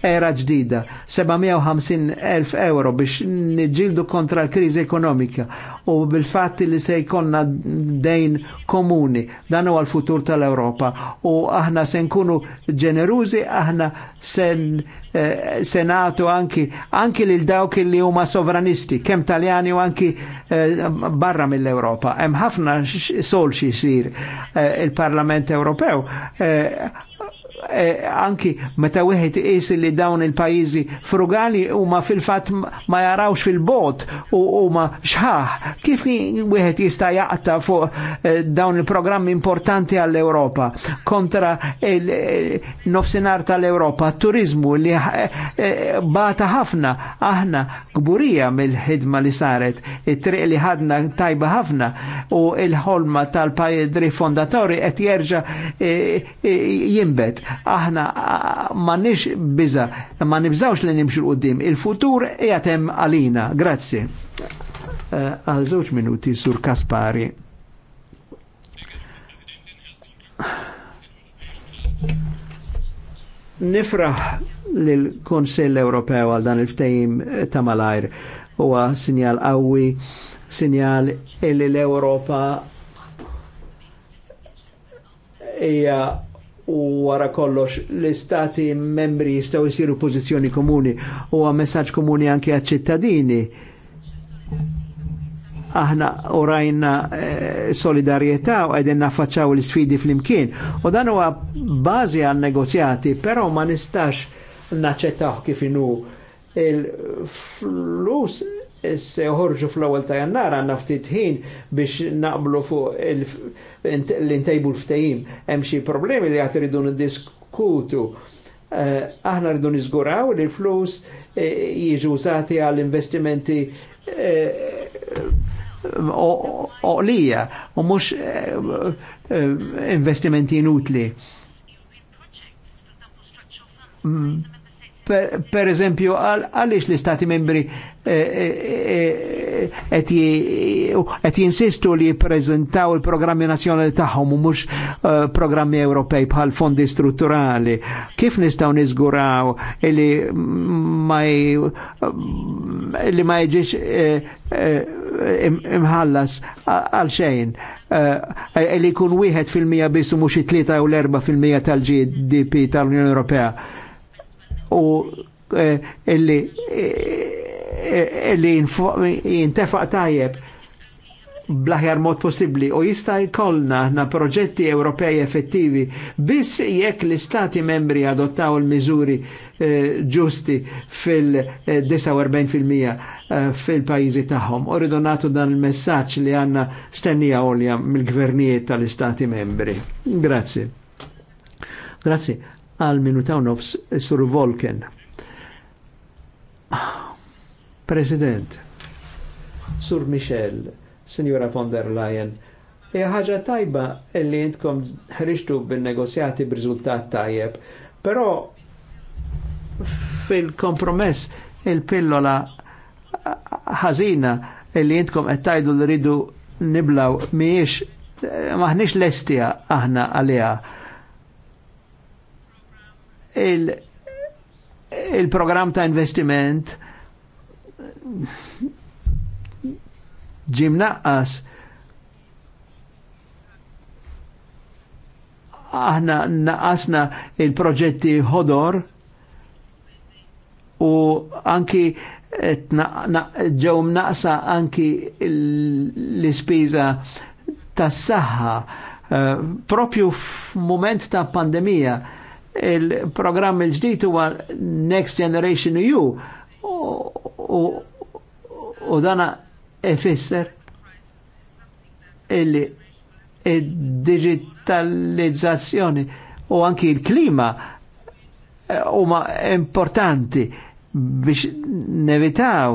era ġdida, 750.000 euro biex nġildu kontra l-krizi ekonomika u bil fat li se jkonna dejn komuni, dan huwa l-futur tal-Europa u aħna se nkunu ġenerużi, aħna sen eh, senatu anki anki lil dawk li huma sovranisti, kemm Taljani u anki eh, barra mill-Europa. Hemm ħafna sol xi jsir eh, il-Parlament Ewropew Ewropew eh, Eh, anki meta wieħed is li dawn il-pajjiżi frugali huma fil-fatt ma jarawx fil-bot u huma xħaħ. Kif wieħed jista' jaqta fuq eh, dawn il-programmi importanti għall-Ewropa kontra eh, nofsinhar tal-Ewropa, turizmu li bata ħafna aħna kburija mill-ħidma li saret, it-triq li ħadna tajba ħafna u il-ħolma tal-pajedri fondatori qed jerġa' jimbet. Aħna nix biza'. ma nibżawx li nimxu l qoddim Il-futur jgħatem hemm għalina. Grazzi. Eh, għal żewġ minuti sur Kaspari. Nifraħ lill-Konsell Ewropew għal dan il-ftehim ta' malajr huwa sinjal qawwi, sinjal illi l-Ewropa hija u wara kollox l-istati membri jistaw jisiru pozizjoni komuni u messaġġ komuni anke għal-ċittadini. Aħna urajna eh, solidarietà u għedin naffaċċaw l-sfidi fl-imkien. U dan huwa bażi għal negozjati, però ma nistax naċċettaw kif inhu il-flus se ħorġu fl-ewwel ta' jannar għandna ftit ħin biex naqblu fuq l-intejbu l-ftehim. Hemm xi problemi li qed iridu niddiskutu. Eh, aħna rridu niżguraw li l-flus eh, jiġu użati għall-investimenti eh, oqlija u mhux investimenti inutli. Mm. Per eżempju, għaliex l-istati membri et jinsistu li jiprezentaw il-programmi nazjonali tagħhom u mhux programmi Ewropej bħal fondi strutturali. Kif nistgħu niżguraw li ma li ma jiġix imħallas għal xejn li jkun wieħed fil-mija biss u mhux it-tlieta u l-erba' fil-mija tal-GDP tal-Unjoni Ewropea. U illi li jintefaq tajjeb blaħjar mod possibli u jista' jkollna na proġetti Ewropej effettivi biss jekk l-istati membri adottaw il-miżuri eh, ġusti fil-49% eh, fil-pajjiżi tagħhom. U rridu nagħtu dan il-messaġġ li għandna stennija għolja mill-gvernijiet tal-istati membri. Grazzi. Grazzi. Għal minutaw nofs Sur Volken. President, Sur Michel, Signora von der Leyen, hija ħaġa tajba illi intkom ħriġtu bin-negozjati b'riżultat tajjeb, però fil-kompromess il-pillola ħażina illi intkom qed tajdu li ridu niblaw miex maħniex lestija aħna għaliha. Il-programm il ta' investiment ġim naqqas aħna naqqasna il-proġetti ħodor u anki ġew naqsa anki l-ispiża tas-saħħa uh, propju f'mument ta' pandemija il-programm il-ġdid huwa Next Generation EU U dana ifisser illi il digitalizzazzjoni u anki il-klima eh, huma importanti biex nevitaw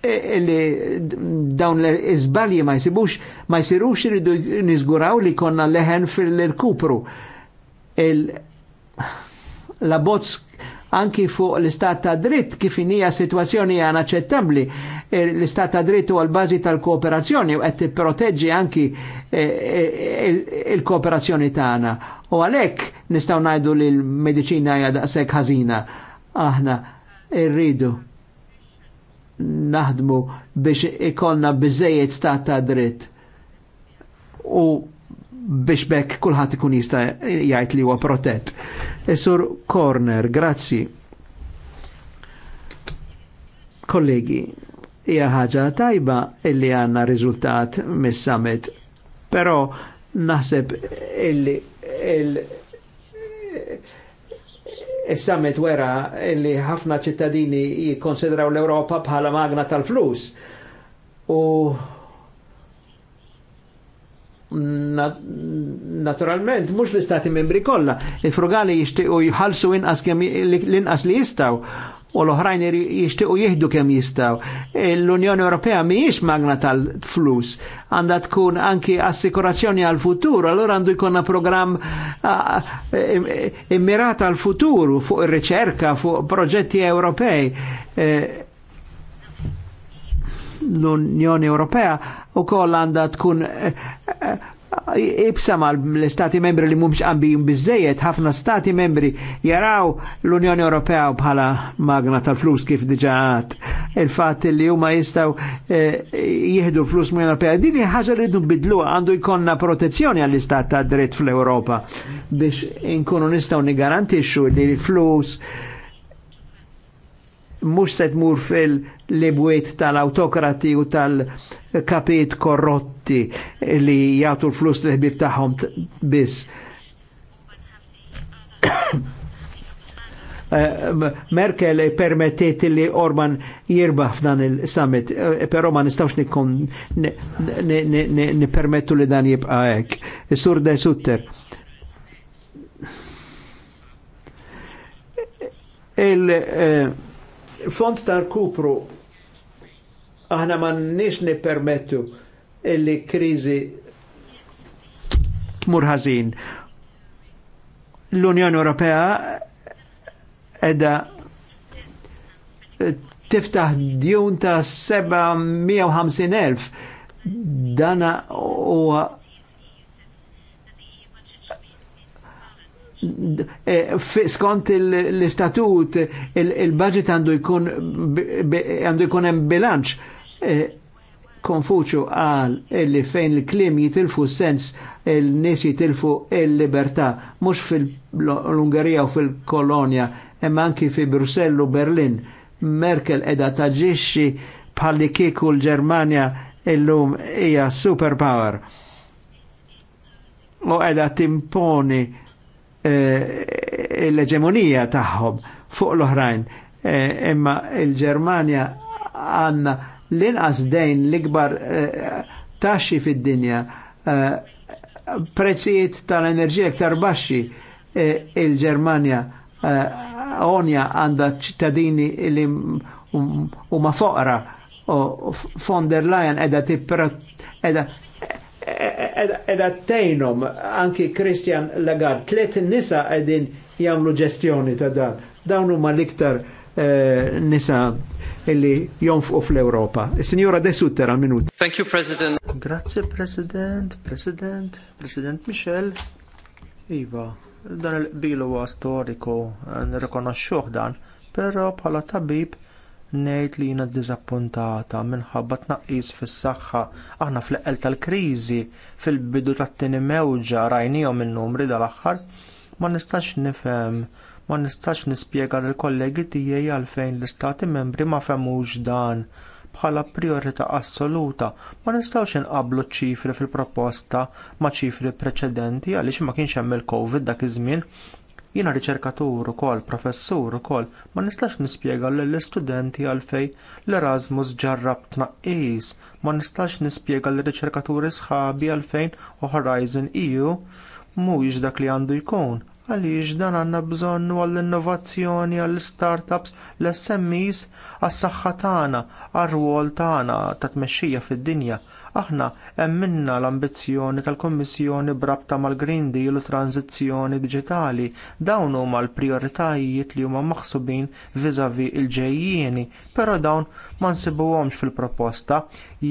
e- illi dawn l-izbalji ma jisibux, ma jisirux iridu nizguraw li konna leħen fil-kupru. La bozz anki fuq l-istat ta' dritt kif hija situazzjoni anaċċettabbli. E, l-istat ta' dritt huwa l-bażi tal-kooperazzjoni u qed tipproteġġi anki e, e, il-kooperazzjoni tagħna. U għalhekk nistgħu ngħidu li l-mediċina hija daqshekk ħażina. Aħna rridu naħdmu biex ikollna biżejjed stat ta' dritt. U biex bekk kulħadd ikun jista' jgħid li huwa protett. E sur Corner, grazzi. Kollegi, hija ħaġa tajba illi għanna riżultat mis-summit, però naħseb illi il summit wera illi ħafna ċittadini jikkonsidraw l europa bħala magna tal-flus. U naturalment, mux l-istati membri kolla. Il-frugali jishtiqu jħalsu inqas l-inqas li jistaw u l-oħrajn jishtiqu jihdu kem jistaw. L-Unjoni Ewropea miex magna tal-flus, għanda tkun anki assikurazzjoni għal-futur, allora għandu jkonna program immirata għal-futur fuq ir-riċerka, fuq proġetti Ewropej. Eh, l-Unjoni Ewropea u koll għanda tkun eh, eh, ibsa mal l-Stati membri li mumx għambijum bizzejiet, ħafna Stati membri jaraw l-Unjoni Ewropea bħala magna tal-flus kif diġaħat. Il-fat li huma jistaw eh, jihdu flus mwen Ewropea. Din ħaġa rridu bidlu għandu jkonna protezzjoni għall-Istat ta' dritt fl-Europa biex inkunu nistaw nigarantixxu li l-flus mux set mur fil-libwiet tal-autokrati u tal-kapiet korrotti li jgħatu l-flus li ħbib taħħom biss. Eh, Merkel eh, permettet li Orban jirbaħ f'dan il-summit, eh, pero ma nistawx nikon nipermettu li dan jibqa ek. Sur de Sutter. Il- font tar kupru aħna ma nix nipermettu illi krizi murħazin. L-Unjoni Ewropea edha tiftaħ djun ta' 750.000 dana u Eh, skont l-istatut il-budget għandu jkun għandu jkun hemm bilanċ eh, Konfuċu għal illi fejn il-klim jitilfu sens il-nis jitilfu il-libertà, mux fil-Ungerija u fil-Kolonja, imma anki fi u Berlin. Merkel edha taġiċi bħalli kiku l-Germania illum hija superpower. U edha timponi Eh, l-eġemonija tagħhom fuq l-oħrajn. Eh, imma il-Ġermanja għanna l-inqas dejn l-ikbar eh, taxxi fid-dinja prezzijiet tal-enerġija iktar baxxi il-Ġermanja onja għanda ċittadini li huma foqra u von der Leyen edha edha tejnom anki Christian Lagarde. Tlet nisa edin jamlu ġestjoni ta' dan. Dawn huma liktar eh, nisa illi jonfqu fl-Europa. Signora De Sutter, għal minut. Thank you, President. Grazie, President, President, President Michel. Iva, dan il-bilu huwa storiku, nirrikonoxxuh dan, pero bħala tabib ngħid li jiena ddiżappuntata minħabba tnaqqis fis-saħħa aħna fl-eqel tal-kriżi fil-bidu tat-tieni mewġa rajnihom in-numri dal-aħħar ma nistax nifhem ma nistax nispjega lill kollegi tiegħi għalfejn l-istati membri ma femmux dan bħala priorità assoluta ma nistgħux inqabblu ċifri fil-proposta ma' ċifri preċedenti għaliex ma kienx hemm il-COVID dak iż-żmien Jiena riċerkatur ukoll, professur ukoll, ma nistax nispjega lill-istudenti għalfej l-Erasmus ġarrab tnaqqis, ma nistax nispjega l-riċerkaturi sħabi għalfejn e u Horizon EU mhuwiex dak li għandu jkun, għaliex dan għandna bżonnu għall-innovazzjoni, għall-startups, l-SMEs, għas-saħħa tagħna, għar-rwol tagħna ta' tmexxija fid-dinja Aħna emminna l-ambizzjoni tal-Kommissjoni brabta mal-Green Deal u tranzizzjoni digitali. Dawn huma l-prioritajiet li huma maħsubin viżavi il-ġejjieni, però dawn ma nsibuhomx fil-proposta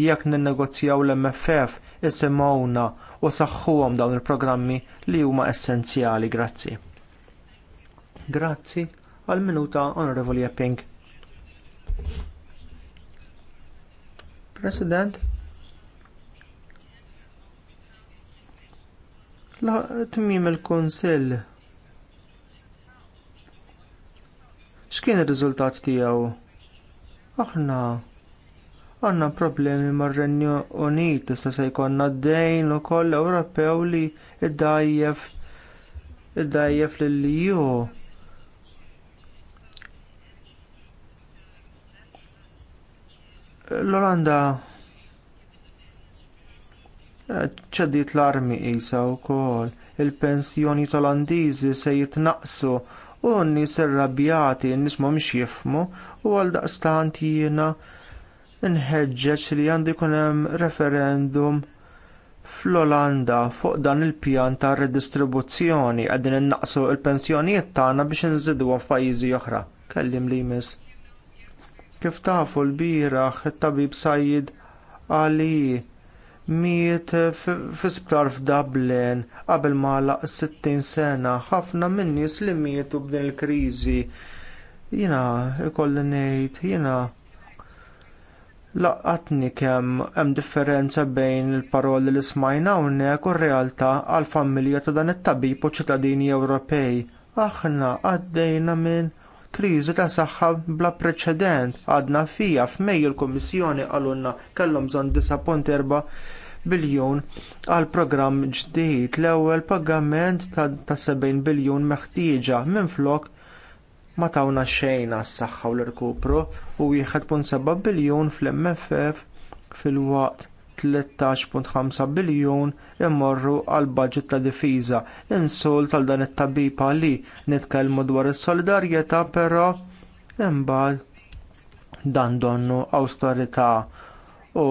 jekk ninnegozjaw l-MFF isimgħuna u saħħuhom dawn il-programmi li huma essenzjali. Grazzi. Grazzi għal minuta Onorevoli Epping. President, Tmim il-Kunsill. X'kien ir-riżultat tiegħu? Aħna għandna problemi mar-Renju Unit issa se jkollna dejn ukoll Ewropew li iddajjef iddajjef lil ju. L-Olanda ċeddiet l-armi qisha wkoll, il-pensjoni tal-Andiżi se jitnaqsu u n-nies irrabjati n-nies mhumiex jifmu u għal daqstant jiena nħeġġeġ li għandi jkun hemm referendum fl-Olanda fuq dan il-pjan ta' redistribuzzjoni qegħdin innaqsu l pensjonijiet tagħna biex inżidwhom f'pajjiżi oħra. Kellim li jmiss. Kif tafu l-biraħ it-tabib Sajid għali miet fi sptar f'Dublin qabel ma laq 60 sena ħafna minn nies li mietu b'din il-kriżi. Jiena ikolli ngħid, jiena laqatni kemm hemm differenza bejn il-paroli li smajna hawnhekk u r-realtà għall familja ta' dan it-tabib u ċittadini Ewropej. Aħna għaddejna minn kriżi ta' saħħa bla preċedent għadna fija f'mejju l-Kummissjoni għalunna kellhom bżonn 9.4 biljun għal programm ġdid. L-ewwel pagament ta' 70 biljun meħtieġa minflok ma tawna xejn għas-saħħa u l-irkupru u 1.7 biljun fl-MFF filwaqt 13.5 biljun imorru għal budget ta' difiża. Insult tal dan it-tabiba li nitkellmu dwar is-solidarjetà però imbagħad dan donnu awtorità u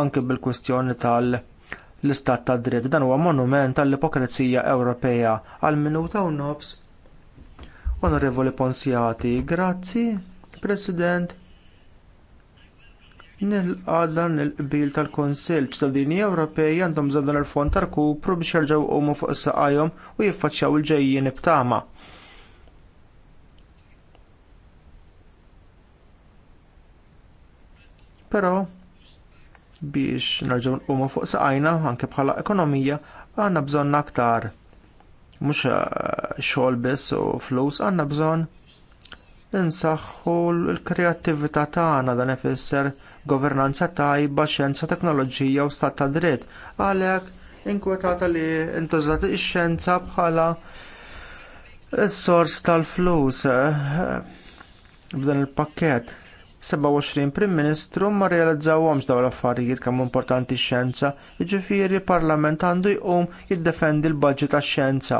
anke bil-kwestjoni tal- l-istat ta' dritt dan huwa monument għall-ipokrazija Ewropea għal minuta u nofs. Onorevoli Ponsiati, grazzi, President. Nilqa dan il-qbil tal-Konsil ċittadini Ewropej għandhom zaddan il-fond tal-kupru biex jerġgħu qumu fuq s u jiffaċċjaw il-ġejjin btama. Però biex nerġgħu nqumu fuq saqajna anke bħala ekonomija għandna bżonn aktar mhux eh, xogħol biss u flus għandna bżonn insaħħu l-kreattività tagħna dan ifisser governanza tajba, xjenza, teknoloġija u stat ta' dritt. Għalhekk inkwetata li intużat ix-xjenza bħala s-sors tal-flus eh, b'dan il-pakket 27 Prim Ministru ma realizzawhomx dawn l-affarijiet kemm importanti x-xjenza, jiġifieri parlament għandu jqum jiddefendi l-budget tax-xjenza.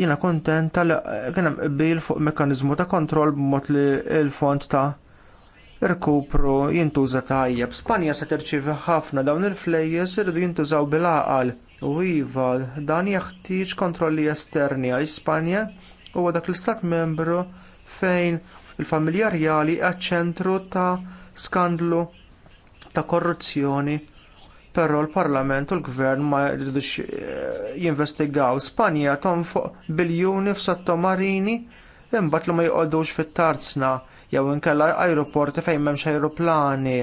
Jiena kontent li kien hemm qbil fuq mekkaniżmu ta' kontroll b'mod li il fond ta' irkupru jintuża tajjeb. Spanja se tirċievi ħafna dawn il-flejjes irridu jintużaw bil-aqal u iva dan jeħtieġ kontrolli esterni għal Spanja u dak l-istat membru fejn il-familja rjali ċentru ta' skandlu ta' korruzzjoni però l-Parlament u l-Gvern ma jridux eh, jinvestigaw. Spanja tonfoq biljuni f'sottomarini imbagħad li ma jqogħdux fit-tarzna jew inkella ajruporti fejn m'hemmx ajruplani.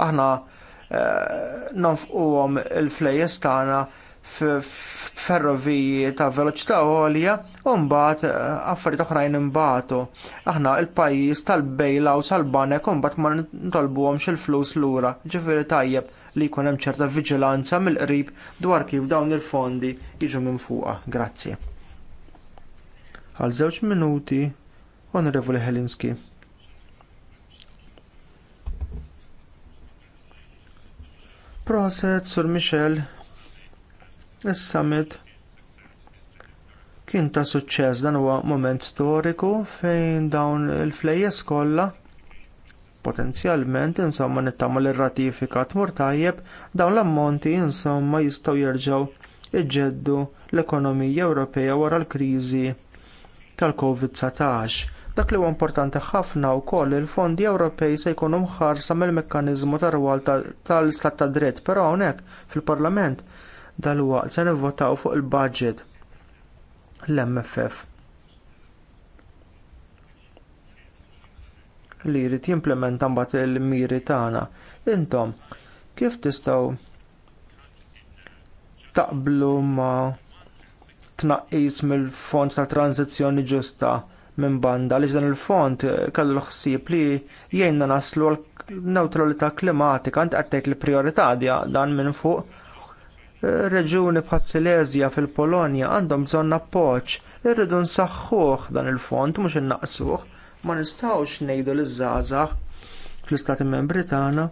Aħna eh, nonfquhom il-flejjes tagħna ferroviji ta' veloċità għolja u mbagħad eh, affarijiet oħrajn imbagħtu. Aħna l-pajjiż tal-bejlaw tal-banek u mbagħad ma ntolbuhomx il-flus lura. Ġifieri tajjeb li jkun hemm ċerta viġilanza mill-qrib dwar kif dawn il-fondi jiġu minn fuqha. Grazzi. Għal żewġ minuti, Onorevoli Helinski. Proset, Sur Michel, Is-summit kien ta' suċċess dan huwa mument storiku fejn dawn il-flejjes kollha potenzjalment insomma nittama l-ratifika tmur tajjeb dawn l-ammonti insomma jistgħu jerġgħu iġġeddu l-ekonomija Ewropea wara l-kriżi tal-COVID-19. Dak li huwa importanti ħafna wkoll il-fondi Ewropej se jkunu mħarsa mill mekkaniżmu tar-rwal tal-istat ta' dritt, però hawnhekk fil-Parlament Dalwaqt se nivvotaw fuq il-budget l-MFF li jrid jimplementa mbagħad il-miri tagħna. Intom, kif tistgħu taqblu ma tnaqqis mill-fond ta' tranzizzjoni ġusta minn banda li dan il-fond kellu l-ħsieb li jgħinna naslu għal neutralità klimatika għand tgħid li priorità dan minn fuq reġuni bħas Silesia fil-Polonja għandhom bżonn appoġġ. Irridu nsaħħuh dan il-fond mhux innaqsuh, ma nistgħux ngħidu liż żgħażagħ fl-Istati Membri tagħna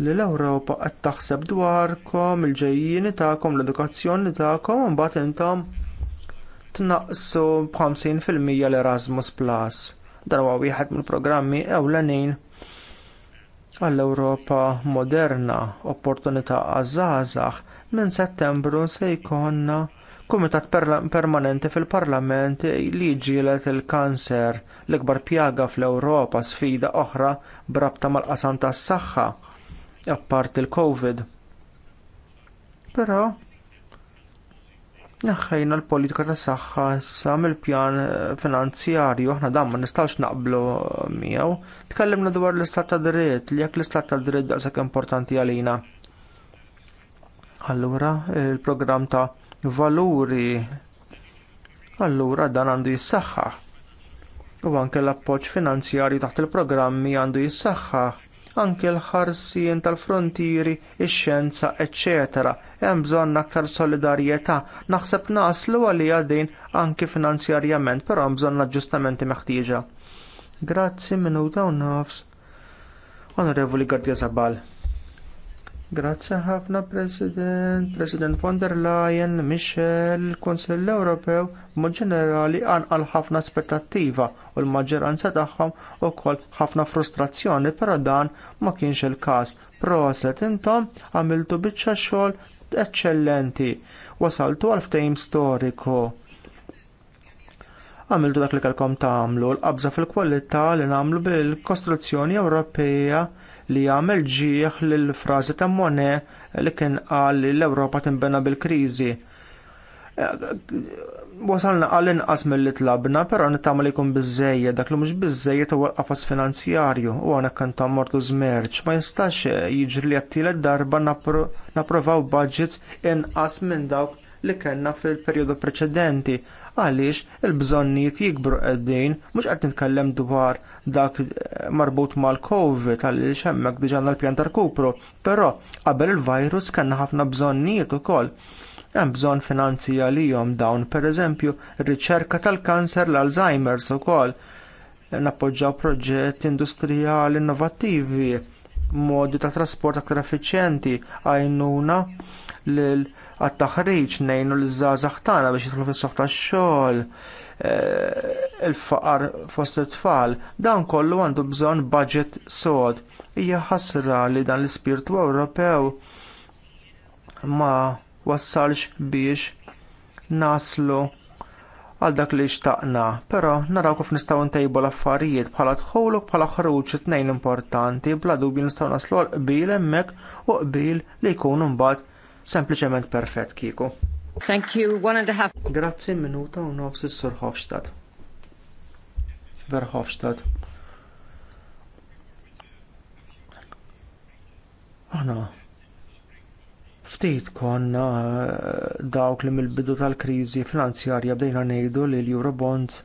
li l-Ewropa qed taħseb dwarkom il-ġejjini tagħkom l-edukazzjoni tagħkom u mbagħad intom tnaqsu b'50% l-Erasmus Plus. Dan huwa wieħed mill-programmi ewlenin għall-Ewropa moderna, opportunità għaż-żgħażagħ, minn settembru se jkollna kumitat permanenti fil-Parlament li jġielet il-kanser l-ikbar pjaga fl-Ewropa sfida oħra brabta mal-qasam tas-saħħa apparti il-COVID. Però Naħħajna l-politika ta' saħħa issa mill-pjan eh, finanzjarju, aħna dan ma nistgħux naqblu miegħu. Tkellimna dwar l-istat ta' dritt, li jekk l-istat ta' dritt daqshekk importanti għalina. Allura, il-programm ta' valuri. Allura dan għandu jissaħħaħ. U anke l-appoġġ finanzjarju taħt il-programmi għandu jissaħħaħ anke l-ħarsien tal-frontieri, ix-xjenza, eċċetera. Hemm bżonn aktar solidarjetà, naħseb naslu li din anke finanzjarjament, però hemm bżonn aġġustamenti meħtieġa. Grazzi minuta u Onorevoli Gardja Zabal. Grazzi ħafna President, President von der Leyen, Michel, Konsell Ewropew, mod ġenerali għal ħafna aspettattiva u l-maġġoranza tagħhom ukoll ħafna frustrazzjoni, però dan ma kienx il-każ. Proset intom għamiltu biċċa xogħol eċċellenti. Wasaltu għal ftehim storiku. Għamiltu dak li kellkom tagħmlu l-qabża fil-kwalità li nagħmlu bil-kostruzzjoni Ewropea li jagħmel ġieħ lil frażi ta' Monet li kien qal li l-Ewropa tinbena bil-kriżi. Wasalna għal inqas mill-li tlabna, però nittama li jkun biżejjed dak li mhux biżejjed huwa l-qafas finanzjarju u għana kan ta' mortu żmerġ. Ma jistax jiġri li għat-tielet darba napprovaw budgets inqas minn dawk li kellna fil-perjodu preċedenti għaliex il-bżonnijiet jikbru qegħdin mhux qed nitkellem dwar dak marbut mal-COVID għaliex hemmhekk diġà l-pjan tarkupru, però qabel il-virus kellna ħafna bżonnijiet ukoll. Hemm bżonn finanzi għalihom dawn pereżempju ir-riċerka tal-kanser l-Alzheimer's ukoll. Nappoġġaw proġett industrijali innovattivi, modi ta' trasport aktar effiċjenti, għajnuna lil għat-taħriġ nejnu l-żgħażagħ tagħna biex jidħlu fis-soħ tax-xogħol eh, il-faqar fost it-tfal, dan kollu għandu bżonn budget sod. Hija ħasra li dan l-ispirtu Ewropew ma wassalx biex naslu għal dak li xtaqna, però naraw kif nistgħu ntejbu l-affarijiet bħala tħolok u bħala ħruġ it-tnejn importanti bla dubju nistgħu naslu għal qbil hemmhekk u qbil li jkunu mbagħad sempliċement perfett kieku. Thank you, one and a half. Grazzi minuta u nofs is-sur Hofstad. Ver Hofstad. Aħna, ftit konna eh, dawk li mill-bidu tal-kriżi finanzjarja bdejna ngħidu li l-Eurobonds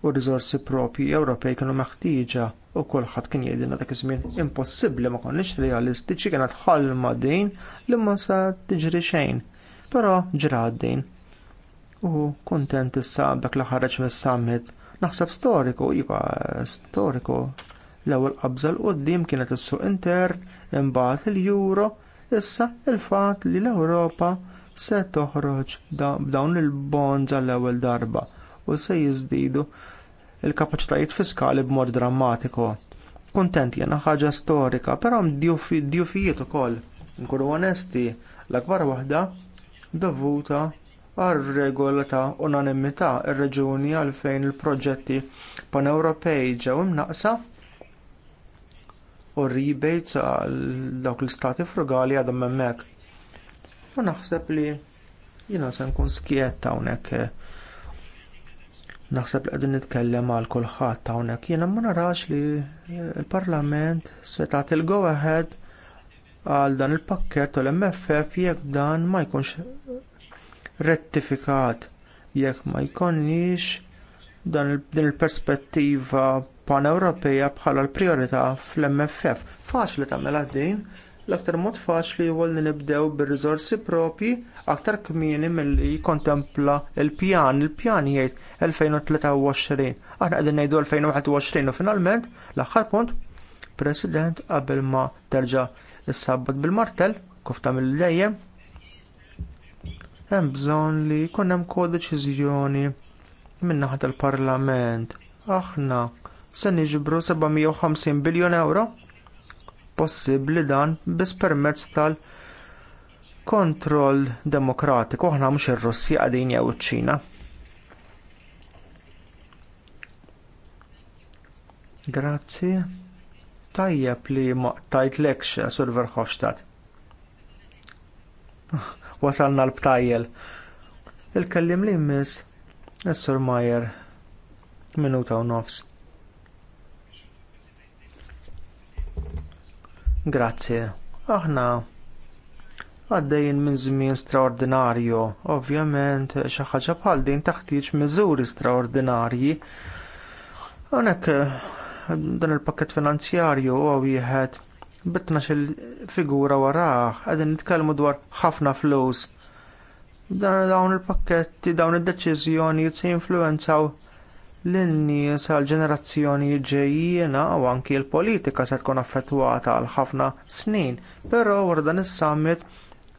u rizorsi propi Ewropej kienu meħtieġa u kulħadd kien jgħidilna dak iż-żmien impossibbli ma konniex realistiċi kienet ħalma din li ma sa tiġri xejn. Però ġra din. U kontent issa dak li ħareġ mis-summit naħseb storiku, iva storiku. L-ewwel qabża l qoddim kienet is-suq intern, imbagħad il-Euro, issa il-fatt li l-Ewropa se toħroġ b'dawn il-bonds għall-ewwel darba u se jiżdiedu il-kapaċitajiet fiskali b'mod drammatiku. Kuntent jena ħaġa storika, però mdjufijiet ukoll. Nkunu onesti, l-akbar waħda dovuta għal regola ta' unanimità ir-reġuni għalfejn il-proġetti pan-Ewropej ġew imnaqsa u rebates għal dawk l-istati frugali għadhom hemmhekk. U naħseb li jiena se nkun skiet hawnhekk Naħseb li qegħdin nitkellem għal kulħadd hawnhekk. Jiena ma narax li l-Parlament se tagħti il go ahead għal dan il-pakkett u l-MFF jekk dan ma jkunx rettifikat jekk ma jkonniex dan il-perspettiva pan-Ewropeja bħala l-priorità fl-MFF. Faċli tagħmel din L-aktar mod faċli huwa li nibdew bir-riżorsi propji aktar kmieni milli jikkontempla l pjan Il-pjan jgħid 2023. Aħna qegħdin ngħidu 2021 u finalment l-aħħar punt President qabel ma terġa' issabbat bil-martell kofta mill-dejjem hemm bżonn li jkun hemm kodeċiżjoni minn naħa tal-Parlament. Aħna se niġbru 750 biljun euro possibbli dan biss permezz tal-kontroll demokratiku aħna mhux ir-Russi qegħdin jew iċ-Ċina. Grazzi. Tajjeb li ma tajtlekx sur Verhofstadt. Wasalna l-btajjel. Il-kellim li jmiss, Sur Majer, minuta u nofs. Grazzi. Aħna għaddejjin minn żmien straordinarju. Ovvjament xi ħaġa bħal din taħtieġ miżuri straordinarji. Hawnhekk dan il-pakket finanzjarju huwa wieħed bitna il-figura waraħ, qegħdin nitkellmu dwar ħafna flus. Dan dawn il-pakketti, dawn id-deċiżjoni se jinfluenzaw l-nies għal ġenerazzjoni ġejjiena u anki l-politika se tkun affettwata għal ħafna snin, però wara dan is-summit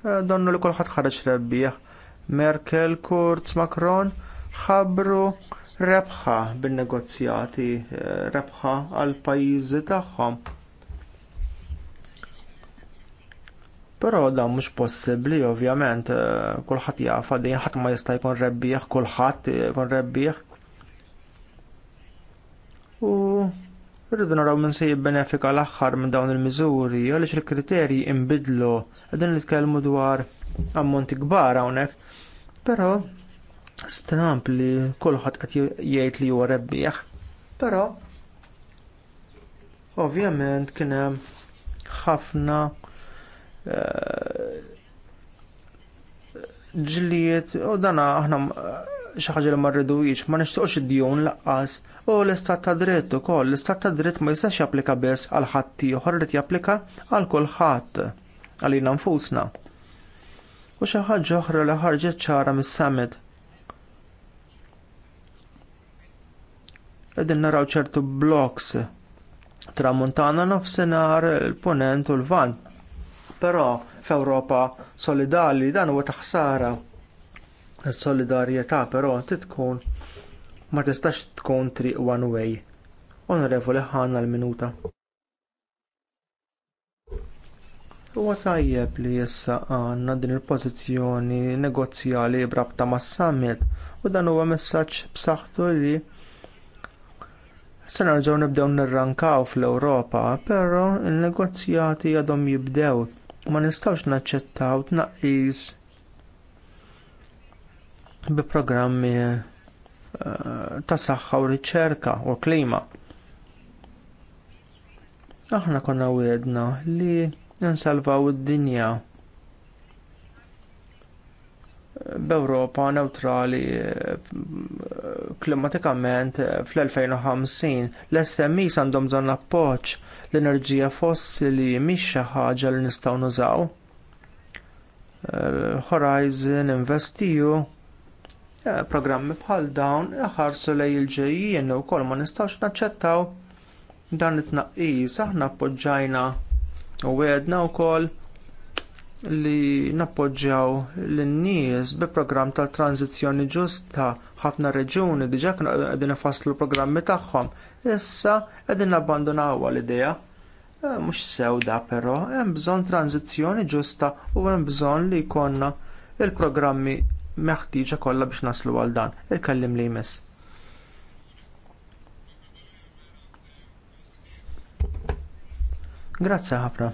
eh, donnu li kulħadd ħareġ rebbieħ. Merkel, Kurz, Macron ħabbru rebħa bin-negozjati, eh, rebħa għal pajjiżi tagħhom. Però dan mhux possibbli ovvjament, eh, kulħadd jaf għaddin ħadd ma jista' jkun rebbieħ, kulħadd jkun rebbieħ u rridu naraw minn se jibbenefika l-aħħar minn dawn il-miżuri għaliex il-kriterji imbidlu qegħdin nitkellmu dwar ammonti kbar hawnhekk. Però stramp li kulħadd qed jgħid li huwa rebbieħ. Però ovvjament kien hemm ħafna eh, ġlijiet u dana aħna xi ħaġa li ma rridux ma nixtieqx id-djun laqqas U l-istat ta' dritt ukoll l-istat ta' dritt ma jistax japplika biss għal ħatti ieħor li japplika għal kulħadd jina nfusna. U xi ħaġa oħra li ħarġet ċara mis-summit. Qegħdin naraw ċertu bloks tramuntana nofsinhar il-punent u l-vant. Però f'Ewropa solidali dan huwa taħsara. Is-solidarjetà però titkun ma tistax tkun triq one way. Onorevoli ħanna l-minuta. Huwa tajjeb li issa għandna din il-pożizzjoni negozjali brabta mas summit u dan huwa messaġġ b'saħħtu li se nerġgħu nibdew nirrankaw fl-Ewropa, però n-negozjati għadhom jibdew ma nistgħux naċċettaw tnaqqis bi programmi Eh, ta' saħħa u riċerka u klima. Aħna konna wiedna li nsalvaw id-dinja b'Ewropa neutrali eh, klimatikament eh, fl-2050 l smi għandhom bżonn appoġġ l-enerġija fossili mhix xi ħaġa li nistgħu nużaw. Horizon investiju Eh, programmi bħal dawn iħarsu lejn il-ġejjien ukoll ma nistgħux naċċettaw dan it-tnaqqis aħna appoġġajna u għedna wkoll li nappoġġjaw lin-nies bi programm tal tranzizzjoni ġusta ħafna reġuni diġà kienu qegħdin ifasslu programmi tagħhom. Issa qegħdin abbandonawha l-idea. Eh, mhux sewda però hemm bżonn tranzizzjoni ġusta u hemm bżonn li jkollna il-programmi meħtieġa kollha biex naslu għal dan. Irkellim li jmiss. Grazzi ħafna.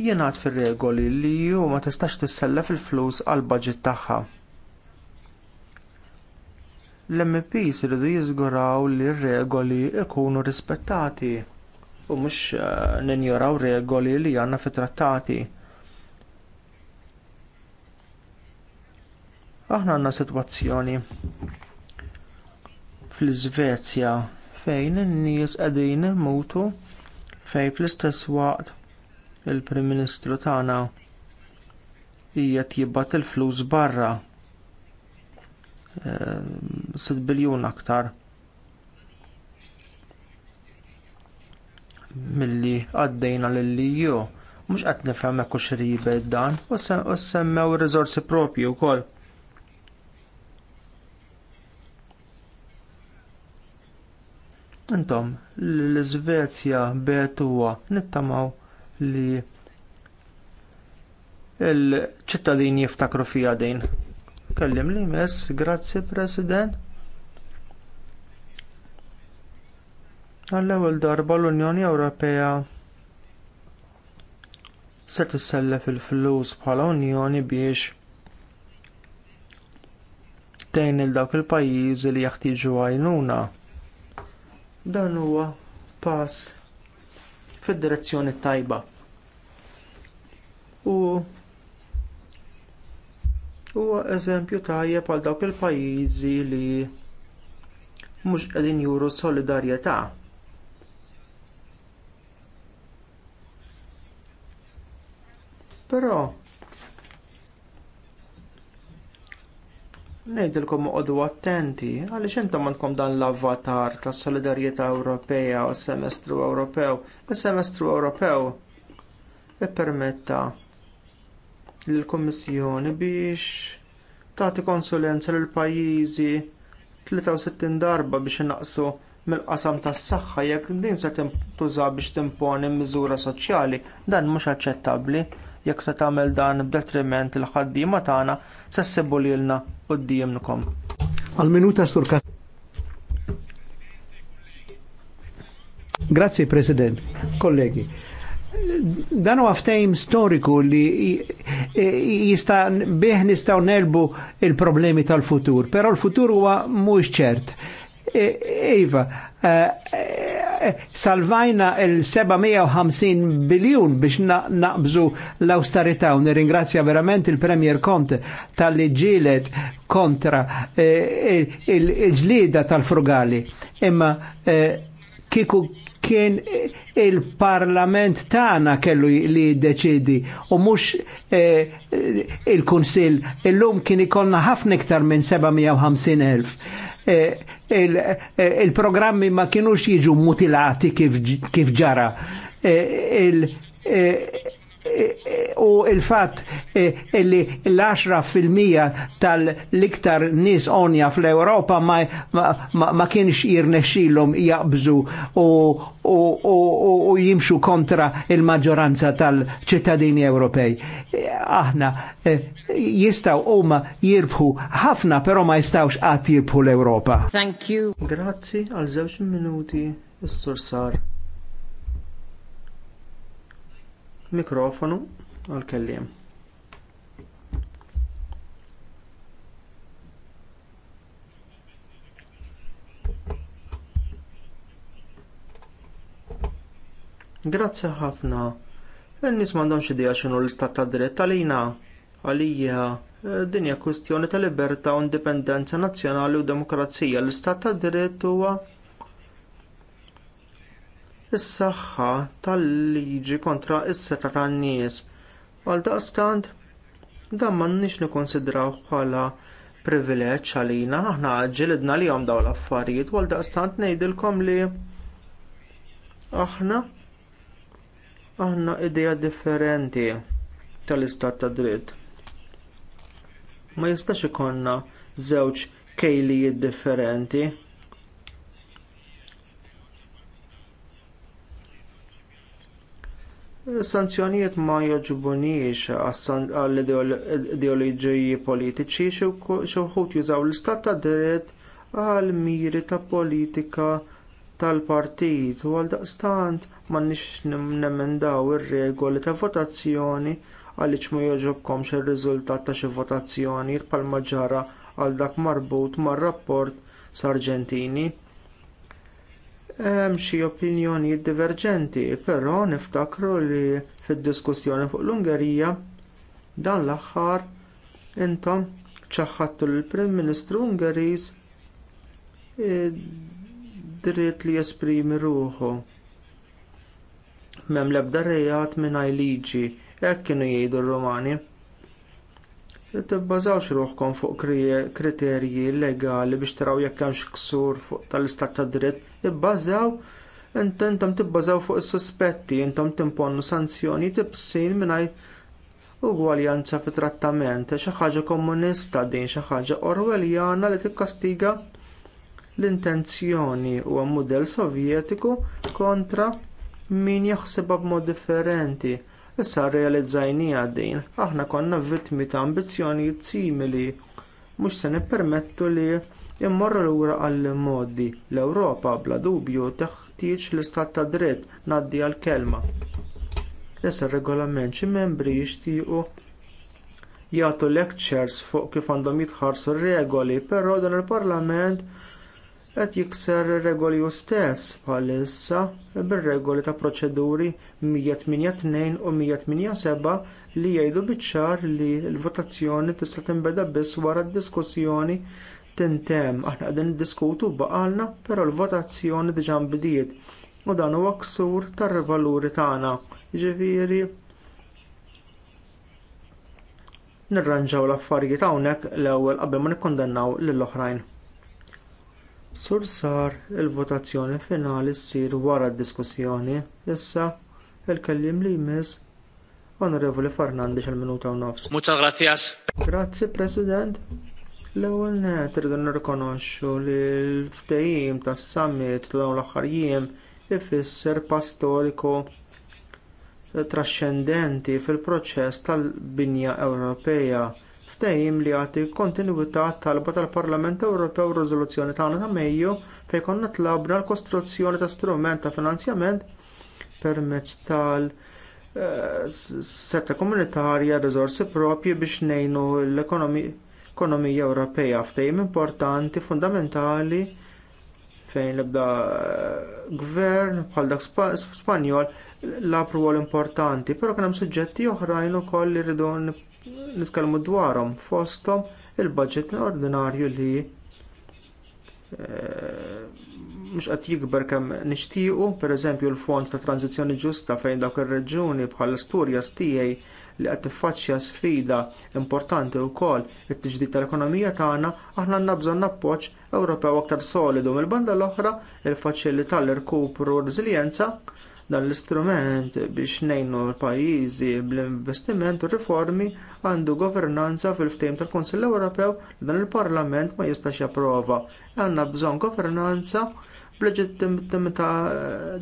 Jien għad fir-regoli li ju ma tistax tissellef il-flus għall budget tagħha l-MPs iridu jiżguraw li r-regoli ikunu rispettati u mhux eh, ninjoraw regoli li għandna fit trattati. Aħna għandna sitwazzjoni fl-Iżvezja fejn in-nies qegħdin mutu fejn fl-istess waqt il-Prim Ministru tagħna hija jibgħat il-flus barra 6 eh, biljun aktar milli għaddejna lill-liju. Mhux qed nifhem hekk hux dan, u semmew propju u wkoll. Intom, l-Svezja bet nittamaw li l-ċittadini jiftakru fija din. Kellim li mess, grazzi President. Għallew ewwel darba l-Unjoni Ewropea se tissellef il-flus bħala Unjoni biex tejn il dawk il-pajjiżi li jaħtiġu għajnuna. Dan huwa pass fid-direzzjoni tajba. U huwa eżempju tajjeb għal dawk il-pajjiżi li mhux qegħdin juru solidarjetà. Però ngħidilkom uqogħdu attenti għaliex intom għandkom dan l avatar tas solidarjetà Ewropea u s-semestru Ewropew. Is-semestru Ewropew ippermetta lill kummissjoni biex tagħti konsulenza lill pajjiżi 63 darba biex inaqsu mill-qasam tas-saħħa jekk din se tintuża biex timponi miżura soċjali dan mhux aċċettabbli jekk se tagħmel dan b'detriment il ħaddiema tagħna se ssibu lilna qudiemkom. Għal-minuta Grazie President, kollegi dan u għaftajm storiku li jista bih nistgħu nelbu il-problemi tal-futur, però l-futur huwa mhux ċert. E- iva, e- e- salvajna il-750 biljun biex naqbżu l-austerità u nirringrazzja verament il-Premier Conte tal-li ġilet kontra il-ġlida tal-frugali. Imma kiku kien il-parlament tana kellu li deċidi u mux eh, il-kunsil illum kien ikonna ħafna iktar minn 750.000 eh, eh, il-programmi il ma kienux jiġu mutilati kif, kif ġara eh, il, eh, u il-fat e, illi l-10% tal iktar nis onja fl-Europa ma, ma, ma kienx jirnexilom jaqbżu u, jimxu kontra il-maġġoranza tal-ċittadini Ewropej. E, aħna e, jistaw huma jirbħu ħafna, però ma jistawx qatt jirbħu l-Europa. Thank you. Grazzi għal żewġ minuti, s-sursar. Mikrofonu għal-kelliem. Grazzi ħafna. nis mandom xidija xinu l-istat ta' dritt għalina għalija dinja kwistjoni ta' libertà u indipendenza nazzjonali u demokrazija. L-istat ta' dritt huwa is-saħħa tal-liġi kontra s-seta tan-nies. Għaldaqstant, dan m'għandniex nikkonsidraw bħala privileġġ għalina, aħna ġilidna li dawn l-affarijiet, għaldaqstant ngħidilkom li aħna aħna idea differenti tal-istat ta' dritt. Ma jistax ikonna żewġ kejlijiet differenti Sanzjonijiet ma joġbunix għall-ideoloġiji politiċi xi wħud jużaw l-istat ta' dritt għal miri ta' politika tal-partit u għaldaqstant m'għandniex nemendaw ir-regoli ta' votazzjoni għaliex ma jogħġobkomx ir-riżultat ta' xi votazzjoni bħalma ġara għal dak marbut mar-rapport Sargentini. Hemm xi opinjonijiet diverġenti, però niftakru li fid-diskussjoni fuq l-Ungerija dan l-aħħar intom ċaħħattu l-Prim Ministru Ungeriż e, dritt li jesprimi ruħu. Mem ebda rejat minn liġi, hekk kienu jgħidu r-Rumani li tibbażawx ruħkom fuq kriterji legali biex taraw jekk hemmx ksur fuq tal-istat ta' dritt, ibbażaw intom tibbażaw fuq is-suspetti, intom timponnu sanzjoni tibsin mingħajr ugwaljanza fi trattament, xi ħaġa komunista din xi ħaġa orwelljana li tikkastiga l-intenzjoni huwa mudell sovjetiku kontra min jaħsibha b'mod differenti Issa realizzajnija din, aħna konna vittmi ta' ambizzjonijiet simili, mhux se nippermettu li immorru lura għall-modi. L-Ewropa bla dubju teħtieġ l-istat ta' dritt ngħaddi għall kelma Issa regolament xi membri jixtiequ jagħtu lectures fuq kif għandhom jitħarsu r regoli, però dan il-Parlament qed jikser regoli u stess bħalissa bir-regoli ta' proċeduri 182 u 187 li jgħidu biċ-ċar li l-votazzjoni tista' tinbeda biss wara d-diskussjoni tintemm. Aħna qegħdin niddiskutu baqalna, però l-votazzjoni diġà nbidiet u dan huwa ksur tar-valuri tagħna. Jiġifieri nirranġaw l-affarijiet hawnhekk l-ewwel qabel ma nikkondennaw lill-oħrajn. Sur sar il-votazzjoni finali ssir wara d-diskussjoni, issa il-kellim li jmiss Onorevoli Fernandez għal minuta u nofs. Muchas gracias. Grazzi President. L-ewwel net irdu nirrikonoxxu li l-ftehim tas-summit dawn ewwel aħħar jiem ifisser pastoriku trascendenti fil-proċess tal-binja Ewropea ftehim li jagħti kontinwità talba tal-Parlament Ewropew riżoluzzjoni tagħna ta' Mejju fejn konna tlabna l-kostruzzjoni ta' strument ta' finanzjament permezz tal- eh, setta komunitarja riżorsi propji biex ngħinu l-ekonomija Ewropea ftehim importanti, fundamentali fejn l-ebda eh, gvern bħal dak Spanjol labru għal importanti, però kien hemm suġġetti oħrajn ukoll li rridu Nitkellmu dwarhom fosthom il-budget ordinarju li eh, mhux qed jikber kemm nixtiequ, pereżempju l-fond ta' tranzizzjoni ġusta fejn dawk ir-reġuni bħal Asturjas tiegħi li qed tiffaċċja sfida importanti wkoll it-tiġdid tal-ekonomija tagħna, aħna għandna bżonn appoġġ Ewropew aktar solidu mill-banda l-oħra il-faċilità l-irkupru reżiljenza Dan l-istrument biex nejnu l-pajjiżi bl-investiment u riformi għandu governanza fil-ftehim tal-Kunsill Ewropew li dan il-Parlament ma jistax japprova. Għandna bżonn governanza bl-leġittimità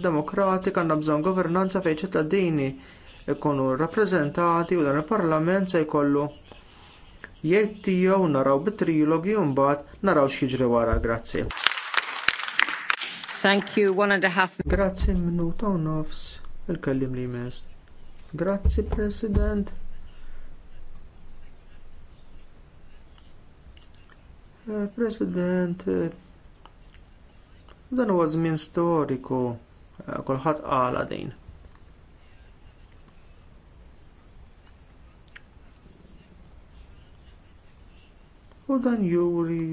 demokratika, għandna bżonn governanza fejn ċittadini ikunu rappreżentati u dan il-Parlament se jkollu jgħid tiegħu naraw bit-trilogi u mbagħad naraw x'jiġri wara. Grazzi. Thank you, one and a half. Grazzi minuta u nofs il-kellim li mest. Grazzi, President. Eh, President, eh, dan huwa żmien storiku eh, kulħadd qala din. U dan juri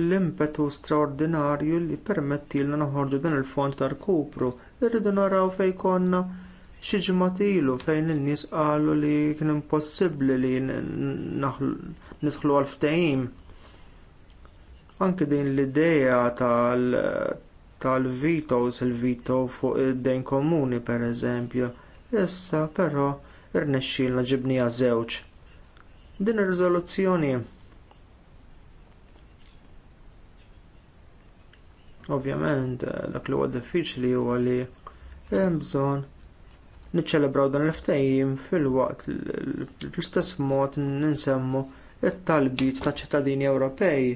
l-impetu straordinarju li permettilna noħorġu dan il-fond ta' rkupru Irridu naraw fejn konna xi ġimgħat ilu fejn in-nies qalu li kien impossibbli li nidħlu għal ftehim. Anke din l-idea tal-vitos, il-vito fuq id-dejn komuni pereżempju, issa però irnexxielna ġibnija żewġ. Din ir-riżoluzzjoni Ovvjament, eh, dak li huwa diffiċli huwa li hemm bżonn niċċelebraw dan il-ftehim fil-waqt fl-istess mod ninsemmu it-talbit ta' ċittadini Ewropej.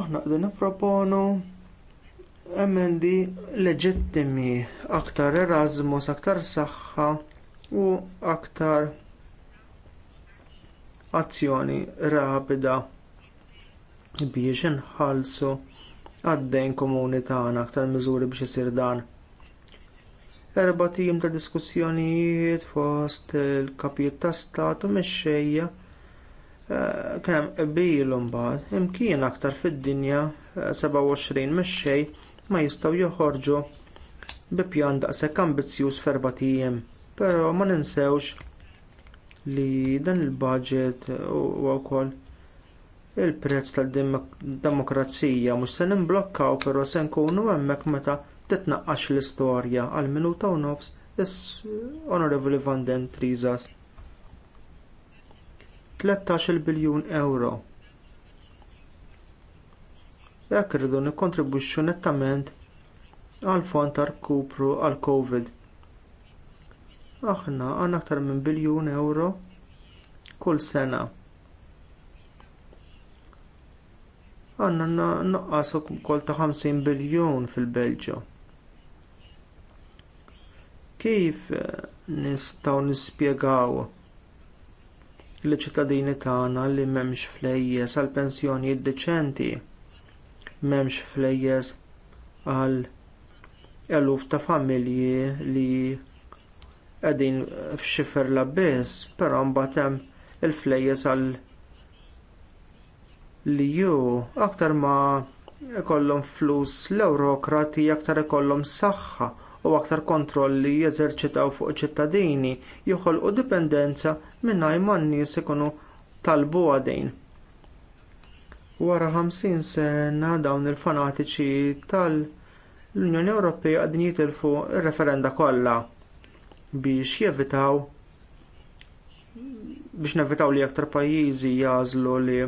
Aħna qegħdin nipproponu emendi leġittimi aktar Erasmus, aktar saħħa u aktar azzjoni rapida biex inħallsu għaddejn komuni tagħna aktar miżuri biex isir dan. Erba tim ta' diskussjonijiet fost il-kapijiet ta' stat u mexxejja eh, kien hemm qbil imbagħad imkien aktar fid-dinja 27 eh, mexxej ma jistgħu joħorġu bi pjan daqshekk ambizzjuż f'erba' tiem, però ma ninsewx li dan il-budget huwa wkoll il-prezz tal-demokrazija mhux se nimblokkaw però se nkunu hemmhekk meta titnaqqax l-istorja għal minuta u nofs is Onorevoli Van Den Trizas. 13 biljun euro. Jekk irridu nikkontribwixxu nettament għal fond ta' rkupru għal Covid. Aħna għandna aktar minn biljun euro kull sena għandna naqqas ukoll ta' 50 biljun fil-Belġju. Kif eh, nistgħu nispjegaw liċ ċittadini tagħna li m'hemmx flejjes għal pensjonijiet deċenti, m'hemmx flejjes għal eluf ta' familji li qegħdin f'xifer biss, però mbagħad hemm il-flejjes għal li ju aktar ma ikollhom flus l-eurokrati aktar ikollhom saħħa u aktar kontrolli jeżerċitaw fuq ċittadini joħolqu dipendenza mingħajr ma n-nies ikunu talbu għadejn. Wara 50 sena dawn il-fanatiċi tal-Unjoni Ewropea qegħdin jitilfu r referenda kollha biex jevitaw biex nevitaw li aktar pajjiżi jażlu li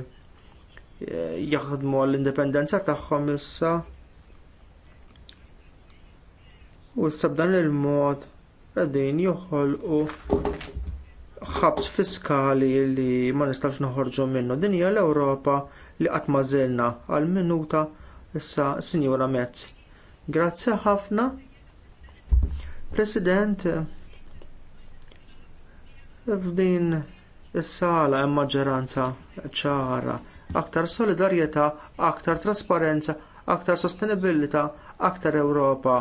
jaħdmu għall-indipendenza tagħhom issa. U issa b'dan il-mod qegħdin joħolqu ħabs fiskali li ma nistax noħorġu minnu. Din hija l-Ewropa li qatt ma żilna għal minuta issa Sinjura Mezz. Grazzi ħafna. President, f'din is-sala hemm maġġoranza ċara aktar solidarjetà, aktar trasparenza, aktar sostenibilità, aktar Ewropa.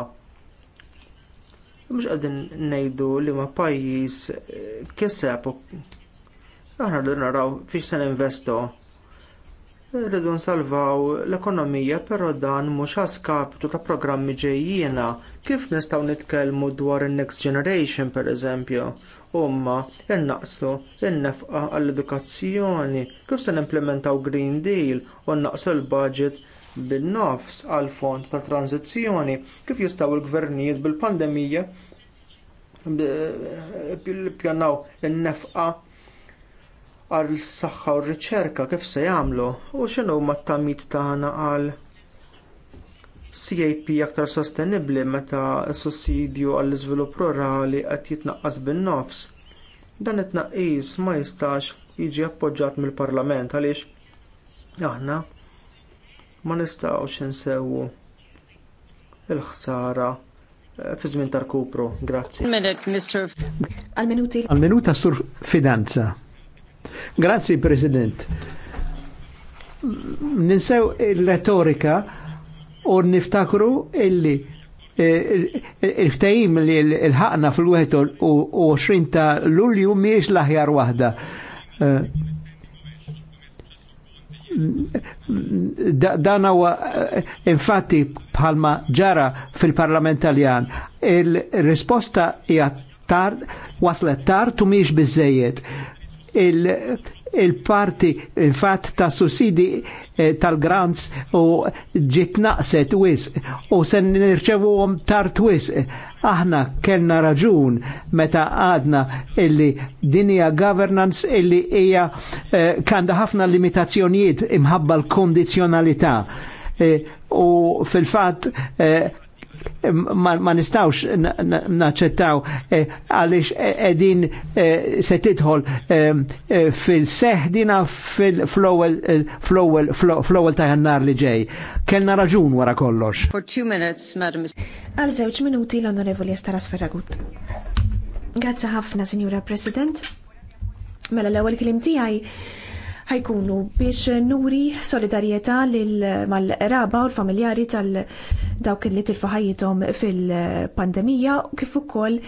Mhux qegħdin ngħidu li ma pajjiż kiseb aħna li naraw fiex se ninvestu Rridu nsalvaw l-ekonomija, però dan mhux għaskapitu ta' programmi ġejjiena. Kif nistgħu nitkellmu dwar in-next generation, pereżempju, huma innaqsu n nefqa għall-edukazzjoni, kif se nimplementaw Green Deal u naqsu l-budget bin-nofs għal fond ta' tranzizzjoni, kif jistgħu l-gvernijiet bil-pandemija pjannaw in-nefqa għal saħħa u r-riċerka kif se jagħmlu u x'inhu mat tamit tagħna għal CAP aktar sostenibbli meta s-sussidju għall iżvilupp rurali qed jitnaqqas bin-nofs. Dan it-tnaqqis ma jistax jiġi appoġġjat mill-Parlament għaliex aħna ma nistgħux insewwu l ħsara eh, fi żmien tal-kupru. Grazzi. Għal-minuti. Għal-minuta sur fidanza. Grazzi, President. Ninsew il-retorika u niftakru illi eh, il-ftajim li il ħakna fil-21 ta' lulju miex laħjar wahda. Eh, dan huwa eh, infatti bħalma ġara fil-Parlament Taljan. Il-risposta hija tard, waslet tard u miex biżejjed il-parti il parti il fat ta' sussidi eh, tal-grants u ġit naqset wis u sen nirċevu għom tart wis aħna kellna raġun meta għadna illi dinja governance illi hija eh, kanda ħafna limitazzjonijiet imħabba l-kondizjonalità eh, u fil-fat eh, ma nistawx naċċettaw eh, għaliex eh, edin eh, se tidħol fil-seħdina fl-ewwel ta' jannar li ġej. Kellna raġun wara kollox. For two minutes, madam. Għal żewġ minuti l-onorevoli Estaras Ferragut. Grazza ħafna, Signora President. Mela l-ewwel klim tiegħi ħajkunu biex nuri solidarjetà mal-raba u l-familjari tal-dawk li tilfu ħajjithom fil-pandemija u kif ukoll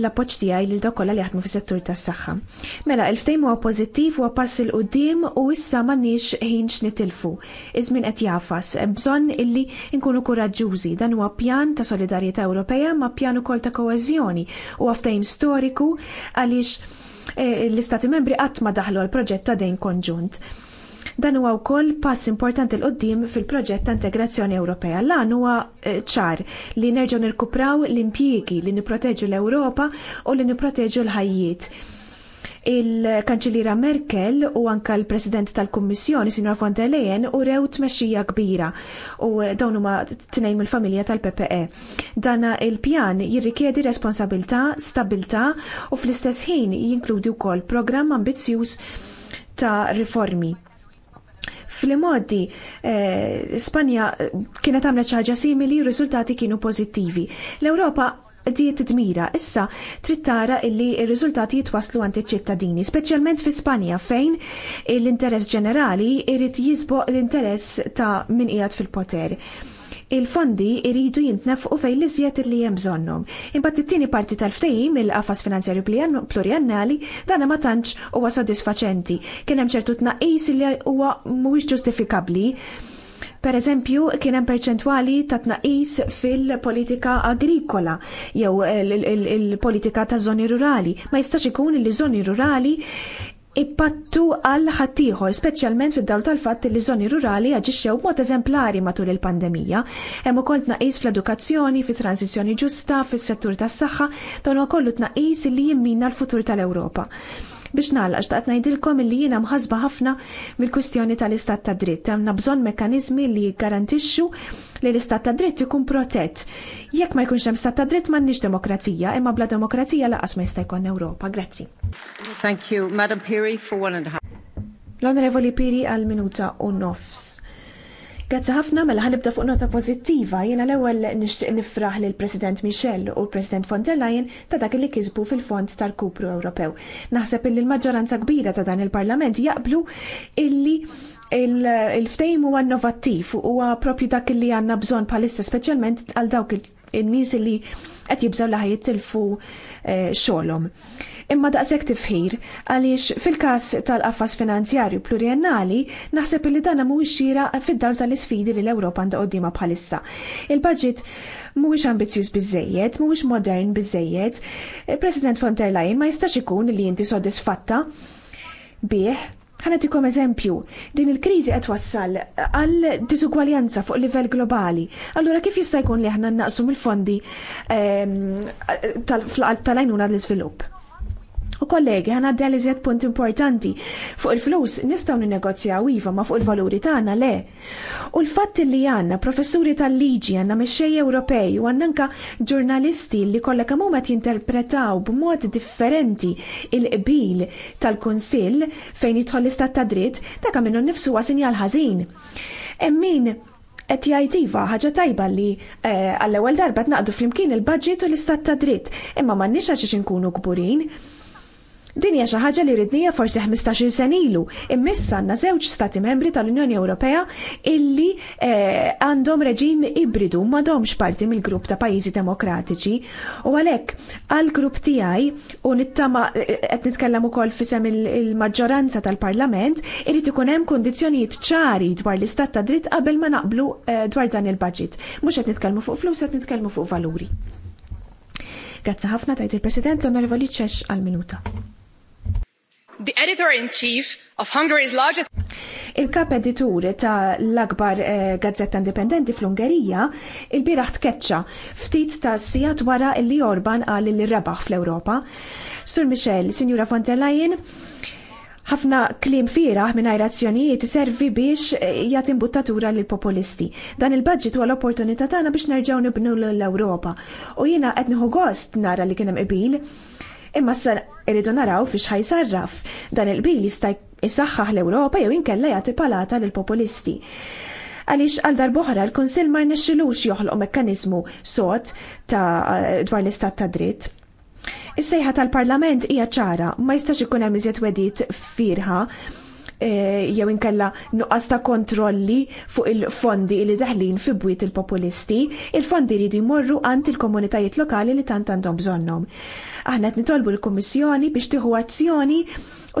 l-appoċ tiegħi lil dawk kollha li jaħdmu fis-settur tas-saħħa. Mela l ftehim huwa pożittiv huwa pass il qudiem u issa m'għandniex ħin x'nitilfu. Iż-żmien qed jafas, bżonn illi nkunu kuraġġużi. Dan huwa pjan ta' solidarjetà Ewropea ma' pjan ukoll ta' koeżjoni u ftehim storiku għaliex Eh, l-Istati membri qatt ma daħlu għal proġett ta' dejn konġunt. Dan huwa wkoll pass importanti l qoddim fil-proġett ta' integrazzjoni Ewropea. Lan huwa eh, ċar li nerġgħu nirkupraw l-impjiegi li nipproteġu l-Ewropa u li nipproteġu l-ħajjiet Il-Kanċelliera Merkel u anka l-President tal-Kummissjoni, Sinjora von der Leyen, u rew tmexxija kbira u dawn huma tnejn mill-familja tal-PPE. Dana il-pjan jirrikjedi responsabilità, stabilità u fl-istess ħin jinkludi wkoll programm ambizzjuż ta' riformi. Fl-modi, eh, Spanja kienet għamlet ħaġa simili u riżultati kienu pożittivi. L-Ewropa di titmira issa trid tara illi r-riżultati jitwaslu għanti ċittadini speċjalment fi Spanja fejn l-interess ġenerali irrit jisboq l-interess ta' min qiegħed fil-poter. Il-fondi iridu u fejn l-izjiet li hemm bżonnhom. Imbagħad it-tieni parti tal-ftehim il-qafas finanzjarju pluriannali dan ma tantx huwa sodisfaċenti. Kien hemm ċertu tnaqis li huwa mhuwiex ġustifikabbli Per eżempju, kien hemm perċentwali ta' tnaqis fil-politika agrikola jew il-politika ta' żoni rurali. Ma jistax ikun li żoni rurali ippattu għal ħaddieħor, speċjalment fid-dawl tal-fatt li żoni rurali aġixxew b'mod eżemplari matul il-pandemija. Hemm ukoll tnaqis fl-edukazzjoni, fit-tranzizzjoni ġusta, fis-settur tas-saħħa, dawn kollu tnaqis li jimmina l-futur tal-Ewropa. Biex nagħlaq xtaqt ngħidilkom illi jiena mħasba ħafna mill-kwistjoni tal-istat ta' dritt. Għamna bżonn mekanizmi li jgarantixxu li l-istat ta' dritt ikun protett. Jekk ma jkunx hemm stat ta' dritt m'għandniex demokrazija, imma bla demokrazija laqas ma jista' jkun Ewropa. Grazzi. Thank you, Madam Piri, for one and a half. L-Onorevoli Piri għal minuta u nofs. Grazzi ħafna mela ħanibda fuq nota pożittiva. Jiena l-ewwel nixtieq nifraħ lil President Michel u President von der Leyen ta' dak li kisbu fil-Fond tal-Kupru Ewropew. Naħseb illi l-maġġoranza kbira ta' dan il-Parlament jaqblu illi il-ftejm huwa innovattiv huwa propju dak li għandna bżonn bħalissa speċjalment għal dawk il-nies li qed jibżgħu li tilfu eh, xogħolhom. Eh, imma daqshekk tifħir għaliex fil-każ tal-qafas finanzjarju pluriennali naħseb li dan mhuwiex xira fid-dawl tal-isfidi li l-Ewropa għandha qudiema bħalissa. Il-budget mhuwiex ambizzjuż biżejjed, mhuwiex modern biżejjed. President von der Leyen ma jistax ikun li inti sodisfatta bih ħanatikom eżempju, din il-krizi qed wassal għal diżugwaljanza fuq livell globali. Allura kif jista' jkun li aħna naqsum il-fondi ehm, tal-għajnuna l-iżvilupp? U kollegi, ħana għaddi għalizjet punt importanti. Fuq il-flus nistaw negozjaw iva ma fuq il-valuri tagħna le. U l-fatt li għanna professuri tal-liġi għanna mexxej Ewropej u għanna nka ġurnalisti li kollha kemm huma jinterpretaw b'mod differenti il-qbil tal-Kunsill fejn jidħol l-istat ta' dritt ta' kemm minnu nnifsu huwa sinjal ħażin. Emmin, qed jgħid iva ħaġa tajba li eh, għall-ewwel darba tnaqdu flimkien il-budget u l-istat ta' dritt, imma m'għandniex għax inkunu kburin. Din hija xi ħaġa li ridnija forsi 15-il sen ilu, immissa għandna żewġ stati membri tal-Unjoni Ewropea illi eh, għandhom reġim ibridu m'għadhomx parti mill-grupp ta' pajjiżi demokratiċi u għalhekk għall-grupp tiegħi u nittama qed nitkellem ukoll fisem il-maġġoranza tal-Parlament irid ikun hemm kundizzjonijiet ċari dwar l-istat ta' dritt qabel ma naqblu eh, dwar dan il-budget. Mhux qed nitkellmu fuq flus qed nitkellmu fuq valuri. Grazzi ħafna tajt il-President l-Onorevoli Ċex għal-minuta the editor-in-chief of Hungary's largest Il-kap editur ta' l-akbar eh, gazzetta indipendenti fl-Ungerija il-biraħ tkeċċa ftit ta' sijat wara li Orban għal li rabaħ fl-Europa. Sur Michel, Signora von der Leyen, ħafna klim firaħ minn razzjonijiet servi biex eh, jagħti imbuttatura lil populisti. Dan il-budget huwa l-opportunità tagħna biex nerġgħu nibnu l-Ewropa. U jiena qed nieħu gost nara li kien hemm qbil Imma sar irridu naraw fiex ħajsarraf dan il-bil jista' jisaxħaħ l-Ewropa jew inkella jagħti palata lill populisti Għaliex għal darboħra l-Kunsill ma rnexxilux joħloq mekkaniżmu sod ta' dwar l-istat ta' dritt. Is-sejħa tal-Parlament hija ċara, ma jistax ikun hemm iżjed wedit firħa e, jew inkella nuqqas ta' kontrolli fuq il-fondi li daħlin fi bwiet il-populisti, il-fondi jridu jmorru għand il-komunitajiet lokali li tant għandhom bżonnhom. Aħna qed nitolbu l-Kummissjoni biex tieħu azzjoni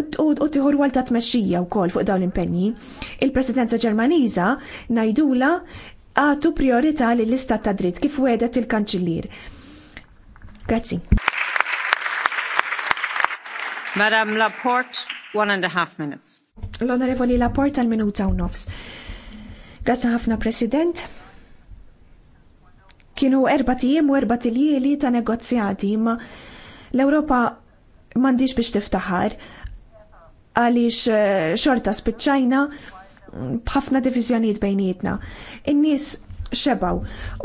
u tieħu rwol ta' tmexxija wkoll fuq dawn l-impenji. Il-Presidenza Ġermaniża ngħidula għatu priorità lill-istat ta' dritt kif wedet il-Kanċillier. Grazzi. Madam Laporte, one and a half minutes. L-Onorevoli Laporte għal minuta u nofs. Grazzi ħafna President. Kienu erba tijiem u erba tiljeli ta' negozjati imma L-Ewropa mandiġ biex tiftaħar għaliex eh, xorta spiċċajna bħafna diviżjonijiet bejnietna. In-nies xebaw.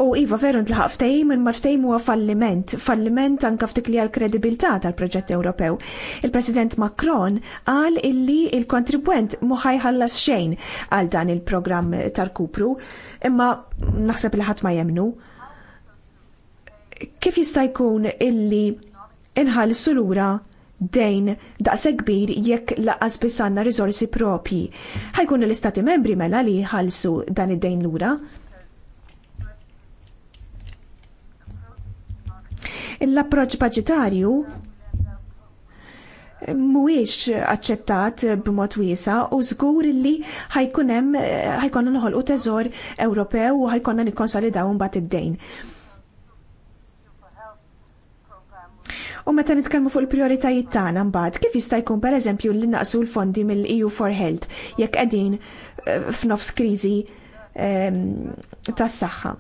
U Iva veru ntlaħaq ftehim minn marftejm huwa falliment, falliment anke ftik li għal kredibilità tal-proġett Ewropew. Il-President Macron qal illi il-kontribwent ħajħallas xejn għal dan il-programm tal-kupru, imma naħseb li ħadd ma jemnu. Kif jista' jkun illi inħallsu lura dejn daqse kbir jekk laqas biss għandna propji. Ħajkun l-istati membri mela li jħallsu dan id-dejn lura. L-approċ budgetarju mhuwiex aċċettat b'mod wiesa u żgur li ħajkun hemm ħajkonna noħolqu teżor Ewropew u ħajkonna nikkonsolidaw mbagħad id-dejn. U meta nitkellmu fuq il-prioritajiet tagħna mbagħad, kif jista' jkun pereżempju li naqsu l-fondi mill-EU for Health jekk qegħdin eh, f'nofs kriżi ehm, tas-saħħa.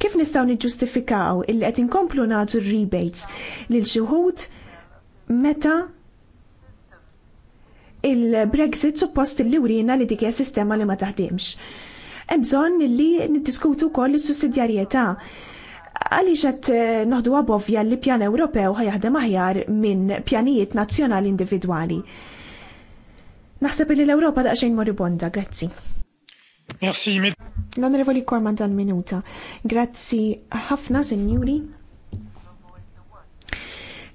Kif nistgħu niġġustifikaw illi qed inkomplu nagħtu rebates lil xi wħud meta il-Brexit suppost li urina li dik hija sistema li ma taħdimx. Hemm bżonn li niddiskutu wkoll is-sussidjarjetà Għaliex qed eh, noħdu għabovja li pjan Ewropew ħajaħdem aħjar minn pjanijiet nazzjonali individwali. Naħseb li l-Ewropa daqsxejn moribonda, grazzi. Merci. L-Onorevoli Korman dan minuta. Grazzi ħafna, Sinjuri.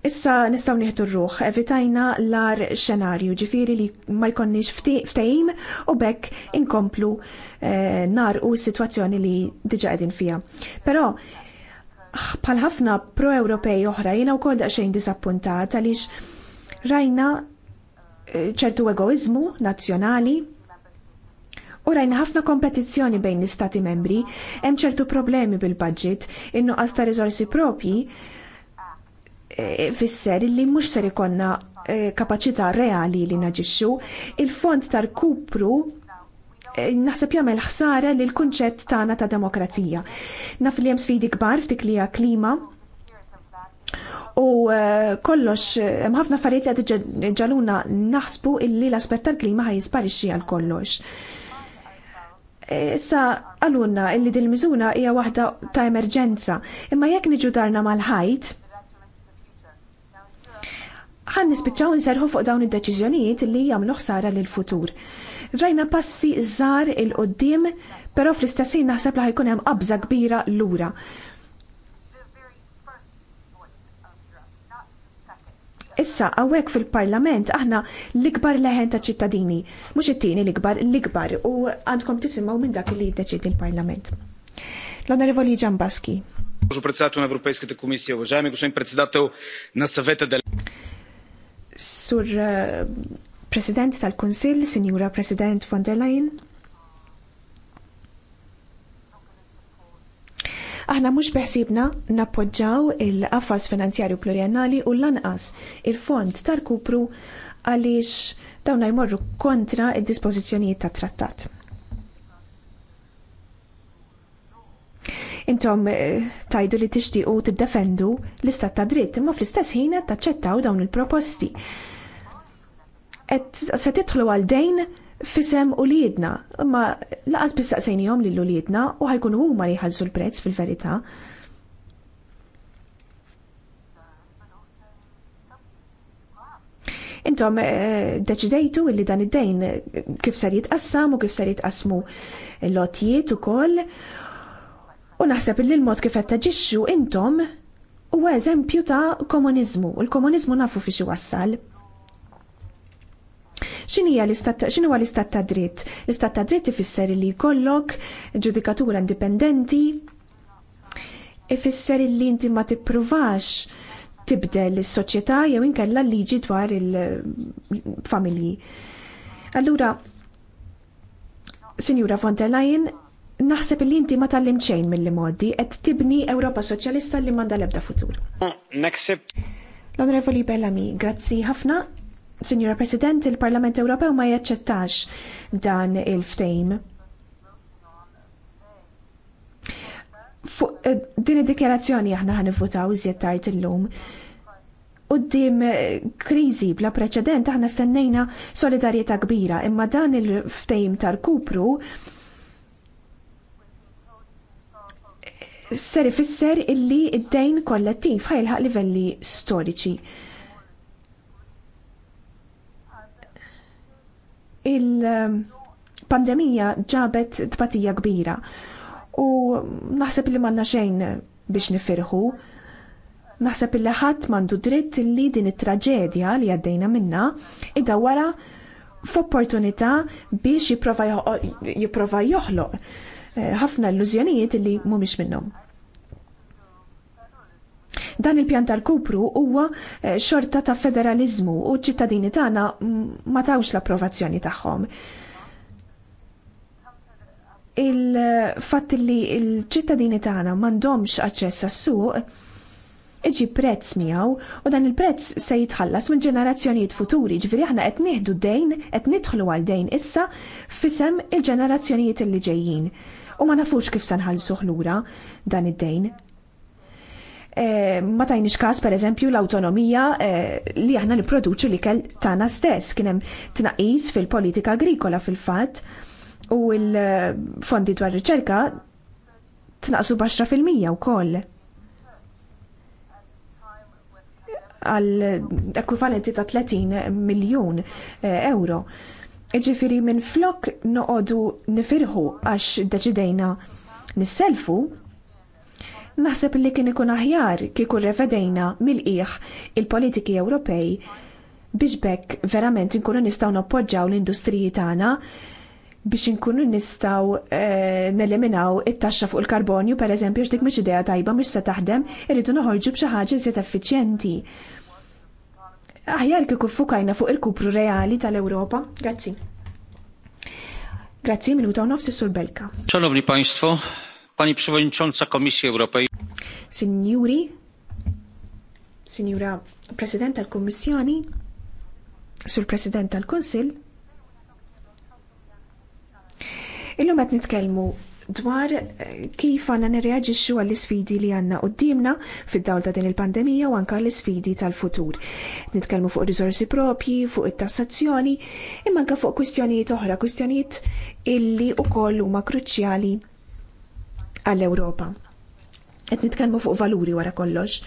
Issa nistaw nieħdu r-ruħ, evitajna l-ar xenarju, ġifiri li ma jkonniex ftejim u bekk inkomplu eh, nar u situazzjoni li diġa qegħdin fija. Però Ah, bħal ħafna pro-Ewropej oħra jiena wkoll daqsxejn disappuntat għaliex rajna eh, ċertu egoizmu nazzjonali u rajna ħafna kompetizzjoni bejn l-istati membri, hemm ċertu problemi bil-budget, in-nuqqas ta' riżorsi propji e, fisser li mhux ser ikonna eh, kapaċità reali li naġixxu, il-fond tal-kupru naħseb jagħmel ħsara lil kunċett tagħna ta' demokrazija. Naf li hemm sfidi kbar ftik li klima U eh, kollox, hemm ħafna affarijiet li ġaluna naħsbu illi l-aspett tal-klima ħaj jisparixxi għal kollox. Issa għalunna illi dil miżura hija waħda ta' emerġenza, imma jekk niġu darna mal-ħajt, ħan nispiċċaw nserħu fuq dawn id-deċiżjonijiet li jagħmlu ħsara lill futur. Rajna passi żgħar il-qoddim, però fl-istessin naħseb li ħajkun hemm qabża kbira lura. Issa, għawek fil-parlament, aħna l-ikbar leħen ta' ċittadini, mux it-tini l-ikbar, l-ikbar, u għandkom tisimaw minn dak li jiddeċid il-parlament. L-Onorevoli Ġambaski. Proszę Prezydentu na Europejskiej Komisji, uważajmy, Господин Председател, na Совета Sur eh, President tal-Kunsill, Sinjura President von der Leyen. Aħna mhux beħsibna nappoġġaw il-qafas finanzjarju pluriannali u lanqas il-fond tal-kupru għaliex dawn jmorru kontra id-dispożizzjonijiet tat-trattat. intom eh, tajdu li tixtiequ tiddefendu l-istat ta' dritt imma fl-istess ħin taċċettaw dawn il-proposti se titħlu għal dejn fisem u liedna, imma laqas bistaqsejnijom li l-uliedna u ħajkunu huma li jħallsu l-prezz fil-verità. Intom eh, deċidejtu illi dan id-dejn eh, kif ser jitqassam u kif ser jitqassmu l-lotjiet u koll u naħseb illi l-mod kif qed taġixxu intom huwa eżempju ta' komuniżmu u l-komuniżmu nafu fi xi wassal. X'inhija l-istat x'inhu istat ta' dritt? L-istat ta' dritt ifisser li jkollok ġudikatura indipendenti, ifisser li inti ma tippruvax tibdel is-soċjetà jew inkella liġi dwar il-familji. Allura, Sinjura von der Leyen, naħseb li inti ma tallim xejn mill-li modi qed tibni Ewropa Soċjalista li manda l-ebda futur. L-Onorevoli Bellami, grazzi ħafna Signora President, il-Parlament Ewropew ma jaċċettax dan il-ftejm. Eh, din id-dikjerazzjoni aħna votaw iżjed tard illum. Uddim eh, kriżi bla preċedent aħna stennejna solidarjetà kbira, imma dan il-ftejm tal-kupru eh, ser ifisser illi id-dejn kollettiv ħajlħaq livelli storiċi il-pandemija ġabet tbatija kbira u naħseb li manna xejn biex nifirħu. Naħseb li ħadd m'għandu dritt li din it-traġedja li għaddejna minna wara f'opportunità biex jipprova joħloq eh, ħafna illużjonijiet li mhumiex minnhom. Dan il-pjan tal-kupru huwa eh, xorta ta' federalizmu u ċittadini tagħna ma tawx l-approvazzjoni tagħhom. Il-fatt li l-ċittadini tagħna m'għandhomx aċċess għas-suq iġi prezz miegħu u dan il-prezz se jitħallas minn ġenerazzjonijiet futuri, ġifieri aħna qed nieħdu dejn, qed nidħlu għal dejn issa fisem il-ġenerazzjonijiet li ġejjin. U ma nafux kif se nħallsuh lura dan id-dejn. Eh, ma tajniex każ pereżempju l-awtonomija eh, li aħna nipproduċu l-ikel tagħna stess kien hemm tnaqqis fil-politika agrikola fil-fatt u l-fondi dwar riċerka tnaqsu b'10 fil-mija wkoll. għal ekwivalenti ta' 30 miljun eh, euro. Iġifiri minn flok noqodu nifirħu għax deċidejna nisselfu Naħseb li kien ikun aħjar kieku revedejna mill-qiegħ il-politiki Ewropej biex bekk verament inkunu nistgħu noppoġġaw l-industriji tagħna biex inkunu nistgħu eh, neliminaw it-taxxa fuq il-karbonju, pereżempju x'dik mhix idea tajba mhux se taħdem, irridu noħorġu b'xi ħaġa żied effiċjenti. Aħjar kieku fukajna fuq il-kupru reali tal-Ewropa. Grazzi. Grazzi minuta u nofsi sur Belka. Szanowni Państwo, Pani Przewodnicząca Komisji Europejskiej. Signori, Signora President tal-Kommissjoni, Sur President tal-Konsil, illum qed nitkellmu dwar eh, kif għanna nirreagġixxu għall isfidi li għandna qoddimna fid-dawl ta' din il-pandemija u anke għall isfidi tal-futur. Nitkellmu fuq riżorsi propji, fuq it-tassazzjoni, imma anke fuq kwistjonijiet oħra, kwistjonijiet illi wkoll huma kruċjali għall-Ewropa. Qed nitkellmu fuq valuri wara kollox.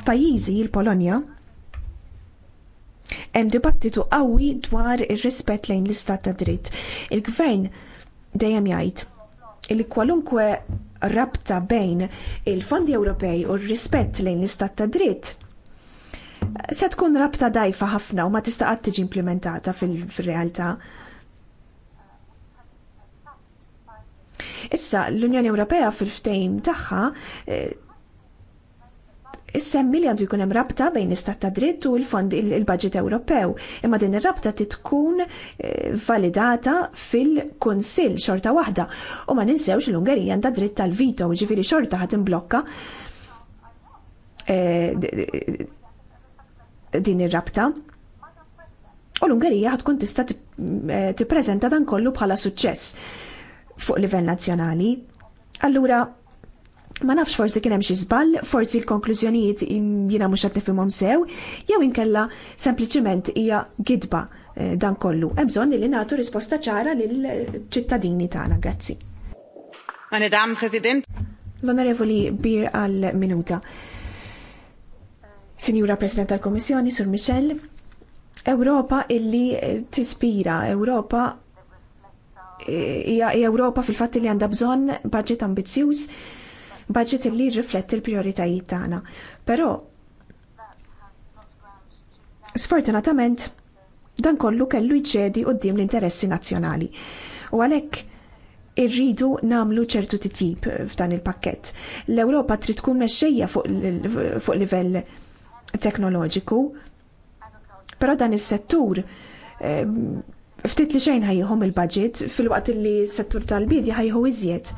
F'pajjiżi il-Polonja hemm dibattitu qawwi dwar ir-rispett lejn l-istat ta' dritt. Il-gvern dejjem jgħid li kwalunkwe rabta bejn il-fondi Ewropej u r-rispett lejn l-istat ta' dritt se tkun rabta dajfa ħafna u ma tista' qatt tiġi implementata fil-realtà. fil realtà Issa l-Unjoni Ewropea fil-ftejm tagħha eh, Issemmi li għandu jkun hemm rabta bejn l-istat ta' dritt u l-fond il-budget Ewropew, imma din ir-rabta titkun eh, validata fil-Kunsill xorta waħda u ma ninsewx l-Ungerija għandha dritt tal-vito, ġifieri xorta ħadd imblokka eh, din ir-rabta. U l-Ungerija tkun tista' tippreżenta dan kollu bħala suċċess fuq livell nazzjonali. Allura, ma nafx forsi kien hemm xi żball, forsi l-konklużjonijiet jiena mhux qed nifhimhom sew, jew inkella sempliċiment hija gidba eh, dan kollu. Hemm bżonn li nagħtu risposta ċara lill-ċittadini tagħna. Grazzi. Madam President. L-Onorevoli Bir għal minuta. Sinjura President tal-Komissjoni, Sur Michel, Europa illi tispira, Ewropa hija Ewropa fil-fatt li għandha bżonn budget ambizzjuż, budget li jirrifletti l-prijoritajiet tagħna. Però sfortunatament dan kollu kellu jċedi qoddim l-interessi nazzjonali. U għalhekk irridu namlu ċertu titjib f'dan il-pakket. L-Ewropa trid tkun mexxejja fuq livell teknoloġiku, però dan is-settur ehm, ftit li xejn ħajjihom il-budget fil-waqt li settur tal-bidja ħajħu iżjed.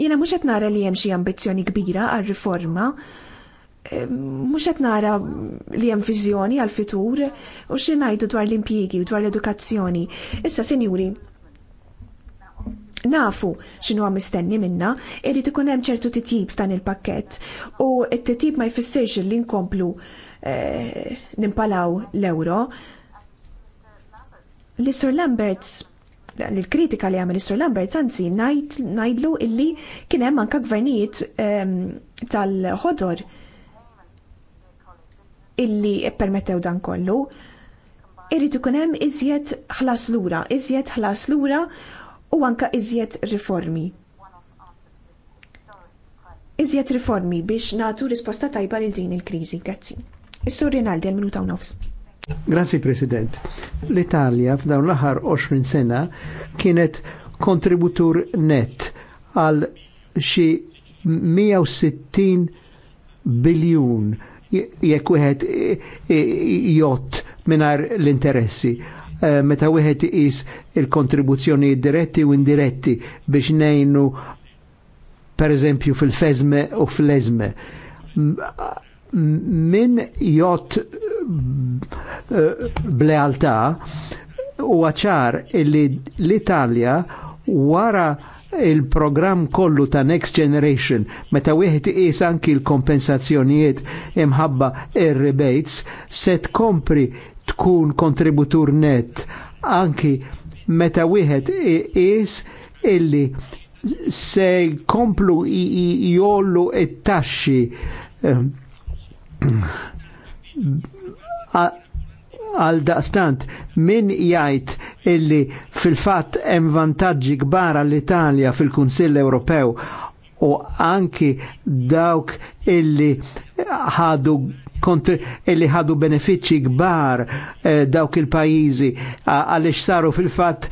Jiena mhux qed nara li hemm xi ambizzjoni kbira għal riforma mhux qed nara li hemm viżjoni għal-fitur u xi ngħidu dwar l-impjiegi u dwar l-edukazzjoni. Issa, sinjuri, nafu xinu għam mistenni minna, irrit ikun hemm ċertu titjib f'dan il-pakket u t-titjib ma jfissirx li nkomplu eh, nimpalaw l-euro, l Sir Lamberts l-kritika li għamil Sir Lamberts, anzi najdlu illi kien hemm anka gvernijiet ehm, tal-ħodor illi permettew dan kollu. Irrid ikun hemm iżjed ħlas lura, iżjed ħlas lura u anka iżjed riformi. Iżjed riformi biex nagħtu risposta tajba lil din il-kriżi. Grazzi. Is-Sur Rinaldi għal minuta u nofs. Grazie President. L-Italja f'dawn l-aħħar 20 sena kienet kontributur net għal xi 160 biljun jekk wieħed jott mingħajr l-interessi. Eh, meta wieħed is il-kontribuzzjoni diretti u indiretti biex ngħinu pereżempju fil-fezme u fl-eżme min jott blealtà u għacħar illi l-Italja wara il-programm kollu ta' Next Generation, meta wieħed iqis anki l-kompensazzjonijiet imħabba il rebates se tkompri tkun kontributur net anki meta wieħed iqis illi se komplu jollu it-taxxi għal daqstant min jgħid illi fil-fatt hemm vantaġġi kbar għall-Italja fil-Kunsill Ewropew u anki dawk illi ħadu kont illi ħadu benefiċċji kbar eh, dawk il-pajjiżi għaliex saru fil-fatt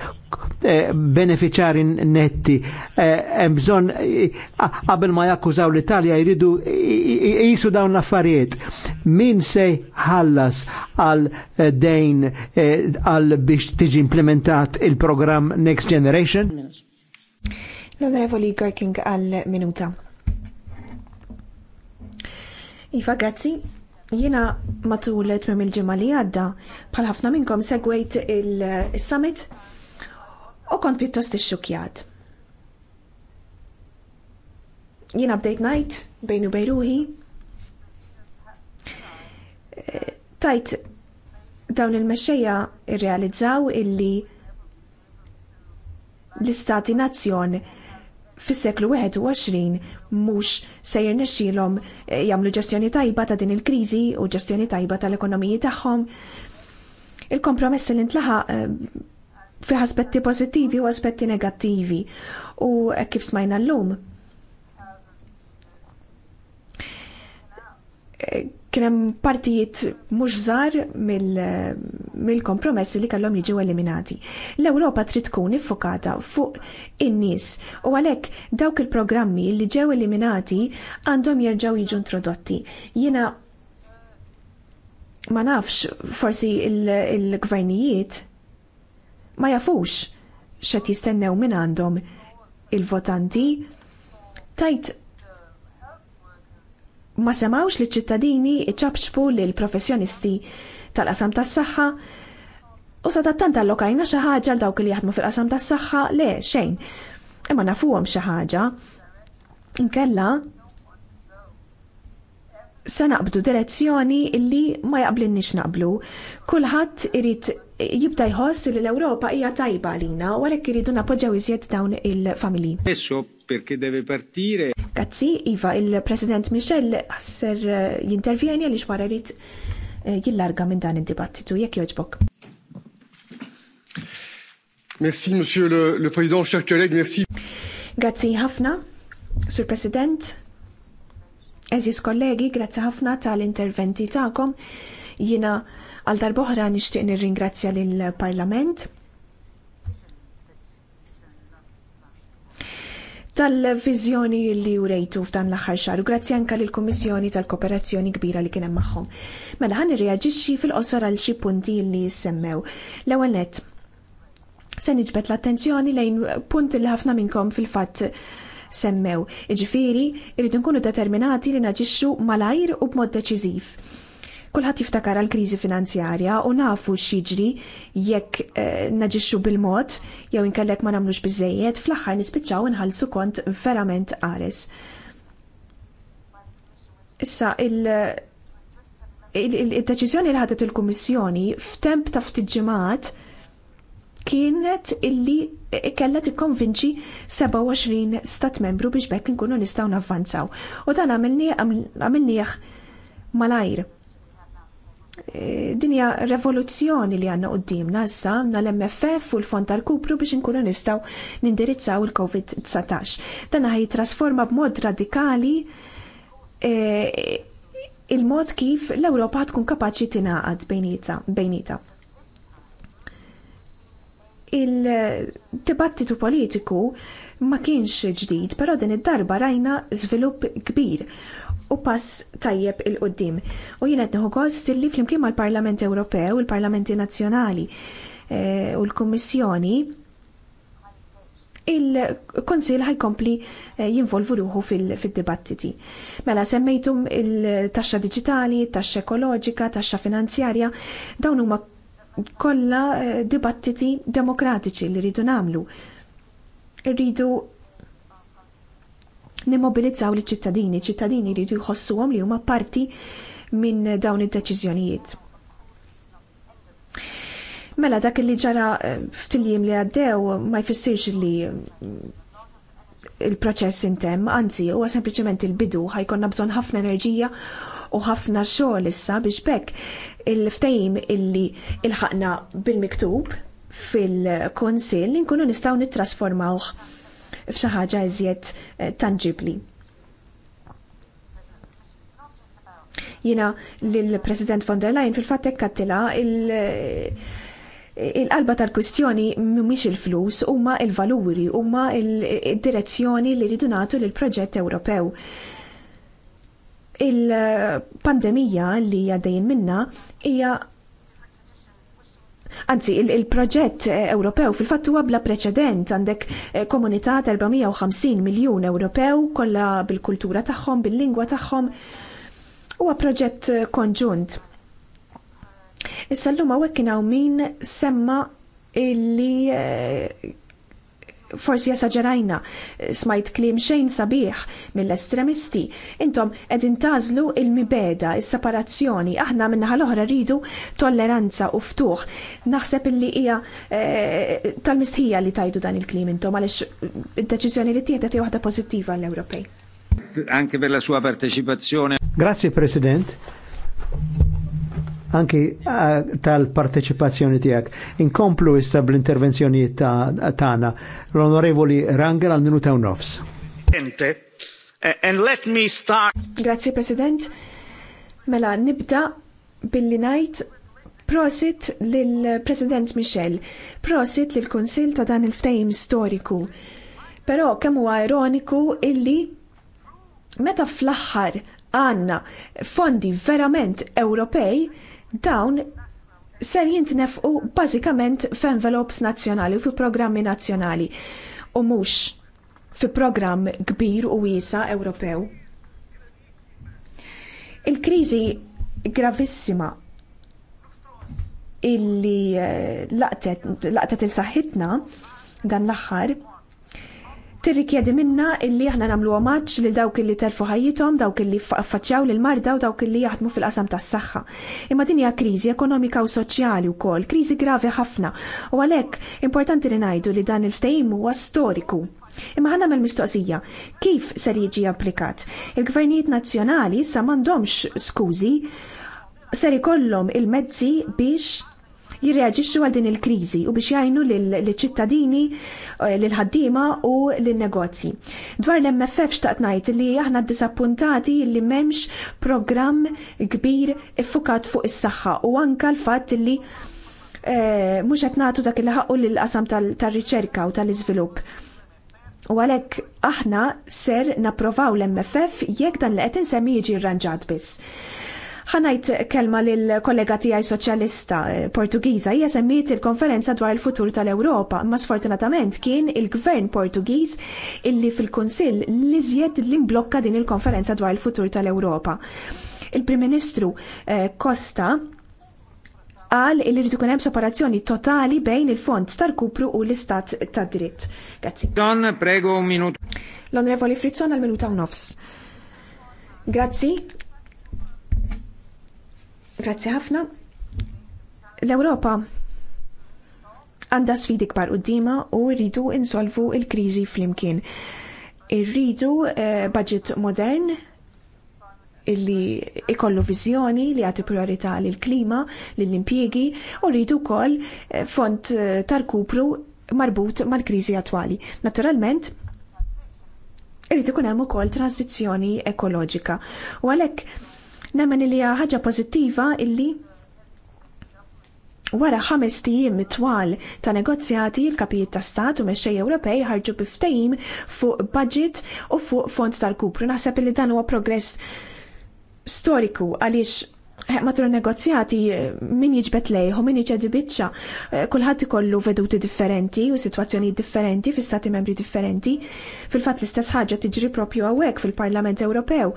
Eh, beneficjari netti eh, hemm bżonn eh, qabel ma jakkużaw l-Italja jridu jisu dawn l-affarijiet. Min se ħallas għal dejn għal biex tiġi implementat il-programm Next Generation? L-Onorevoli Gorking għal minuta. Iva, grazzi. Jiena matul tmim il ġemali għadda, bħal ħafna minnkom segwejt il-summit u kont pjuttost ixxukkjat. Jiena bdejt ngħid bejn u bejruħi eh, tajt dawn il-mexxejja irrealizzaw illi l-istati nazzjon fis-seklu 21 mhux se jirnexxielhom eh, jagħmlu ġestjoni tajba ta' din il-kriżi u ġestjoni tajba tal-ekonomiji tagħhom. Il-kompromess li ntlaħaq eh, fi aspetti pozittivi u aspetti negattivi u kif smajna l-lum. Eh, Kienem partijiet mux zar mill-kompromessi mil li kellhom jiġu eliminati. L-Ewropa trid tkun iffokata fuq in-nies u għalhekk dawk il-programmi li ġew eliminati għandhom jerġgħu jiġu introdotti. Jiena ma nafx forsi il-gvernijiet il gvernijiet ma jafux x'qed jistennew minn għandhom il-votanti tajt ma semawx li ċittadini iċabxbu li l-professjonisti tal-qasam tas-saħħa u sadattant allokajna xi ħaġa l dawk li jaħdmu fil-qasam tas-saħħa le xejn. Imma nafuhom xi ħaġa. Inkella se naqbdu direzzjoni illi ma jaqblinnix naqblu. Kulħadd irid jibda jħoss li l-Ewropa hija tajba għalina u għalhekk iridu napoġġew iżjed dawn il-familji. Esso perché deve partire. Grazzi, Iva, il-President Michel ħasser eh, jintervjeni għaliex wara jrid eh, jillarga minn dan id-dibattitu jekk jogħġbok. Merci, Monsieur le, le Président, chers collègues, merci. Grazzi ħafna, Sur President, eżis kollegi, grazzi ħafna tal-interventi ta'kom. Jina Għal darboħra nixtieq nirringrazzja lill-Parlament tal-viżjoni li urejtu f'dan l-aħħar xar u grazzi anke lill kummissjoni tal-Kooperazzjoni kbira li kien hemm magħhom. Mela ħan irreaġixxi fil-qosor għal xi punti li jissemmew. L-ewwel nett se niġbed l-attenzjoni lejn punt li ħafna minnkom fil-fatt semmew. Iġifiri, irridu nkunu determinati li naġixxu malajr u b'mod deċiżiv Kulħadd jiftakar għall-kriżi finanzjarja u nafu x'jiġri jekk eh, naġixxu bil-mod jew inkellek ma nagħmlux biżejjed fl-aħħar nispiċċaw inħallsu kont verament qares. Issa il-deċiżjoni li ħadet il-Kummissjoni f'temp ta' ftit ġimgħat kienet illi kellha tikkonvinċi 27 stat membru biex bekk nkunu nistgħu navvanzaw. U dan għamilnieh malajr dinja revoluzzjoni li għanna għoddimna issa għanna l-MFF u l-fond tal-kupru biex nkunu nistaw nindirizzaw il-COVID-19. Dan ħaj trasforma b'mod radikali e, il-mod kif l-Ewropa tkun kapaċi tingħaqad bejnita. Il-dibattitu politiku ma kienx ġdid, però din id-darba rajna żvilupp kbir u pass tajjeb il-qoddim. U jien qed neħu gost li flimkien mal-Parlament Ewropew, il-Parlamenti Nazzjonali eh, u l-Kummissjoni il-Konsil ħajkompli eh, jinvolvu ruħu fil-dibattiti. Mela semmejtum il-taxxa digitali, taxxa ekoloġika, taxxa finanzjarja, dawn huma kollha eh, dibattiti demokratiċi li rridu nagħmlu. Rridu nimmobilizzaw li ċittadini, ċittadini li jħossuhom li huma parti minn dawn id-deċiżjonijiet. Mela dak li ġara eh, ftiljiem li għaddew ma jfissirx li mm, il-proċess intemm, anzi huwa sempliċement il-bidu ħajkonna bżonn ħafna enerġija u ħafna xogħol issa biex bekk il-ftehim illi ilħaqna bil-miktub fil-konsil nkunu nistgħu nittrasformawh f'xi ħaġa iżjed eh, tangibli. Jina lill-President von der Leyen fil-fatt kattila il- eh, qalba tal-kwistjoni mhumiex il-flus huma il-valuri, huma il-direzzjoni li rridu nagħtu lill proġett Ewropew. Il-pandemija li għaddejjin minna hija Anzi, il-proġett eh, Ewropew fil-fatt huwa bla preċedent għandek eh, komunità ta' 450 miljun Ewropew kollha bil-kultura tagħhom, bil-lingwa tagħhom. Huwa proġett eh, konġunt. Issa l-lum hawnhekk min semma illi forsi jasaġerajna, smajt klim xejn sabiħ mill-estremisti, intom edin tazlu il-mibeda, il-separazzjoni, aħna minna l-oħra ridu tolleranza u ftuħ. Naħseb illi hija e, tal-mistħija li tajdu dan il-klim intom, għalix id-deċizjoni li tieħdet hija waħda pozittiva l-Ewropej. Anke per la sua partecipazzjoni: Grazie President anki eh, tal-parteċipazzjoni tijak. Inkomplu issa bl-intervenzjoni tana. L-onorevoli Rangel għal minuta u nofs. Eh, and let me start. Grazie, President. Mela, nibda billi najt prosit lill-President Michel, prosit lill-Konsil ta' dan il ftajm storiku. Però kemm huwa ironiku illi meta fl-aħħar għanna fondi verament Ewropej dawn ser jintnefqu bażikament f'envelopes nazzjonali u fi programmi nazzjonali u mhux fi programm kbir u wiesa Ewropew. Il-kriżi gravissima illi eh, laqtet il-saħħitna dan l-aħħar tirrikjedi minna illi aħna nagħmlu omaġġ lil dawk illi terfu ħajjithom, dawk illi affaċċjaw lil marda u dawk illi jaħdmu fil-qasam tas-saħħa. Imma din hija kriżi ekonomika u soċjali wkoll, kriżi gravi ħafna. U għalhekk importanti li ngħidu li dan il-ftehim huwa storiku. Imma ħanna mill mistoqsija kif ser jiġi applikat? Il-gvernijiet nazzjonali sa m'għandhomx skużi ser ikollhom il-mezzi biex jirreagġixxu għal din il-kriżi u biex jajnu l ċittadini eh, lill-ħaddiema u l negozji Dwar l-MFF xtaqt ngħid li aħna disappuntati li m'hemmx programm kbir iffukat fuq is-saħħa u anke l-fatt li eh, mhux qed nagħtu dak il-ħaqqu lill-qasam tar-riċerka u tal-iżvilupp. U għalek aħna ser naprovaw l-MFF jekk dan li qed insemmi jiġi rranġat biss ħanajt kelma lill-kollega tiegħi soċjalista eh, Portugiża hija semmiet il-konferenza dwar il-futur tal-Ewropa, imma sfortunatament kien il-Gvern Portugiż illi fil-Kunsill li żjed li mblokka din il-konferenza dwar il-futur tal-Ewropa. Il-Prim Ministru eh, Costa qal li rridu hemm separazzjoni totali bejn il-fond tal-kupru u l-istat tad dritt. Grazzi. Don, prego un minuto. L-Onorevoli Frizzon għal minuta u nofs. Grazzi, Grazzi ħafna. L-Ewropa għandha sfidi kbar qudiema u rridu insolvu l-kriżi flimkien. Irridu eh, budget modern illi ikollu viżjoni li għati priorità lill klima lill-impjiegi u rridu wkoll eh, font eh, tal-kupru marbut mal-kriżi attwali. Naturalment, irrid kunem hemm ukoll transizzjoni ekoloġika. U għalek, Nemmen li ħaġa pożittiva illi Wara ħames tijiem twal ta' negozjati l-kapijiet ta' stat u mexxej Ewropej ħarġu biftejim fuq budget u fuq fond tal-kupru. Naħseb li dan huwa progress storiku għaliex eh, matru negozjati eh, min jiġbet lejħu, min jiġed biċċa, eh, kulħadd ikollu veduti differenti u sitwazzjoni differenti fi stati membri differenti. Fil-fatt l-istess ħaġa tiġri propju hawnhekk fil-Parlament Ewropew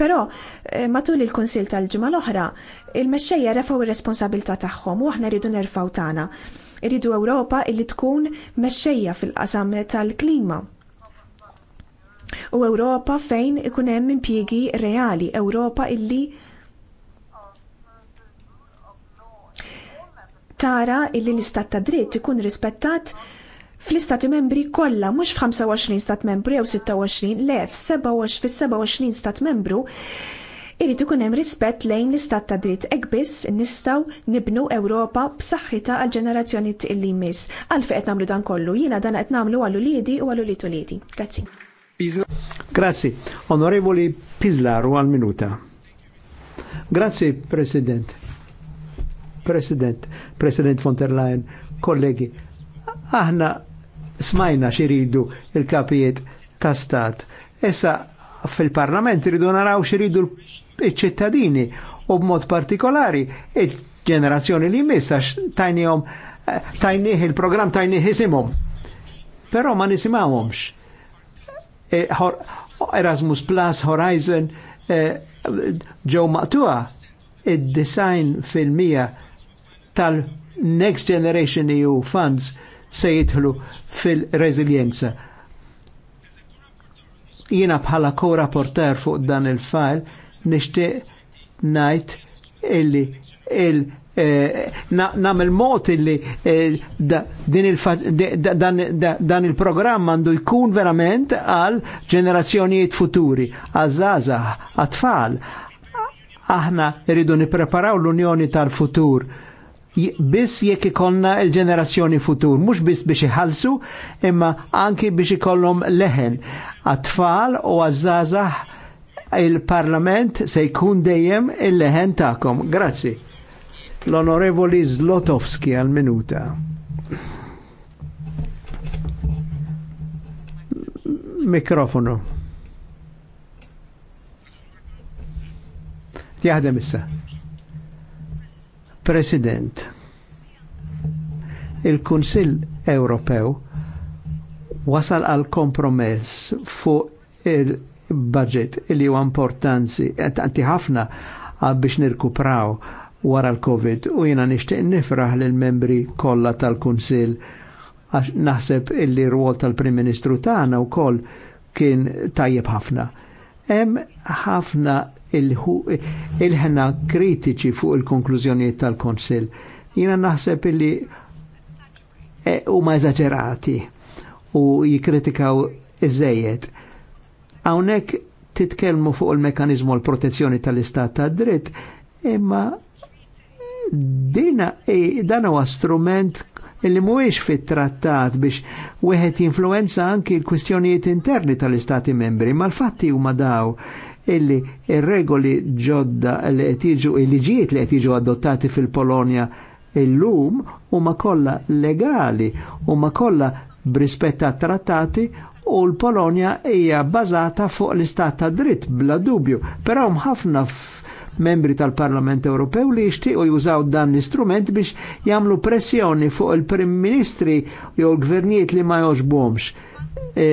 Però eh, matul il-Kunsil tal-ġimgħa l-oħra, il-mexxejja refaw ir-responsabilità tagħhom u aħna rridu nerfaw tagħna. Irridu Ewropa illi tkun mexxejja fil-qasam tal-klima. U Ewropa fejn ikun hemm impjiegi reali, Ewropa illi tara illi l-istat ta' dritt ikun rispettat fl-istati membri kollha mhux f'25 stat membru jew 26 le 27 stat membru irrid ikun hemm rispett lejn l-istat ta' dritt hekk biss nistgħu nibnu Ewropa b'saħħitha għal ġenerazzjoni li jmiss. Għalfejn qed nagħmlu dan kollu, jiena dan qed nagħmlu għal uliedi u għal ulied uliedi. Grazzi. Grazzi. Onorevoli u għal minuta. Grazzi, President. President, President von der Leyen, kollegi, aħna smajna xiridu il-kapijiet ta' stat. Issa fil-parlament iridu naraw xiridu l-ċittadini u b'mod partikolari il-ġenerazzjoni li jmissa tajnijom tajnih il-program tajnih isimum. Pero ma nisimawomx. E, Erasmus Plus, Horizon, e, ġew maqtuwa id-design fil-mija tal-Next Generation EU Funds se jidħlu fil-reżiljenza. Jiena bħala ko-rapporter fuq dan il-fajl nixtieq ngħid illi il eh, nam il-mot illi eh, dan, il-programm għandu jkun verament għal ġenerazzjonijiet futuri, għazzaza, għatfall. Aħna rridu nipreparaw l-Unjoni tal-futur biss jekk ikollna l-ġenerazzjoni futur, mhux biss biex iħallsu, imma anki biex ikollhom leħen għat-tfal u għaż il-Parlament se jkun dejjem il-leħen tagħkom. Grazzi. L-Onorevoli Zlotowski għal-minuta. Mikrofonu. Jaħdem issa. President, il-Kunsill Ewropew wasal għal kompromess fuq il-budget li huwa importanzi tanti ħafna biex nirkupraw wara l-Covid u jina nixtieq nifraħ lil membri kollha tal-Kunsill għax naħseb illi rwol tal-Prim Ministru tagħna wkoll kien tajjeb ħafna. Hemm ħafna il-ħna kritiċi fuq il-konklużjonijiet tal-Konsil. Jina naħseb illi e, huma eżaġerati u jikritikaw iżejjed. Hawnhekk titkellmu fuq il-mekanizmu l-protezzjoni tal-istat ta' dritt, imma dina e, dan huwa strument illi mhuwiex fit-trattat biex wieħed jinfluenza anki l-kwistjonijiet interni tal-istati membri, ma l-fatti huma daw illi il regoli ġodda li etiġu il-liġijiet li qed jiġu adottati fil-Polonja u huma kollha legali, huma kollha b'rispett trattati u l-Polonja hija bazata fuq l-istat ta' dritt bla dubju, però mħafna ħafna membri tal-Parlament Ewropew li u jużaw dan l-istrument biex jagħmlu pressjoni fuq il-Prim Ministri jew l-Gvernijiet li ma joġbomx. E,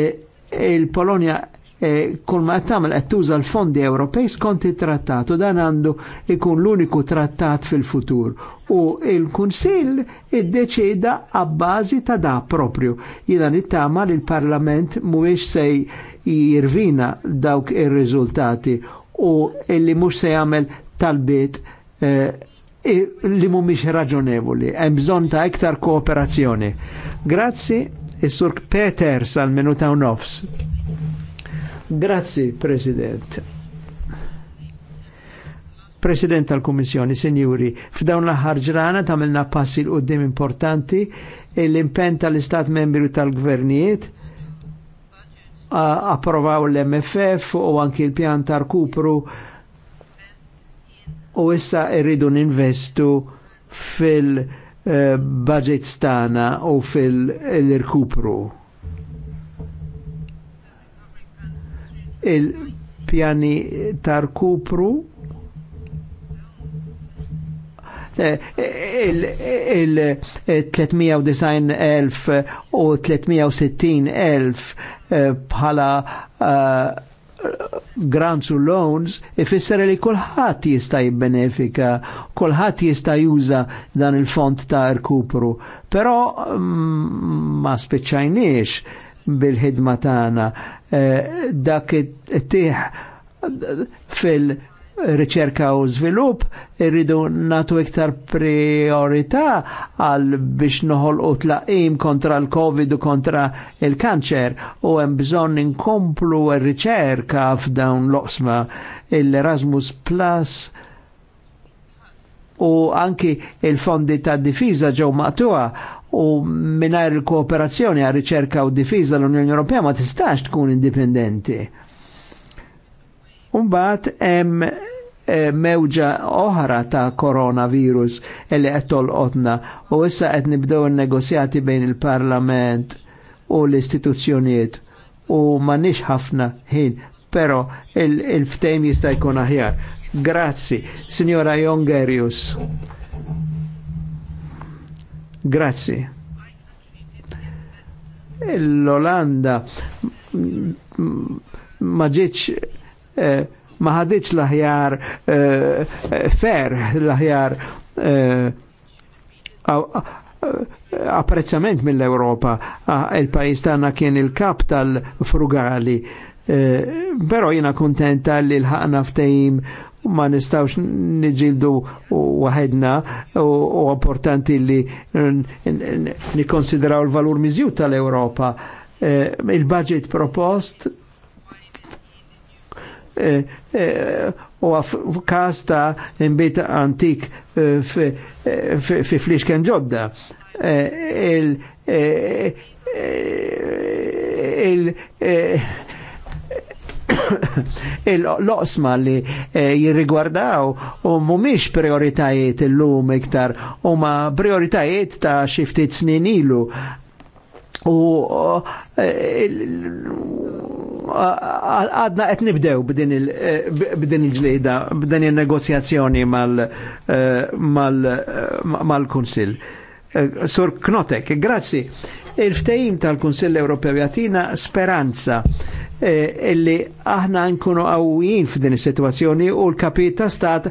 il-Polonja Eh, kull ma għattamil qed tuża l-fondi Ewropej skont il-trattatu dan għandu ikun l-uniku trattat fil-futur. U il-Kunsill kunsil iddeċida għabbażi ta' da propju. Jidan nittama tama l-Parlament mhuwiex se jirvina dawk il-rizultati u illi mhux se jagħmel talbiet eh, li mhumiex raġonevoli. Hemm bżonn ta' iktar kooperazzjoni. Grazzi, is-Sur Peter sal-minuta u nofs. Grazzi, President. President tal-Kommissjoni, Sinjuri, f'dawn l-aħħar ġrana tagħmilna passi l qudiem importanti e l-impenn tal-Istat membri tal-Gvernijiet approvaw l-MFF u anki l-pjan tar kupru u issa irridu ninvestu fil-budget eh, stana u fil-irkupru. il-pjani tar-kupru eh, il-390.000 eh, u 360.000 eh, bħala grants u loans ifisser li kulħadd jista' jibbenefika, kolħat jista' juża dan il-font ta' rkupru. Però mm, ma spiċċajniex bil-ħidma tagħna eh, dak it fil- riċerka u żvilupp irridu natu iktar priorità għal biex noħol u tlaqim kontra l-Covid u kontra il-kanċer u hemm bżonn inkomplu r-riċerka f'dawn l-oqsma l-Erasmus Plus u anki il-fondi ta' difiża ġew maqtuha u minar il-kooperazzjoni għal riċerka u difiża l-Unjoni Ewropea ma tistax tkun indipendenti. Umbat hemm eh, mewġa oħra ta' koronavirus li qed tolqotna u issa qed nibdew negozjati bejn il-Parlament u l-istituzzjonijiet u m'għandniex ħafna ħin, però il ftehim jista' jkun aħjar. Grazzi, Signora Jongerius. Grazzi. L-Olanda ma ġieċ eh, ma ħadiċ laħjar eh, fer, l eh, apprezzament mill-Europa. Ah, il-pajis tagħna kien il-kap tal-frugali. Però jina kontenta li l-ħakna ftejim ma nistawx niġildu wahedna u importanti li nikonsideraw l valur miżju tal-Europa. Eh, il-budget propost eh, eh, u kas ta' imbita antik fi fliexken ġodda. il il-loqsma li eh, jirrigwardaw u mumiex prioritajiet il-lum iktar u ma prioritajiet ta' xiftit snin ilu u eh, għadna qed nibdew b'din eh, il-ġlida, b'din il-negozjazzjoni mal-Kunsil. Sur Knotek, grazzi. Il-ftejim tal-Kunsill Ewropew jagħtina speranza eh, illi aħna nkunu għawin f'din is-sitwazzjoni u l-kapit ta' stat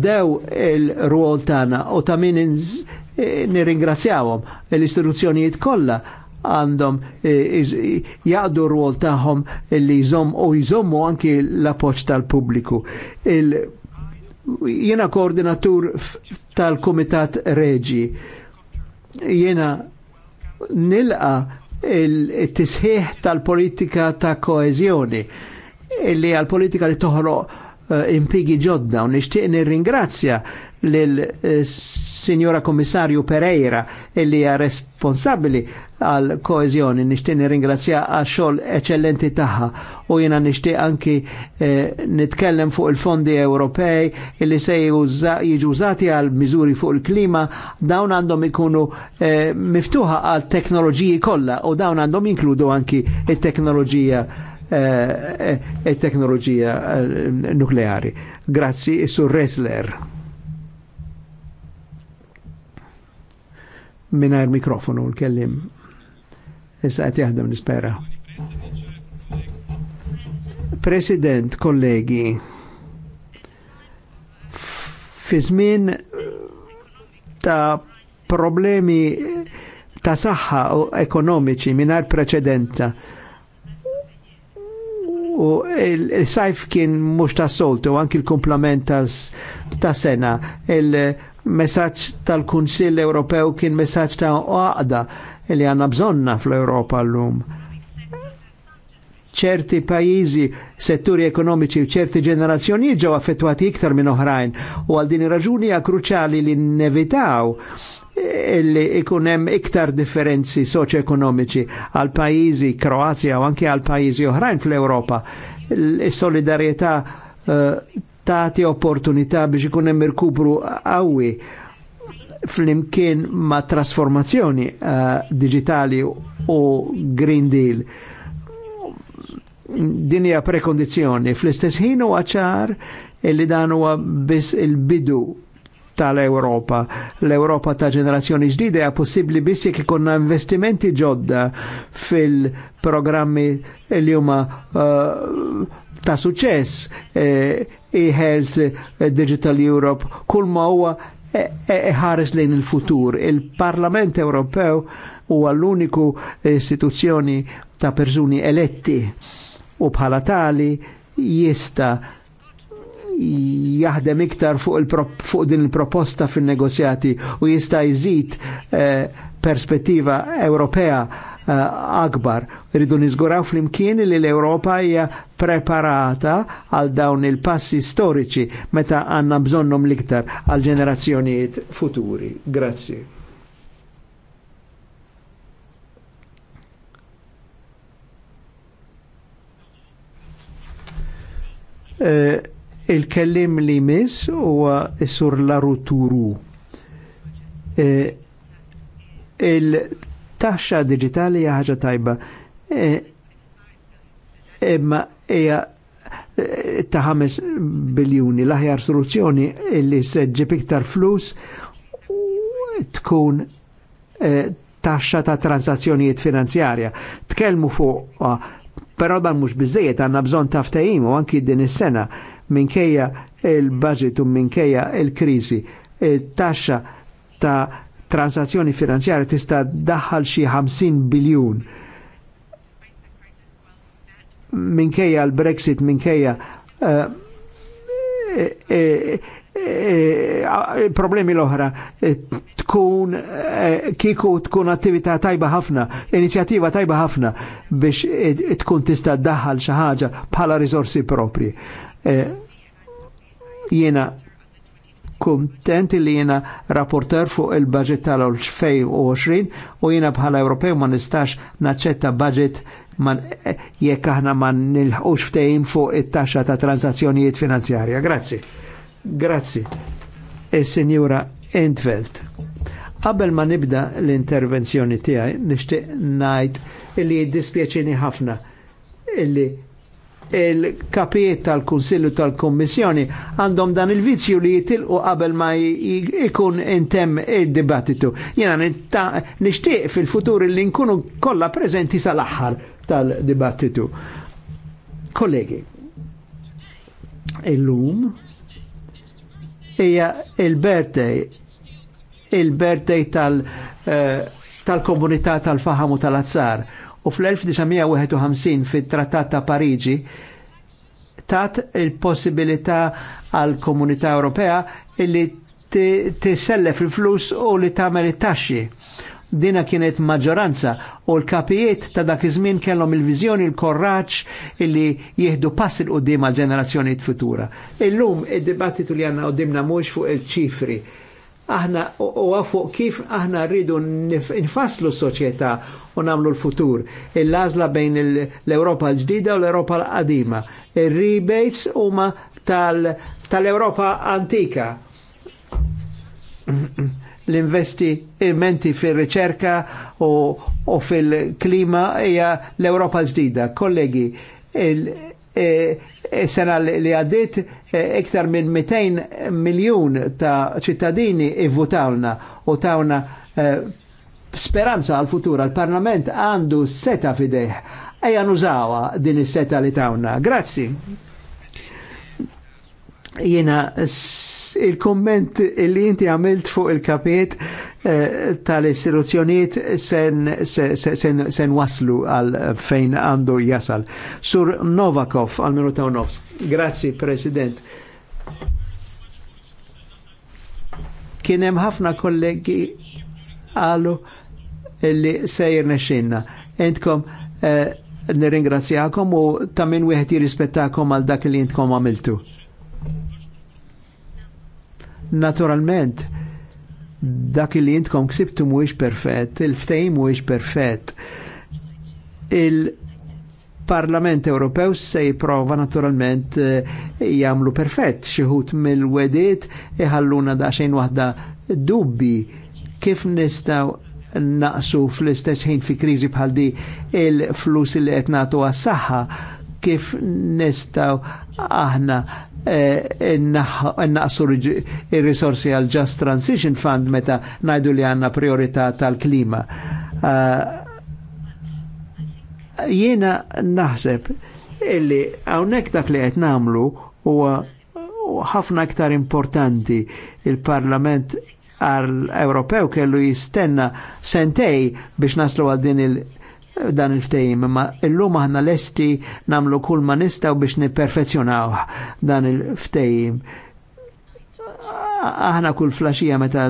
dew il-ruol tagħna u ta' min eh, nirringrazzjawhom l-istituzzjonijiet kollha għandhom eh, jaqdu r tagħhom li jżomm u jżommu anki l-appoġġ tal-pubbliku. Jiena koordinatur tal-Kumitat Reġi Jena nilqa il-tisħiħ tal-politika ta' koezjoni illi għal-politika li toħroq Eh, impigi ġodda u nixtieq nirringrazzja lill-Sinjora eh, Kommissarju Pereira illi hija responsabbli għal koezjoni, nixtieq nirringrazzja għal xogħol eċellenti tagħha u jiena nixtieq anki eh, nitkellem fuq il-fondi Ewropej illi se jiġu użati għal miżuri fuq il-klima dawn għandhom ikunu miftuħa għal teknoloġiji kollha u dawn għandhom jinkludu anki it-teknoloġija e teknoloġija eh, nukleari. Grazzi, sur Resler. Minar mikrofonu l-kellim. Issa għet jahdem nispera. President, kollegi, fizmin ta' problemi ta' saħħa u ekonomiċi minar preċedenta u il-sajf kien mux ta' soltu, anki l-komplement ta' sena. Il-messagġ tal-Kunsill Ewropew kien messagġ ta' għaqda li għanna bżonna fl-Europa l-lum. ċerti pajizi, setturi ekonomiċi u ċerti ġenerazzjoni ġew affettwati iktar minn oħrajn u għal din raġuni kruċali li nevitaw illi ikunem iktar differenzi soċ-ekonomiċi għal pajizi Kroazja u anke għal pajizi oħrajn fl-Europa. Il-solidarietà uh, eh, tati opportunità biex ikunem irkupru għawi fl-imkien ma trasformazzjoni eh, digitali u Green Deal din hija prekondizjoni fl-istess ħin huwa ċar illi dan huwa biss il-bidu tal-Europa. L-Europa ta' ġenerazzjoni ġdida hija possibbli biss jekk ikunna investimenti ġodda fil-programmi li huma uh, ta' suċess eh, e-health, eh, Digital Europe, kull ma huwa eh, ħares e lejn il-futur. Il-Parlament Ewropew huwa l-uniku istituzzjoni ta' persuni eletti u bħala tali jista' jaħdem iktar fuq, il-prop fuq din il-proposta fin-negozjati u jista' jżid eh, perspettiva Ewropea eh, akbar. Rridu niżguraw flimkien li l-Ewropa hija preparata għal dawn il-passi storiċi meta għandna bżonnhom l-iktar għal ġenerazzjonijiet futuri. Grazzi. Eh, Il-kellim li mis u sur Laruturu. E, Il-taxxa digitali hija ħaġa tajba. E, imma e, hija e, ta' 5 biljuni l-aħjar soluzzjoni li se ġib iktar flus tkun e, taxxa ta' transazzjonijiet finanzjarja. Tkellmu fuq, però dan mhux biżejjed għandna bżonn taftajim u anki din is-sena minkejja il-budget u minkejja il-krizi. Il-taxxa ta' transazzjoni finanzjarja tista' daħal xi 50 biljun. Minkejja l-Brexit, minkejja eh, eh, eh, problemi l-oħra tkun kiku tkun attività tajba ħafna, inizjattiva tajba ħafna biex tkun tista' daħal xi ħaġa bħala risorsi propri. E, jena kontent li jena rapporter fuq il-budget tal-2020 u jena bħala Ewropew ma nistax naċċetta budget man e, jekk aħna ma nilħqux ftehim fuq it-taxxa ta' transazzjonijiet finanzjarja. Grazzi. Grazzi. Is-Sinjura e, Entfeld. Qabel ma nibda l-intervenzjoni tiegħi nixtieq ngħid illi jiddispjaċini ħafna illi il kapiet tal-Kunsillu tal-Kommissjoni għandhom dan il-vizju li jitilqu qabel ma ikun intem il-dibattitu. Jena nishtiq fil-futur li nkunu kollha preżenti sal-aħħar tal-dibattitu. Kollegi, illum hija il-birthday il-birthday tal- eh, tal-komunità tal-faham u tal-azzar. tal faham u tal azzar u fl-1951 fit-Trattat ta' Pariġi tat il-possibilità għal komunità Ewropea illi tisellef il-flus u li tagħmel it-taxxi. Dina kienet maġġoranza u l-kapijiet ta' dak iż-żmien kellhom il-viżjoni l-korraġġ illi jieħdu pass il qudiem għal ġenerazzjonijiet futura. Illum id-dibattitu li għandna qudiemna mhux fuq il-ċifri aħna u għafu kif aħna rridu nfaslu soċieta u namlu l-futur. Il-lazla bejn l-Europa l-ġdida u l-Europa l-qadima. Il-rebates huma tal-Europa antika. L-investimenti fil-riċerka u fil-klima hija l-Europa l-ġdida. Kollegi, il e, e, sena li għaddit Eh, iktar minn 200 miljun ta' ċittadini ivvutawna u tawna eh, speranza għal futur għal-parlament għandu seta fideħ. Ejja nużawa din is-seta li tawna. Grazzi jena il-komment li inti għamilt fuq il-kapiet eh, tal-istituzzjoniet sen, waslu għal fejn għandu jasal. Sur Novakov għal minuta u nofs. Grazzi, President. Kienem ħafna kollegi għalu li sejr nexinna. Entkom eh, nirringrazzjakom u tamin wieħed jirrispettakom għal dak li intkom għamiltu Naturalment, dak li jintkom ksibtu mhuwiex perfett, il-ftehim mhuwiex perfett. Il-Parlament Ewropew se jipprova naturalment eh, jagħmlu perfett xi mill-wedit iħalluna daqsxejn waħda dubbi kif nistgħu naqsu fl-istess ħin fi kriżi bħal di il-flus li qed nagħtu għas-saħħa kif nistgħu aħna Eh, innaqsu il-risorsi għal Just Transition Fund meta najdu li għanna priorità tal-klima. Eh, jiena naħseb illi għawnek dak li qed namlu huwa ħafna iktar importanti il-Parlament għal Ewropew kellu jistenna sentej biex naslu għal din il- dan il-ftejim, ma illum aħna lesti namlu kull ma nistaw biex niperfezzjonaw dan il-ftejim. Aħna kull flaxija meta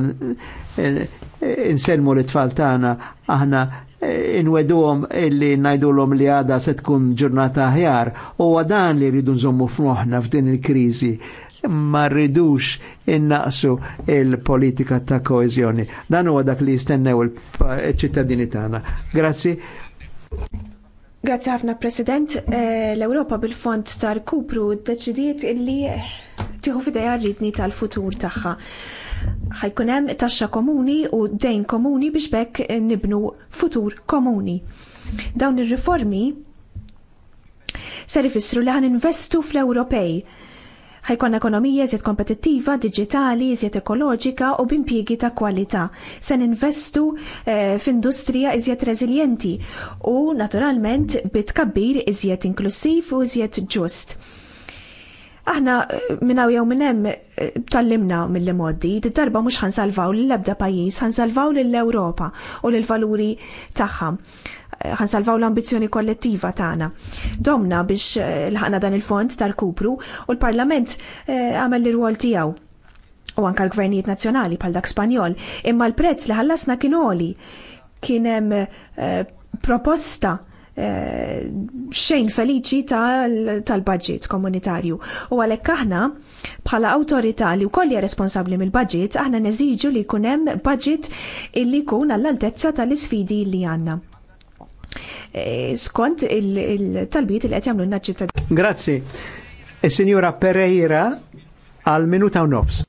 inselmu l-tfal tagħna aħna eh, inweduhom illi ngħidulhom li għada se tkun ġurnata aħjar u dan li rridu nżommu f'moħħna f'din il-kriżi ma rridux innaqsu il-politika ta' koezjoni. Dan huwa dak li jistennew il-ċittadini tagħna. Grazzi Grazie ħafna President, eh, l-Ewropa bil-fond tar kupru deċidiet illi tieħu fideja rridni tal-futur tagħha. Ħajkun hemm taxxa komuni u dejn komuni biex bekk nibnu futur komuni. Dawn ir-riformi ser ifissru li ħan investu fl-Ewropej ħajkon ekonomija żjed kompetittiva, digitali, eżiet ekoloġika u b'impjiegi ta' kwalità. Se ninvestu eh, f'industrija iżjed reżiljenti u naturalment bitkabbir iżjed inklusiv u żjed ġust. Aħna eh, minnaw jew minn hemm eh, tallimna mill-modi, darba mhux ħansalvaw lill-ebda pajjiż, ħansalvaw lill-Ewropa u lill-valuri tagħha ħansalvaw l-ambizjoni kollettiva tagħna. Domna biex eh, l-ħana dan il-fond tal-kupru u l-Parlament eh, għamel l-rwol tiegħu u anka l-gvernijiet nazzjonali bħal dak Spanjol, imma l-prezz li ħallasna kien oli kien hemm eh, proposta xejn feliċi tal-budget komunitarju. U għalhekk aħna bħala awtorità li wkoll hija responsabbli mill-budget, aħna neżiġu li jkun hemm budget illi jkun għall-altezza tal-isfidi li għandna. Eh, skont il-talbiet il qed jagħmlu ċittadini. Grazzi. Is-Sinjura e, Pereira għal minuta u nofs.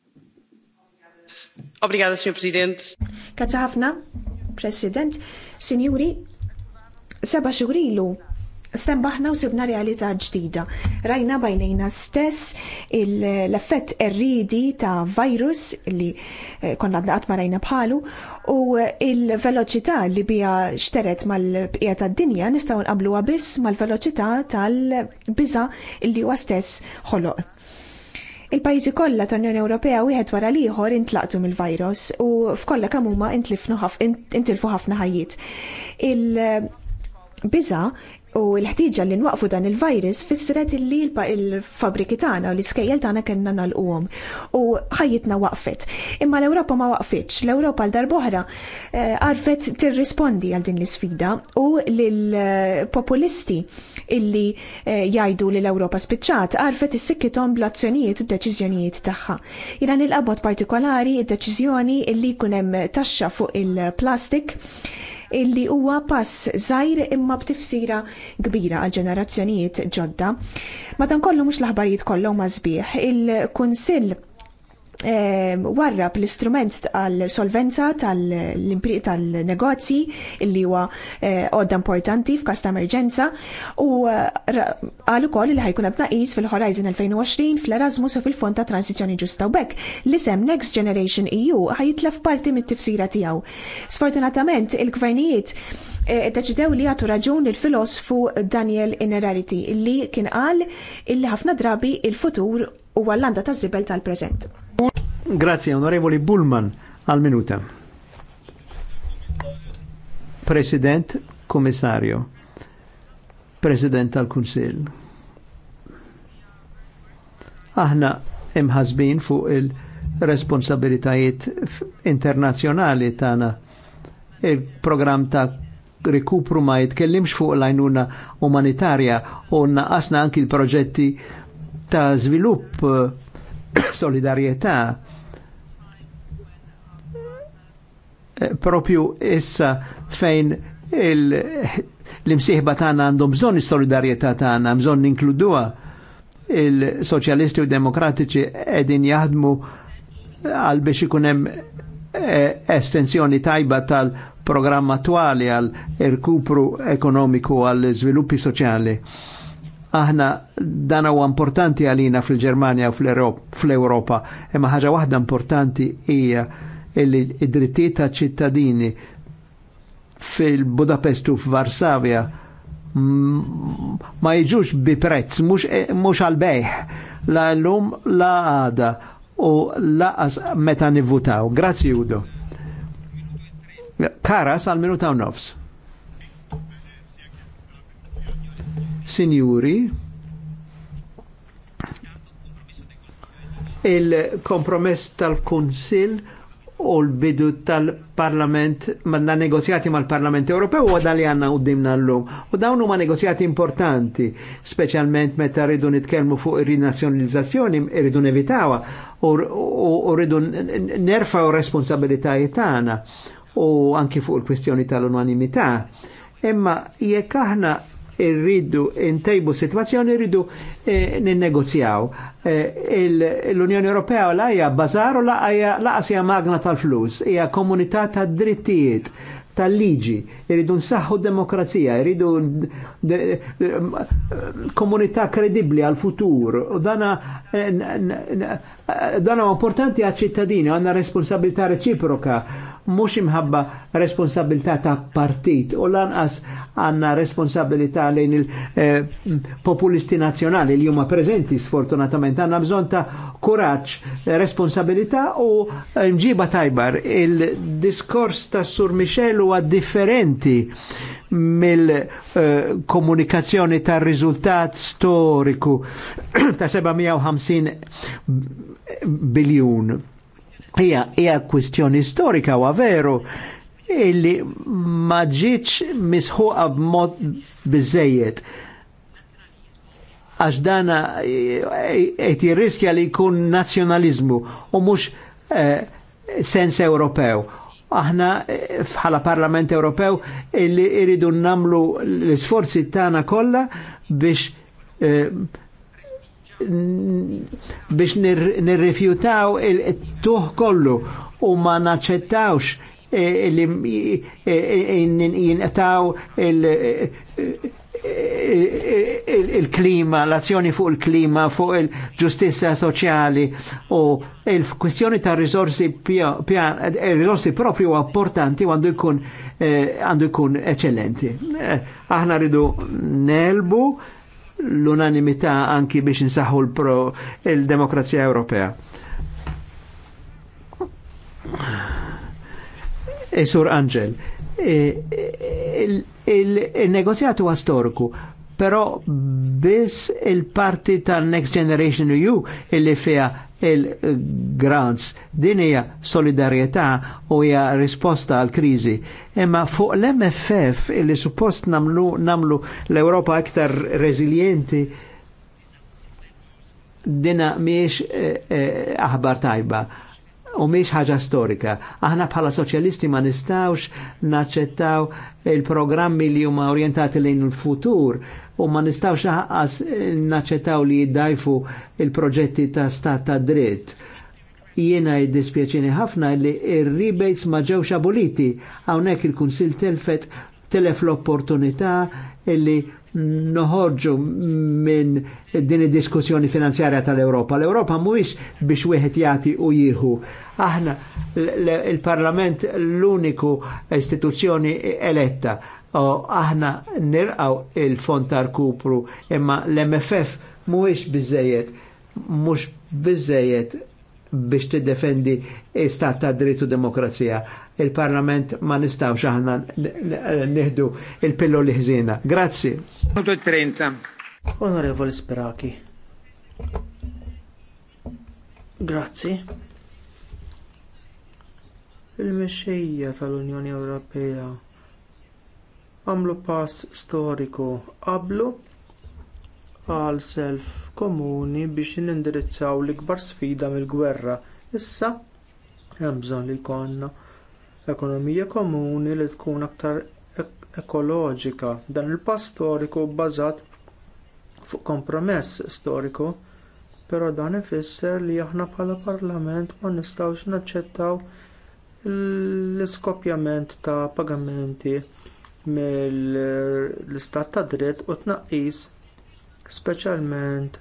Obrigada, Sr. President. Grazzi ħafna, President. Sinjuri, seba' xhur stembaħna u sibna realità ġdida. Rajna bajnejna stess l-effett erridi ta' virus li eh, konna daqat ma rajna bħalu u il-veloċità li bija xteret mal-bqija ta' dinja nistaw nqablu biss mal-veloċità tal biza li huwa stess ħoloq. Il-pajjiżi kollha tal-Unjoni Ewropea wieħed wara liħor intlaqtu mill-virus u f'kollha kemm huma intilfu ħafna ħajjiet. Il- biza U l-ħtiġa li nwaqfu dan il-virus fissret illi l-fabriki tagħna u l-iskejjel tagħna kellna nagħlquhom u ħajjitna waqfet. Imma l-Ewropa ma waqfitx, l-Ewropa l darboħra eh, għarfet tirrispondi għal din l-isfida u lill-populisti illi eh, jgħidu li l-Ewropa spiċċat għarfet is-sikkitom bl-azzjonijiet u d-deċiżjonijiet tagħha. Jiena nilqabod partikolari d-deċiżjoni illi jkun hemm taxxa fuq il-plastik illi huwa pass żgħir imma b'tifsira kbira għal ġenerazzjonijiet ġodda. Madankollu mhux l-aħbarijiet kollha ma' sbieħ il-Kunsill Ehm, warrab l-istrument tal-solvenza tal-impriq tal-negozji illi huwa eh, għodda importanti f'kas ta' emerġenza u eh, għal ukoll li ħajkun qed naqis fil-Horizon 2020 fl-Erasmus u fil-Fond ta' Transizjoni Ġusta u bekk li sem Next Generation EU ħajitlef parti mit-tifsira tiegħu. Sfortunatament il-gvernijiet eh, deċidew li għatu raġun il-filosofu Daniel Inerarity illi kien qal illi ħafna drabi il-futur u għallanda ta' zibel tal-prezent. Grazie, onorevoli Bullman, al minuta. President, Commissario, President tal kunsil Aħna imħazbin fuq il-responsabilitajiet internazjonali tagħna il-programm ta' rikupru ma jitkellimx fuq l ajnuna umanitarja u naqasna anki l-proġetti ta' zvilupp solidarjetà eh, propju issa fejn l-imsieħba tagħna għandhom bżonn is-solidarjetà tagħna, bżonn ninkluduha il-soċjalisti u demokratiċi edin jaħdmu eh, għal biex ikunem eh, estensjoni tajba tal-programm attuali għal irkupru ekonomiku għal sviluppi soċjali aħna dan huwa importanti għalina fil-Ġermanja u fl-Europa, imma ħaġa waħda importanti hija illi id-drittijiet ta' ċittadini fil-Budapest u f'Varsavja ma jiġux bi prezz, mhux għal-bejħ, la llum la għada u laqas meta nivvutaw. Grazzi Udo. Karas għal minuta u nofs. Sinjuri, il-kompromess tal-Kunsil u l-bidu tal-Parlament, manna negozjati mal-Parlament Ewropew u għadali għanna u dimna l-lum. U dawnu ma negozjati importanti, specialment meta rridu nitkelmu fuq il-rinazjonalizzazzjoni, rridu nevitawa u rridu nerfa u responsabilitajiet tagħna u anki fuq il-kwestjoni tal-unanimità. Imma jekk aħna irridu intejbu situazzjoni irridu eh, ninnegozjaw. Eh, L-Unjoni Ewropea la laqja bażar u laqas hija magna tal-flus, hija komunità ta' drittijiet tal-liġi, irridu nsaħħu demokrazija, irridu komunità kredibli għal-futur. U dana, eh, dana importanti għal-ċittadini, għanna responsabilità reċiproka mhux imħabba responsabilità ta' partit u lanqas għandna responsabilità lejn il-populisti eh, nazjonali li huma preżenti sfortunatament għandna bżonn ta' kuraġġ, responsabilità u mġiba tajbar. Il-diskors ta' Sur Michel huwa differenti mill-komunikazzjoni eh, tar riżultat storiku ta' 750 biljun hija hija kwistjoni storika wa veru illi ma ġietx misħuqa b'mod biżejjed għax dana qed eh, jirriskja eh, li jkun nazzjonalizmu u mhux eh, sens Ewropew. Aħna bħala Parlament Ewropew illi irridu namlu l-isforzi tagħna kollha biex eh, biex nirrifjutaw il-tuħ kollu u ma naċċettawx li jinqtaw il-klima, l-azzjoni fuq il-klima, fuq il-ġustizza soċjali u il-kwistjoni ta' risorsi eh, risorsi propri u importanti għandu jkun eh, għandu jkun eccellenti. Eh, aħna rridu nelbu l-unanimità anki biex insaħħu l-pro il-demokrazija Ewropea. Esur Angel, il e, negozjatu il, il, il però biss il-parti tal Next Generation EU illi fija il-grants. Din hija solidarjetà u hija risposta għal kriżi. Imma fuq l-MFF illi suppost namlu, namlu l-Europa aktar resilienti dina miex eh, eh, aħbar tajba u miex ħaġa storika. Aħna bħala soċjalisti ma nistawx naċċettaw il-programmi li huma orientati lejn il-futur u ma nistawx ħaqqas naċċettaw li jiddajfu il-proġetti ta' stat ta' dritt. Jiena jiddispjaċini ħafna li ir-rebates ma ġewx aboliti hawnhekk il-Kunsil telfet telef l-opportunità li noħorġu minn din id-diskussjoni finanzjarja tal-Europa. L-Europa mhuwiex biex wieħed jagħti u jieħu. Aħna il-Parlament l-uniku istituzzjoni eletta aħna nirqaw il-fond tal-kupru imma l-MFF mhuwiex biżejjed mhux biżejjed biex tiddefendi stat ta' drittu demokrazija. Il-parlament ma nistaw aħna nieħdu il-pillu li ħżina. Grazzi. 30. E Onorevoli Speraki. Grazzi. Il-mexxejja tal-Unjoni Ewropea għamlu pass storiku qablu għal self komuni biex nindirizzaw l-ikbar sfida mill-gwerra. Issa hemm bżonn li jkollna ekonomija komuni li tkun aktar e-, ekoloġika. Dan il-pass storiku bbażat fuq kompromess storiku, però dan ifisser li aħna bħala parlament ma nistgħux naċċettaw l-iskopjament ta' pagamenti mill-istat ta' dritt u tnaqqis speċjalment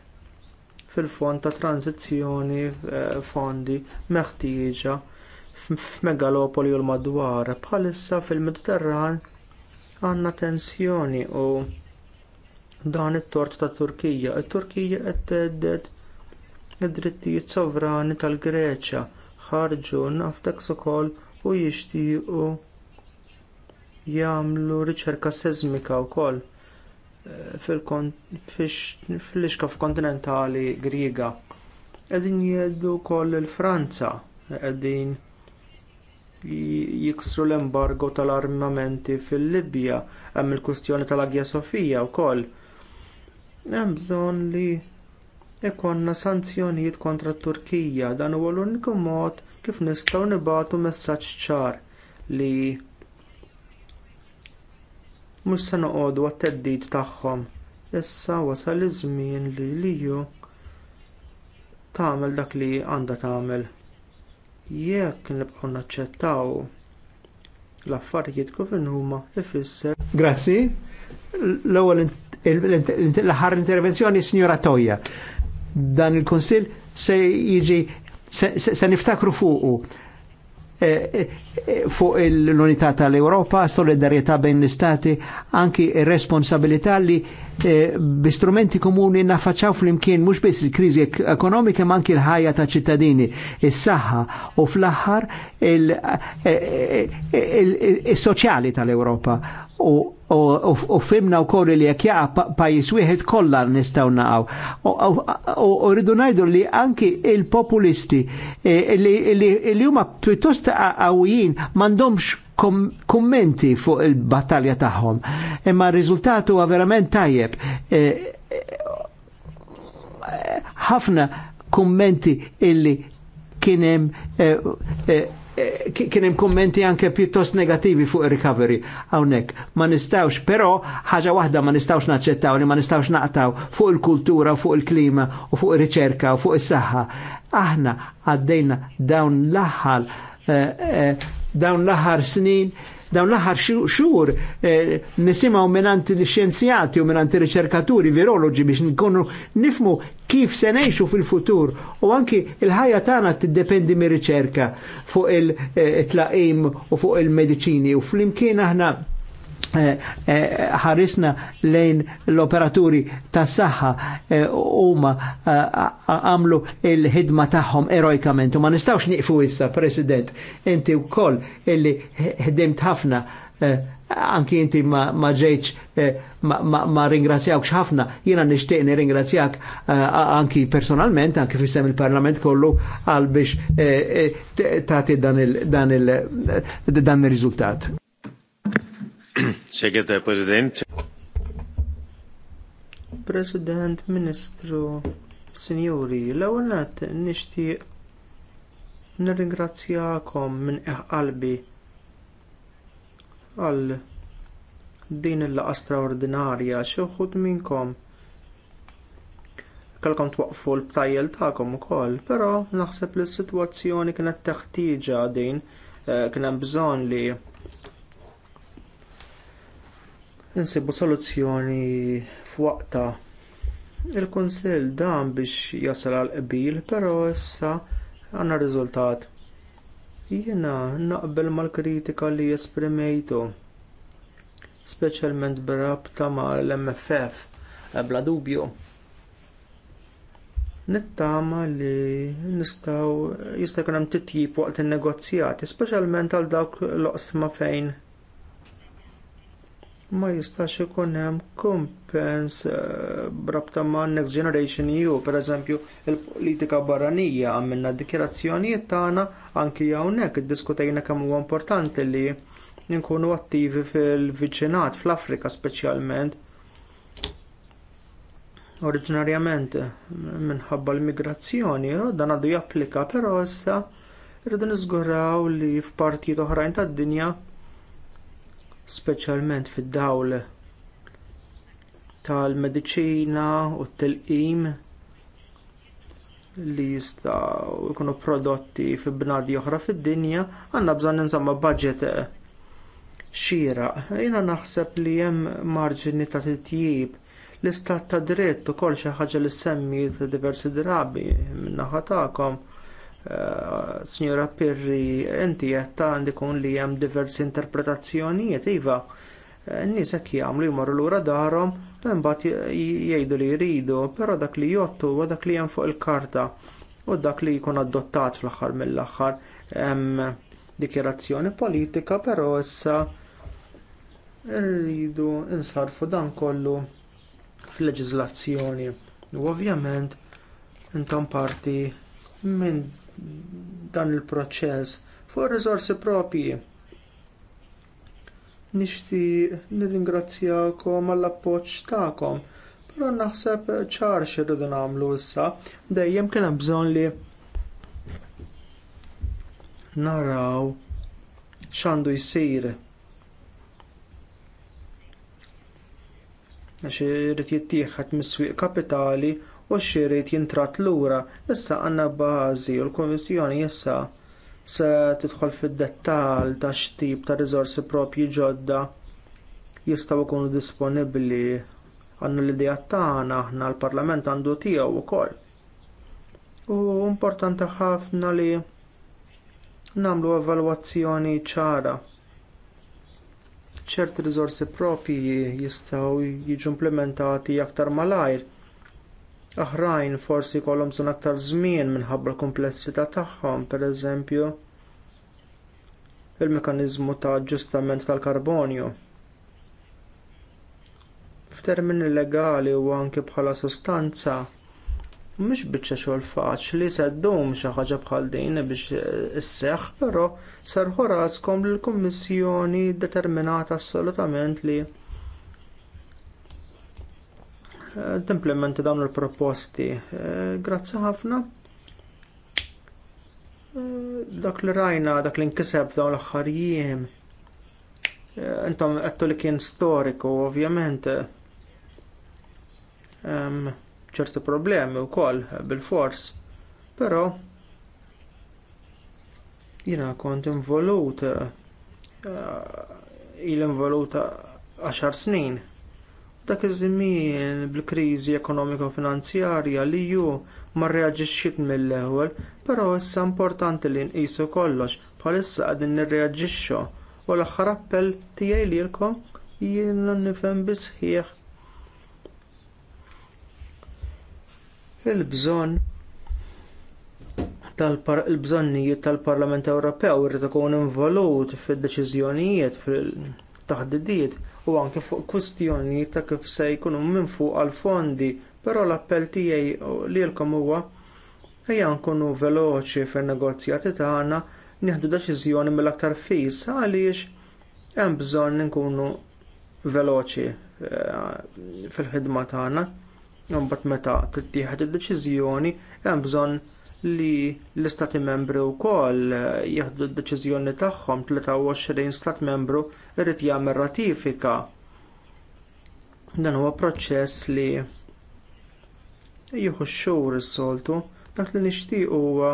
fil-fond ta' tranzizzjoni eh, fondi meħtieġa f'megalopoli u l-madwar. Bħalissa fil-Mediterran għandna tensjoni u dan it-tort ta' Turkija. It-Turkija qed tedded id-drittijiet sovrani tal-Greċja ħarġu naftex ukoll u jixtiequ jagħmlu riċerka seżmika wkoll eh, fil-ixka f'kontinentali Griega. Qegħdin jgħidu wkoll il-Franza, qegħdin jiksru l-embargo tal-armamenti fil-Libja, hemm il-kustjoni tal-Agja Sofija wkoll. Hemm bżonn li ikonna sanzjonijiet kontra t Turkija dan huwa l-uniku mod kif nistgħu nibagħtu messaġġ ċar li mhux se noqogħdu għat-theddid tagħhom. Issa wasal iż-żmien li l tagħmel dak li għandha tagħmel. Jekk nibqgħu naċċettaw l-affarijiet kif huma ifisser. Grazzi. L-ewwel l-aħħar intervenzjoni Sinjora Toja. Dan il-Kunsill se jiġi se niftakru fuqu fuq l-unità tal-Europa, solidarietà bejn l-istati, anki responsabilità li bi strumenti komuni nafaċaw fl-imkien mux biss il-krizi ekonomika ma anki l-ħajja ta' ċittadini, is-saħħa u fl-aħħar il-soċjali tal-Europa u u fimna u korri li jek jaqa pajis wieħed kollha nistgħu naqgħu. U rridu najdu li anki il-populisti e, li huma pjuttost qawwijin m'għandhomx kummenti fuq il-battalja tagħhom. Imma r-riżultat huwa verament tajjeb. E, e, ħafna kummenti illi kienem eh, eh, Eh, kien hemm kummenti anke pjuttost negativi fuq ir-recovery hawnhekk. Ma nistgħux, però ħaġa waħda ma nistgħux naċċettaw li ma nistgħux naqtaw fuq il-kultura, fuq il-klima u fuq ir-riċerka u fuq is-saħħa. Aħna għaddejna dawn l-aħħar eh, eh, dawn l-aħħar snin dawn l-aħħar xhur eh, nisimgħu minant l-xjenzjati u minant riċerkaturi viroloġi biex nkunu nifmu kif se ngħixu fil-futur u anki il-ħajja tagħna tiddependi mir-riċerka fuq il-tlaqim eh, u fuq il-mediċini u flimkien aħna Eh, eh, ħarisna lejn l-operaturi tas saħħa eh, huma għamlu il-ħidma tagħhom erojkament u ma nistawx nieqfu issa, President, inti wkoll illi ħdimt ħafna anki inti ma ġejċ ma ringrazzjawx ħafna, jina nishtiq ringrazzjak anki personalment, anki fissem il-parlament kollu għal biex tati dan il-rizultat. Sehr President President, Ministru, Sinjuri, l-ewwel nett nixtieq nirringrazzjakom minn qalbi għal din il laqgħa straordinarja xi wħud minnkom kalkom twaqfu l-btajjel tagħkom ukoll, però naħseb li s-sitwazzjoni kienet teħtieġa din eh, kien hemm bżonn li insibu soluzzjoni f'waqta. Il-Kunsill dan biex jasal għal qbil, però issa għandna riżultat. Jiena naqbel mal-kritika li jesprimejtu, speċjalment b'rabta mal mff eh, bla dubju. Nittama li nistgħu jista' jkun hemm titjib waqt il negozjati speċjalment għal dawk l-oqsma fejn ma jistax ikun hemm kumpens eh, brabta ma' Next Generation EU, pereżempju l politika barranija għamilna d dikjerazzjonijiet tagħna anki hawnhekk iddiskutejna kemm huwa importanti li nkunu attivi fil-viċinat fl-Afrika speċjalment. Oriġinarjament minħabba l-migrazzjoni dan għadu japplika, però issa rridu niżguraw li f'partijiet oħrajn tad-dinja speċjalment fid-dawl tal-mediċina u t-tilqim li jistgħu jkunu prodotti fi bnadi oħra fid-dinja, għandna bżonn insomma budget xieraq. Jiena naħseb li hemm marġini ta' titjib l-istat ta' dritt ukoll xi ħaġa li ta' diversi drabi min-naħa tagħkom Eh, signora Pirri, inti jatta għandi kun li hemm diversi interpretazzjonijiet iva. Eh, n-nies hekk jagħmlu jmorru lura darhom bat jgħidu li jridu, però dak li jottu huwa dak li hemm fuq il-karta u dak li jkun adottat fl-aħħar mill-aħħar hemm dikjerazzjoni politika, però issa rridu insarfu dan kollu fil-leġiżlazzjoni. U ovvjament intom parti minn dan il-proċess fuq ir-riżorsi propji. Nixtieq nirringrazzjakom għall appoġġ tagħkom, però naħseb ċar xirridu nagħmlu issa dejjem kien hemm bżonn li naraw x'għandu jsir. Għax irid jittieħed mis-swieq kapitali u x-xiriet jintrat lura, issa għandna bażi u l kummissjoni issa se tidħol fid-dettall ta' x'tip ta' riżorsi propji ġodda jistgħu jkunu disponibbli għandna l-idea tagħna aħna l-Parlament għandu tiegħu wkoll. U importanti ħafna li nagħmlu evalwazzjoni ċara ċerti riżorsi propji jistgħu jiġu implementati aktar malajr Aħrajn forsi jkollhom sun aktar żmien minħabba l-komplessità tagħhom, pereżempju il-mekanizmu ta' aġġustament tal-karbonju. F'termini legali u anke bħala sostanza, mhux biċċa xogħol faċli seddum xi ħaġa bħal din biex isseħħ, però sarħu raskom lill kummissjoni determinata assolutament li timplementi dawn il-proposti. Eh, grazzi ħafna. Eh, dak li rajna, dak li nkiseb dawn l-aħħar jiem. Eh, intom għattu li kien storiku, ovvjament. ċerti problemi wkoll bil-fors, però jiena kont involut il-involuta 10 snin Dak iż-żmien bil-kriżi ekonomika u finanzjarja li ju ma rreaġixxiet mill-ewwel, però issa importanti li nqisu kollox bħalissa qegħdin nirreaġixxu u l-aħħar appell tiegħi lilkom jien nifhem bisħieħ. Il-bżonn tal-bżonnijiet tal-Parlament Ewropew irid ikun involut fid-deċiżjonijiet fil-taħdidiet u anke fuq kwistjoni ta' kif se jkunu minn fuq għal-fondi, però l-appell tiegħi lilkom huwa ejja nkunu veloċi fin-negozjati tagħna nieħdu deċiżjoni mill-aktar fis għaliex hemm bżonn nkunu veloċi eh, fil-ħidma tagħna. Imbagħad meta tittieħed id-deċiżjoni hemm bżonn li l-istati membri wkoll eh, jieħdu d-deċiżjoni tagħhom 23 stat membru jrid jagħmel ratifika. Dan huwa proċess li jieħu x-xhur is-soltu dak li nixtieq huwa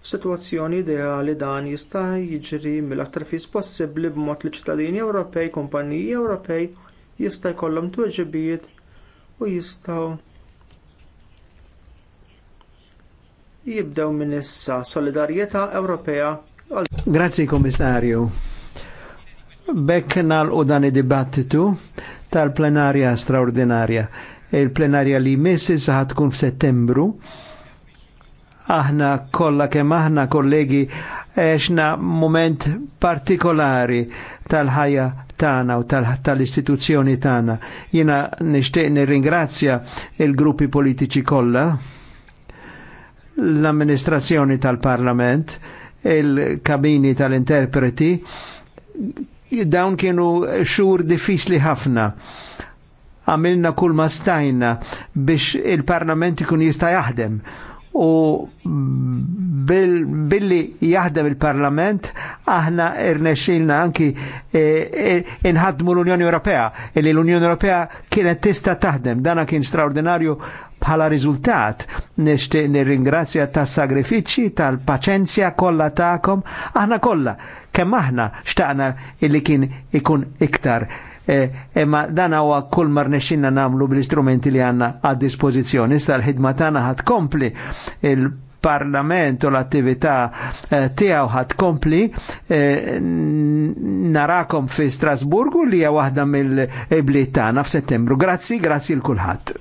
f'sitwazzjoni ideali dan jista' jiġri mill-aktar fis possibbli b'mod li ċittadini Ewropej, kumpaniji Ewropej jista' jkollhom tweġibiet u jistgħu jibdew minn issa Solidarjetà Ewropea. Grazzi Komissarju. Bekk nalqu dan id-dibattitu tal-plenarja straordinarja. Il-plenarja li missi saħat tkun f'Settembru aħna kollha kemm aħna kollegi għexna moment partikolari tal-ħajja tagħna u tal-istituzzjoni tagħna. Jiena nixtieq nirringrazzja il-gruppi politiċi kollha l-amministrazzjoni tal-Parlament, il-kabini tal-interpreti, dawn kienu xur diffiċli ħafna. Għamilna kull ma stajna biex il-Parlament ikun jista' jaħdem u bil, billi jaħdem il-Parlament aħna irnexxilna anki e, e, inħadmu l-Unjoni Ewropea illi l-Unjoni Ewropea kienet tista taħdem dana kien straordinarju Bħala riżultat nishtiq nirringrazzja tas-sagrifiċċji tal-paċenzja kollha tagħkom aħna kollha kemm aħna xtaqna illi kien ikun iktar e, imma e, dan huwa kull mar nexxinna nagħmlu bl-istrumenti li għandna għad dispożizzjoni. Issa l-ħidma tagħna ħad kompli il parlament u l-attività e, tiegħu ħad kompli e, narakom fi Strasburgu li hija waħda mill-ibliet tagħna f'Settembru. Grazzi, grazzi l kulħadd.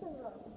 Thank you.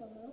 Sommer.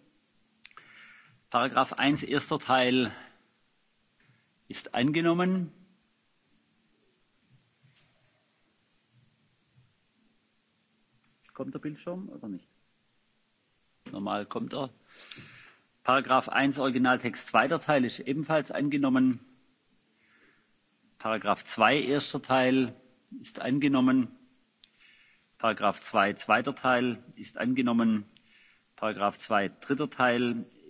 Paragraph 1, erster Teil ist angenommen. Kommt der Bildschirm oder nicht? Normal kommt er. Paragraf 1 Originaltext zweiter Teil ist ebenfalls angenommen. Paragraf 2 erster Teil ist angenommen. Paragraf 2 zweiter Teil ist angenommen. Paragraf 2 dritter Teil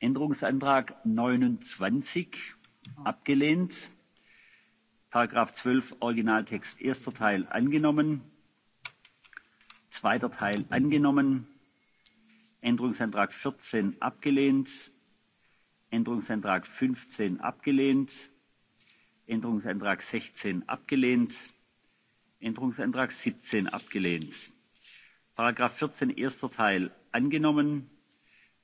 Änderungsantrag 29 abgelehnt. Paragraf 12 Originaltext erster Teil angenommen. Zweiter Teil angenommen. Änderungsantrag 14 abgelehnt. Änderungsantrag 15 abgelehnt. Änderungsantrag 16 abgelehnt. Änderungsantrag 17 abgelehnt. Paragraf 14 erster Teil angenommen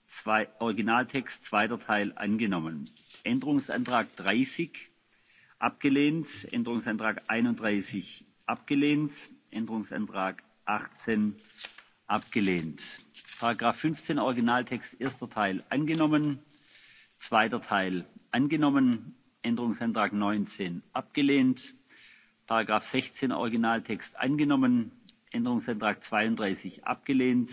zwei, Originaltext zweiter Teil angenommen. Änderungsantrag 30 abgelehnt, Änderungsantrag 31 abgelehnt, Änderungsantrag 18 abgelehnt. Paragraph 15 Originaltext erster Teil angenommen, zweiter Teil angenommen, Änderungsantrag 19 abgelehnt, Paragraph 16 Originaltext angenommen, Änderungsantrag 32 abgelehnt,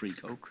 free coke.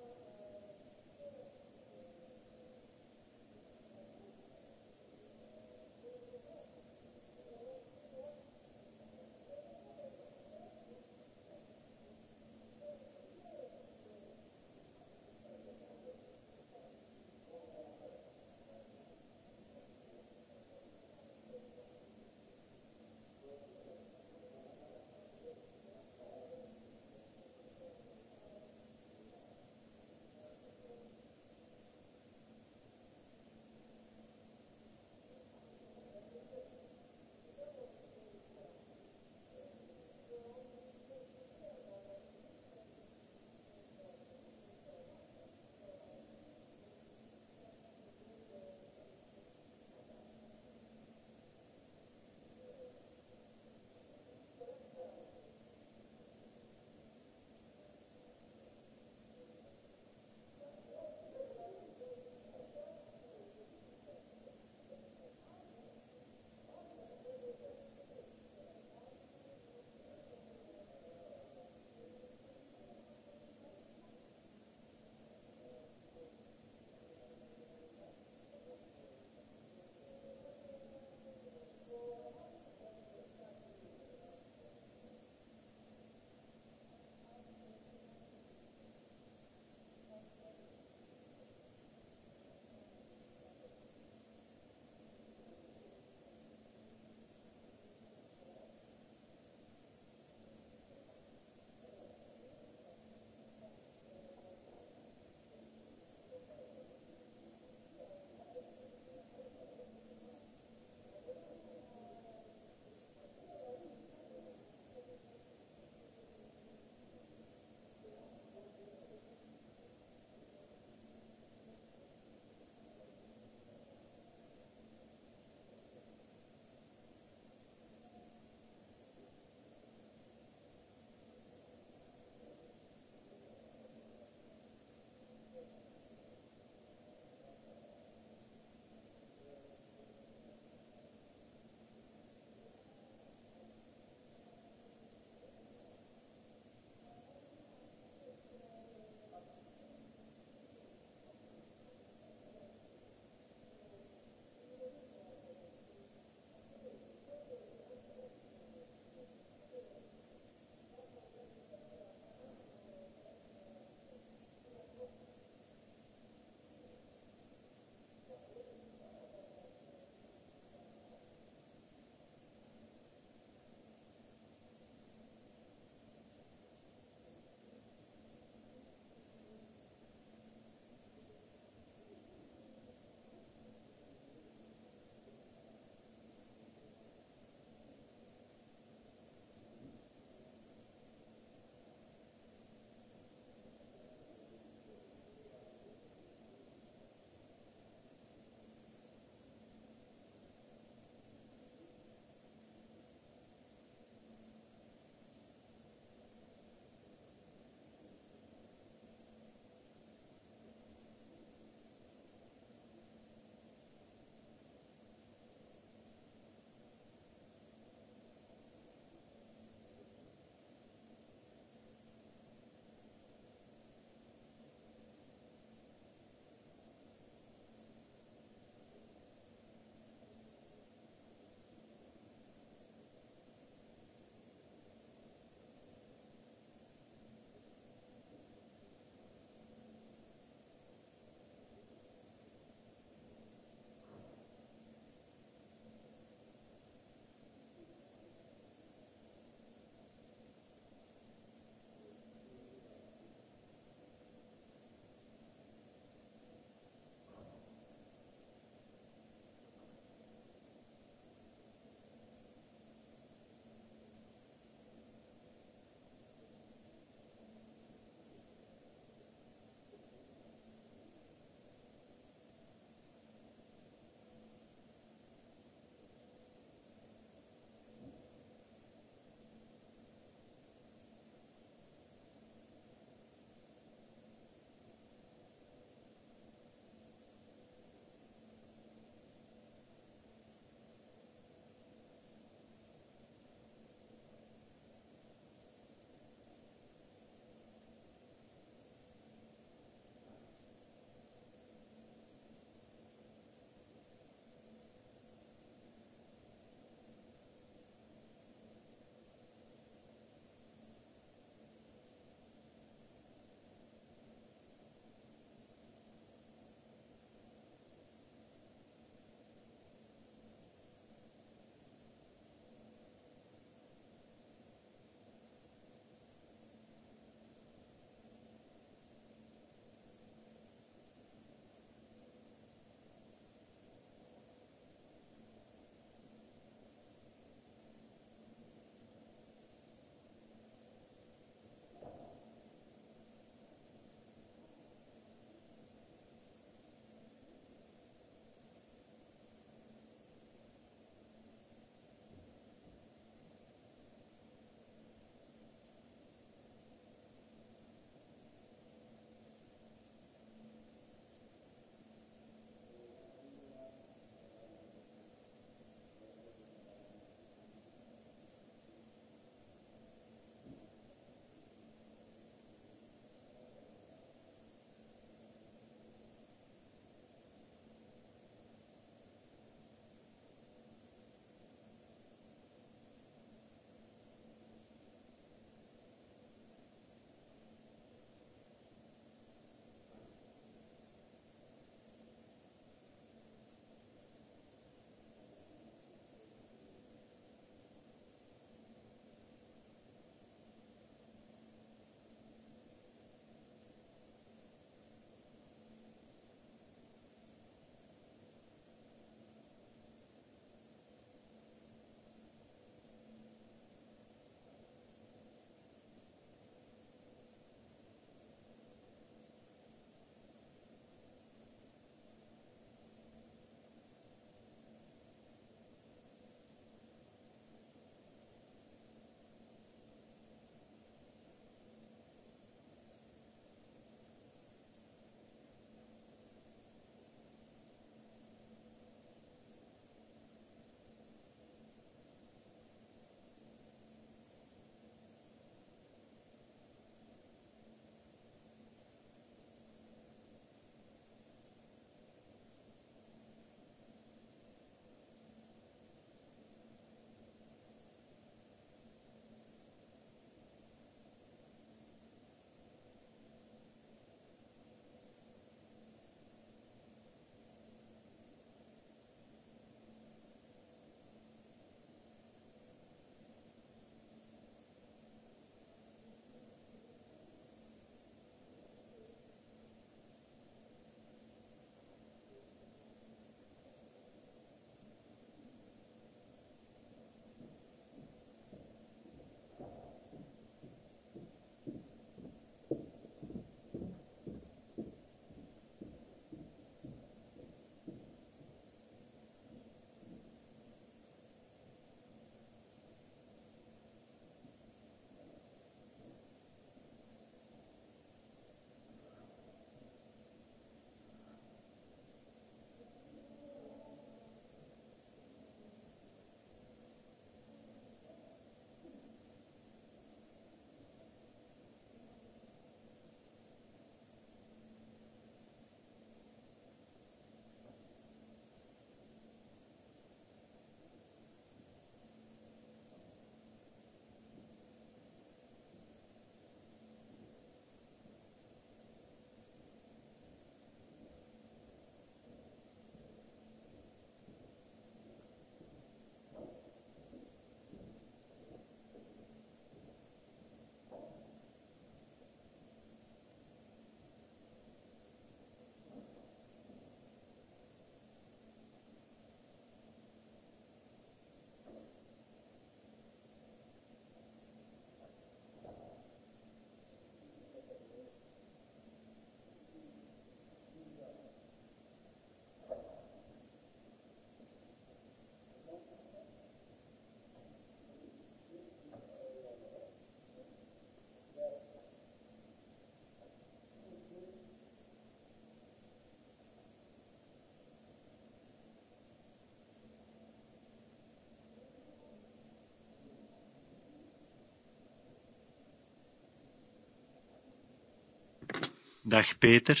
dag Peter.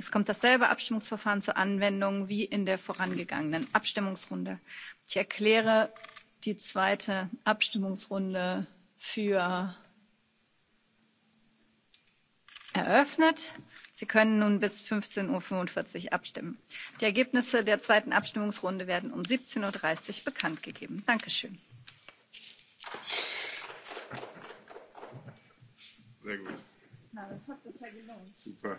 Es kommt dasselbe Abstimmungsverfahren zur Anwendung wie in der vorangegangenen Abstimmungsrunde. Ich erkläre die zweite Abstimmungsrunde für eröffnet. Sie können nun bis 15.45 Uhr abstimmen. Die Ergebnisse der zweiten Abstimmungsrunde werden um 17.30 Uhr bekannt gegeben. Dankeschön. Sehr gut. Na, das hat sich ja gelohnt. Super.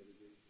intelligence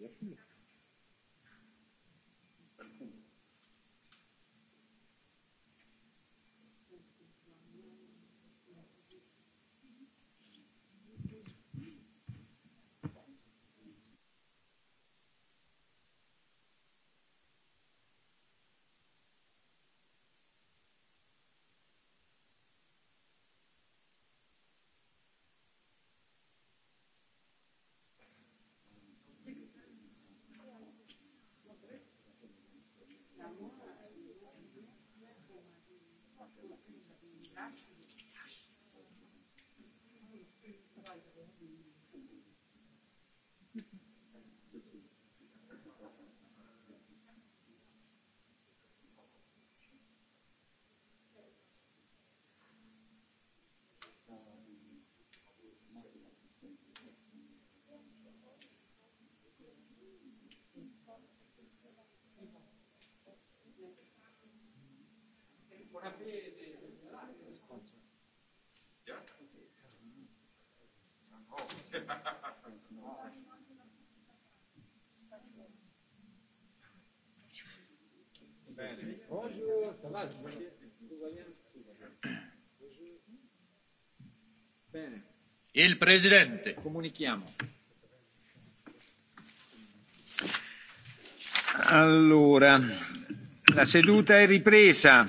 tajjeb. Bene. Bene. Il Presidente. Comunichiamo. Allora, la seduta è ripresa.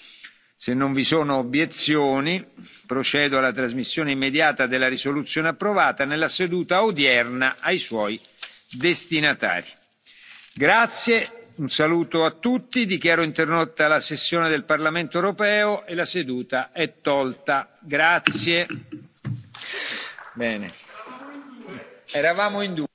Se non vi sono obiezioni, procedo alla trasmissione immediata della risoluzione approvata nella seduta odierna ai suoi destinatari. Grazie, un saluto a tutti, dichiaro interrotta la sessione del Parlamento europeo e la seduta è tolta. Grazie. Bene. Eravamo in due.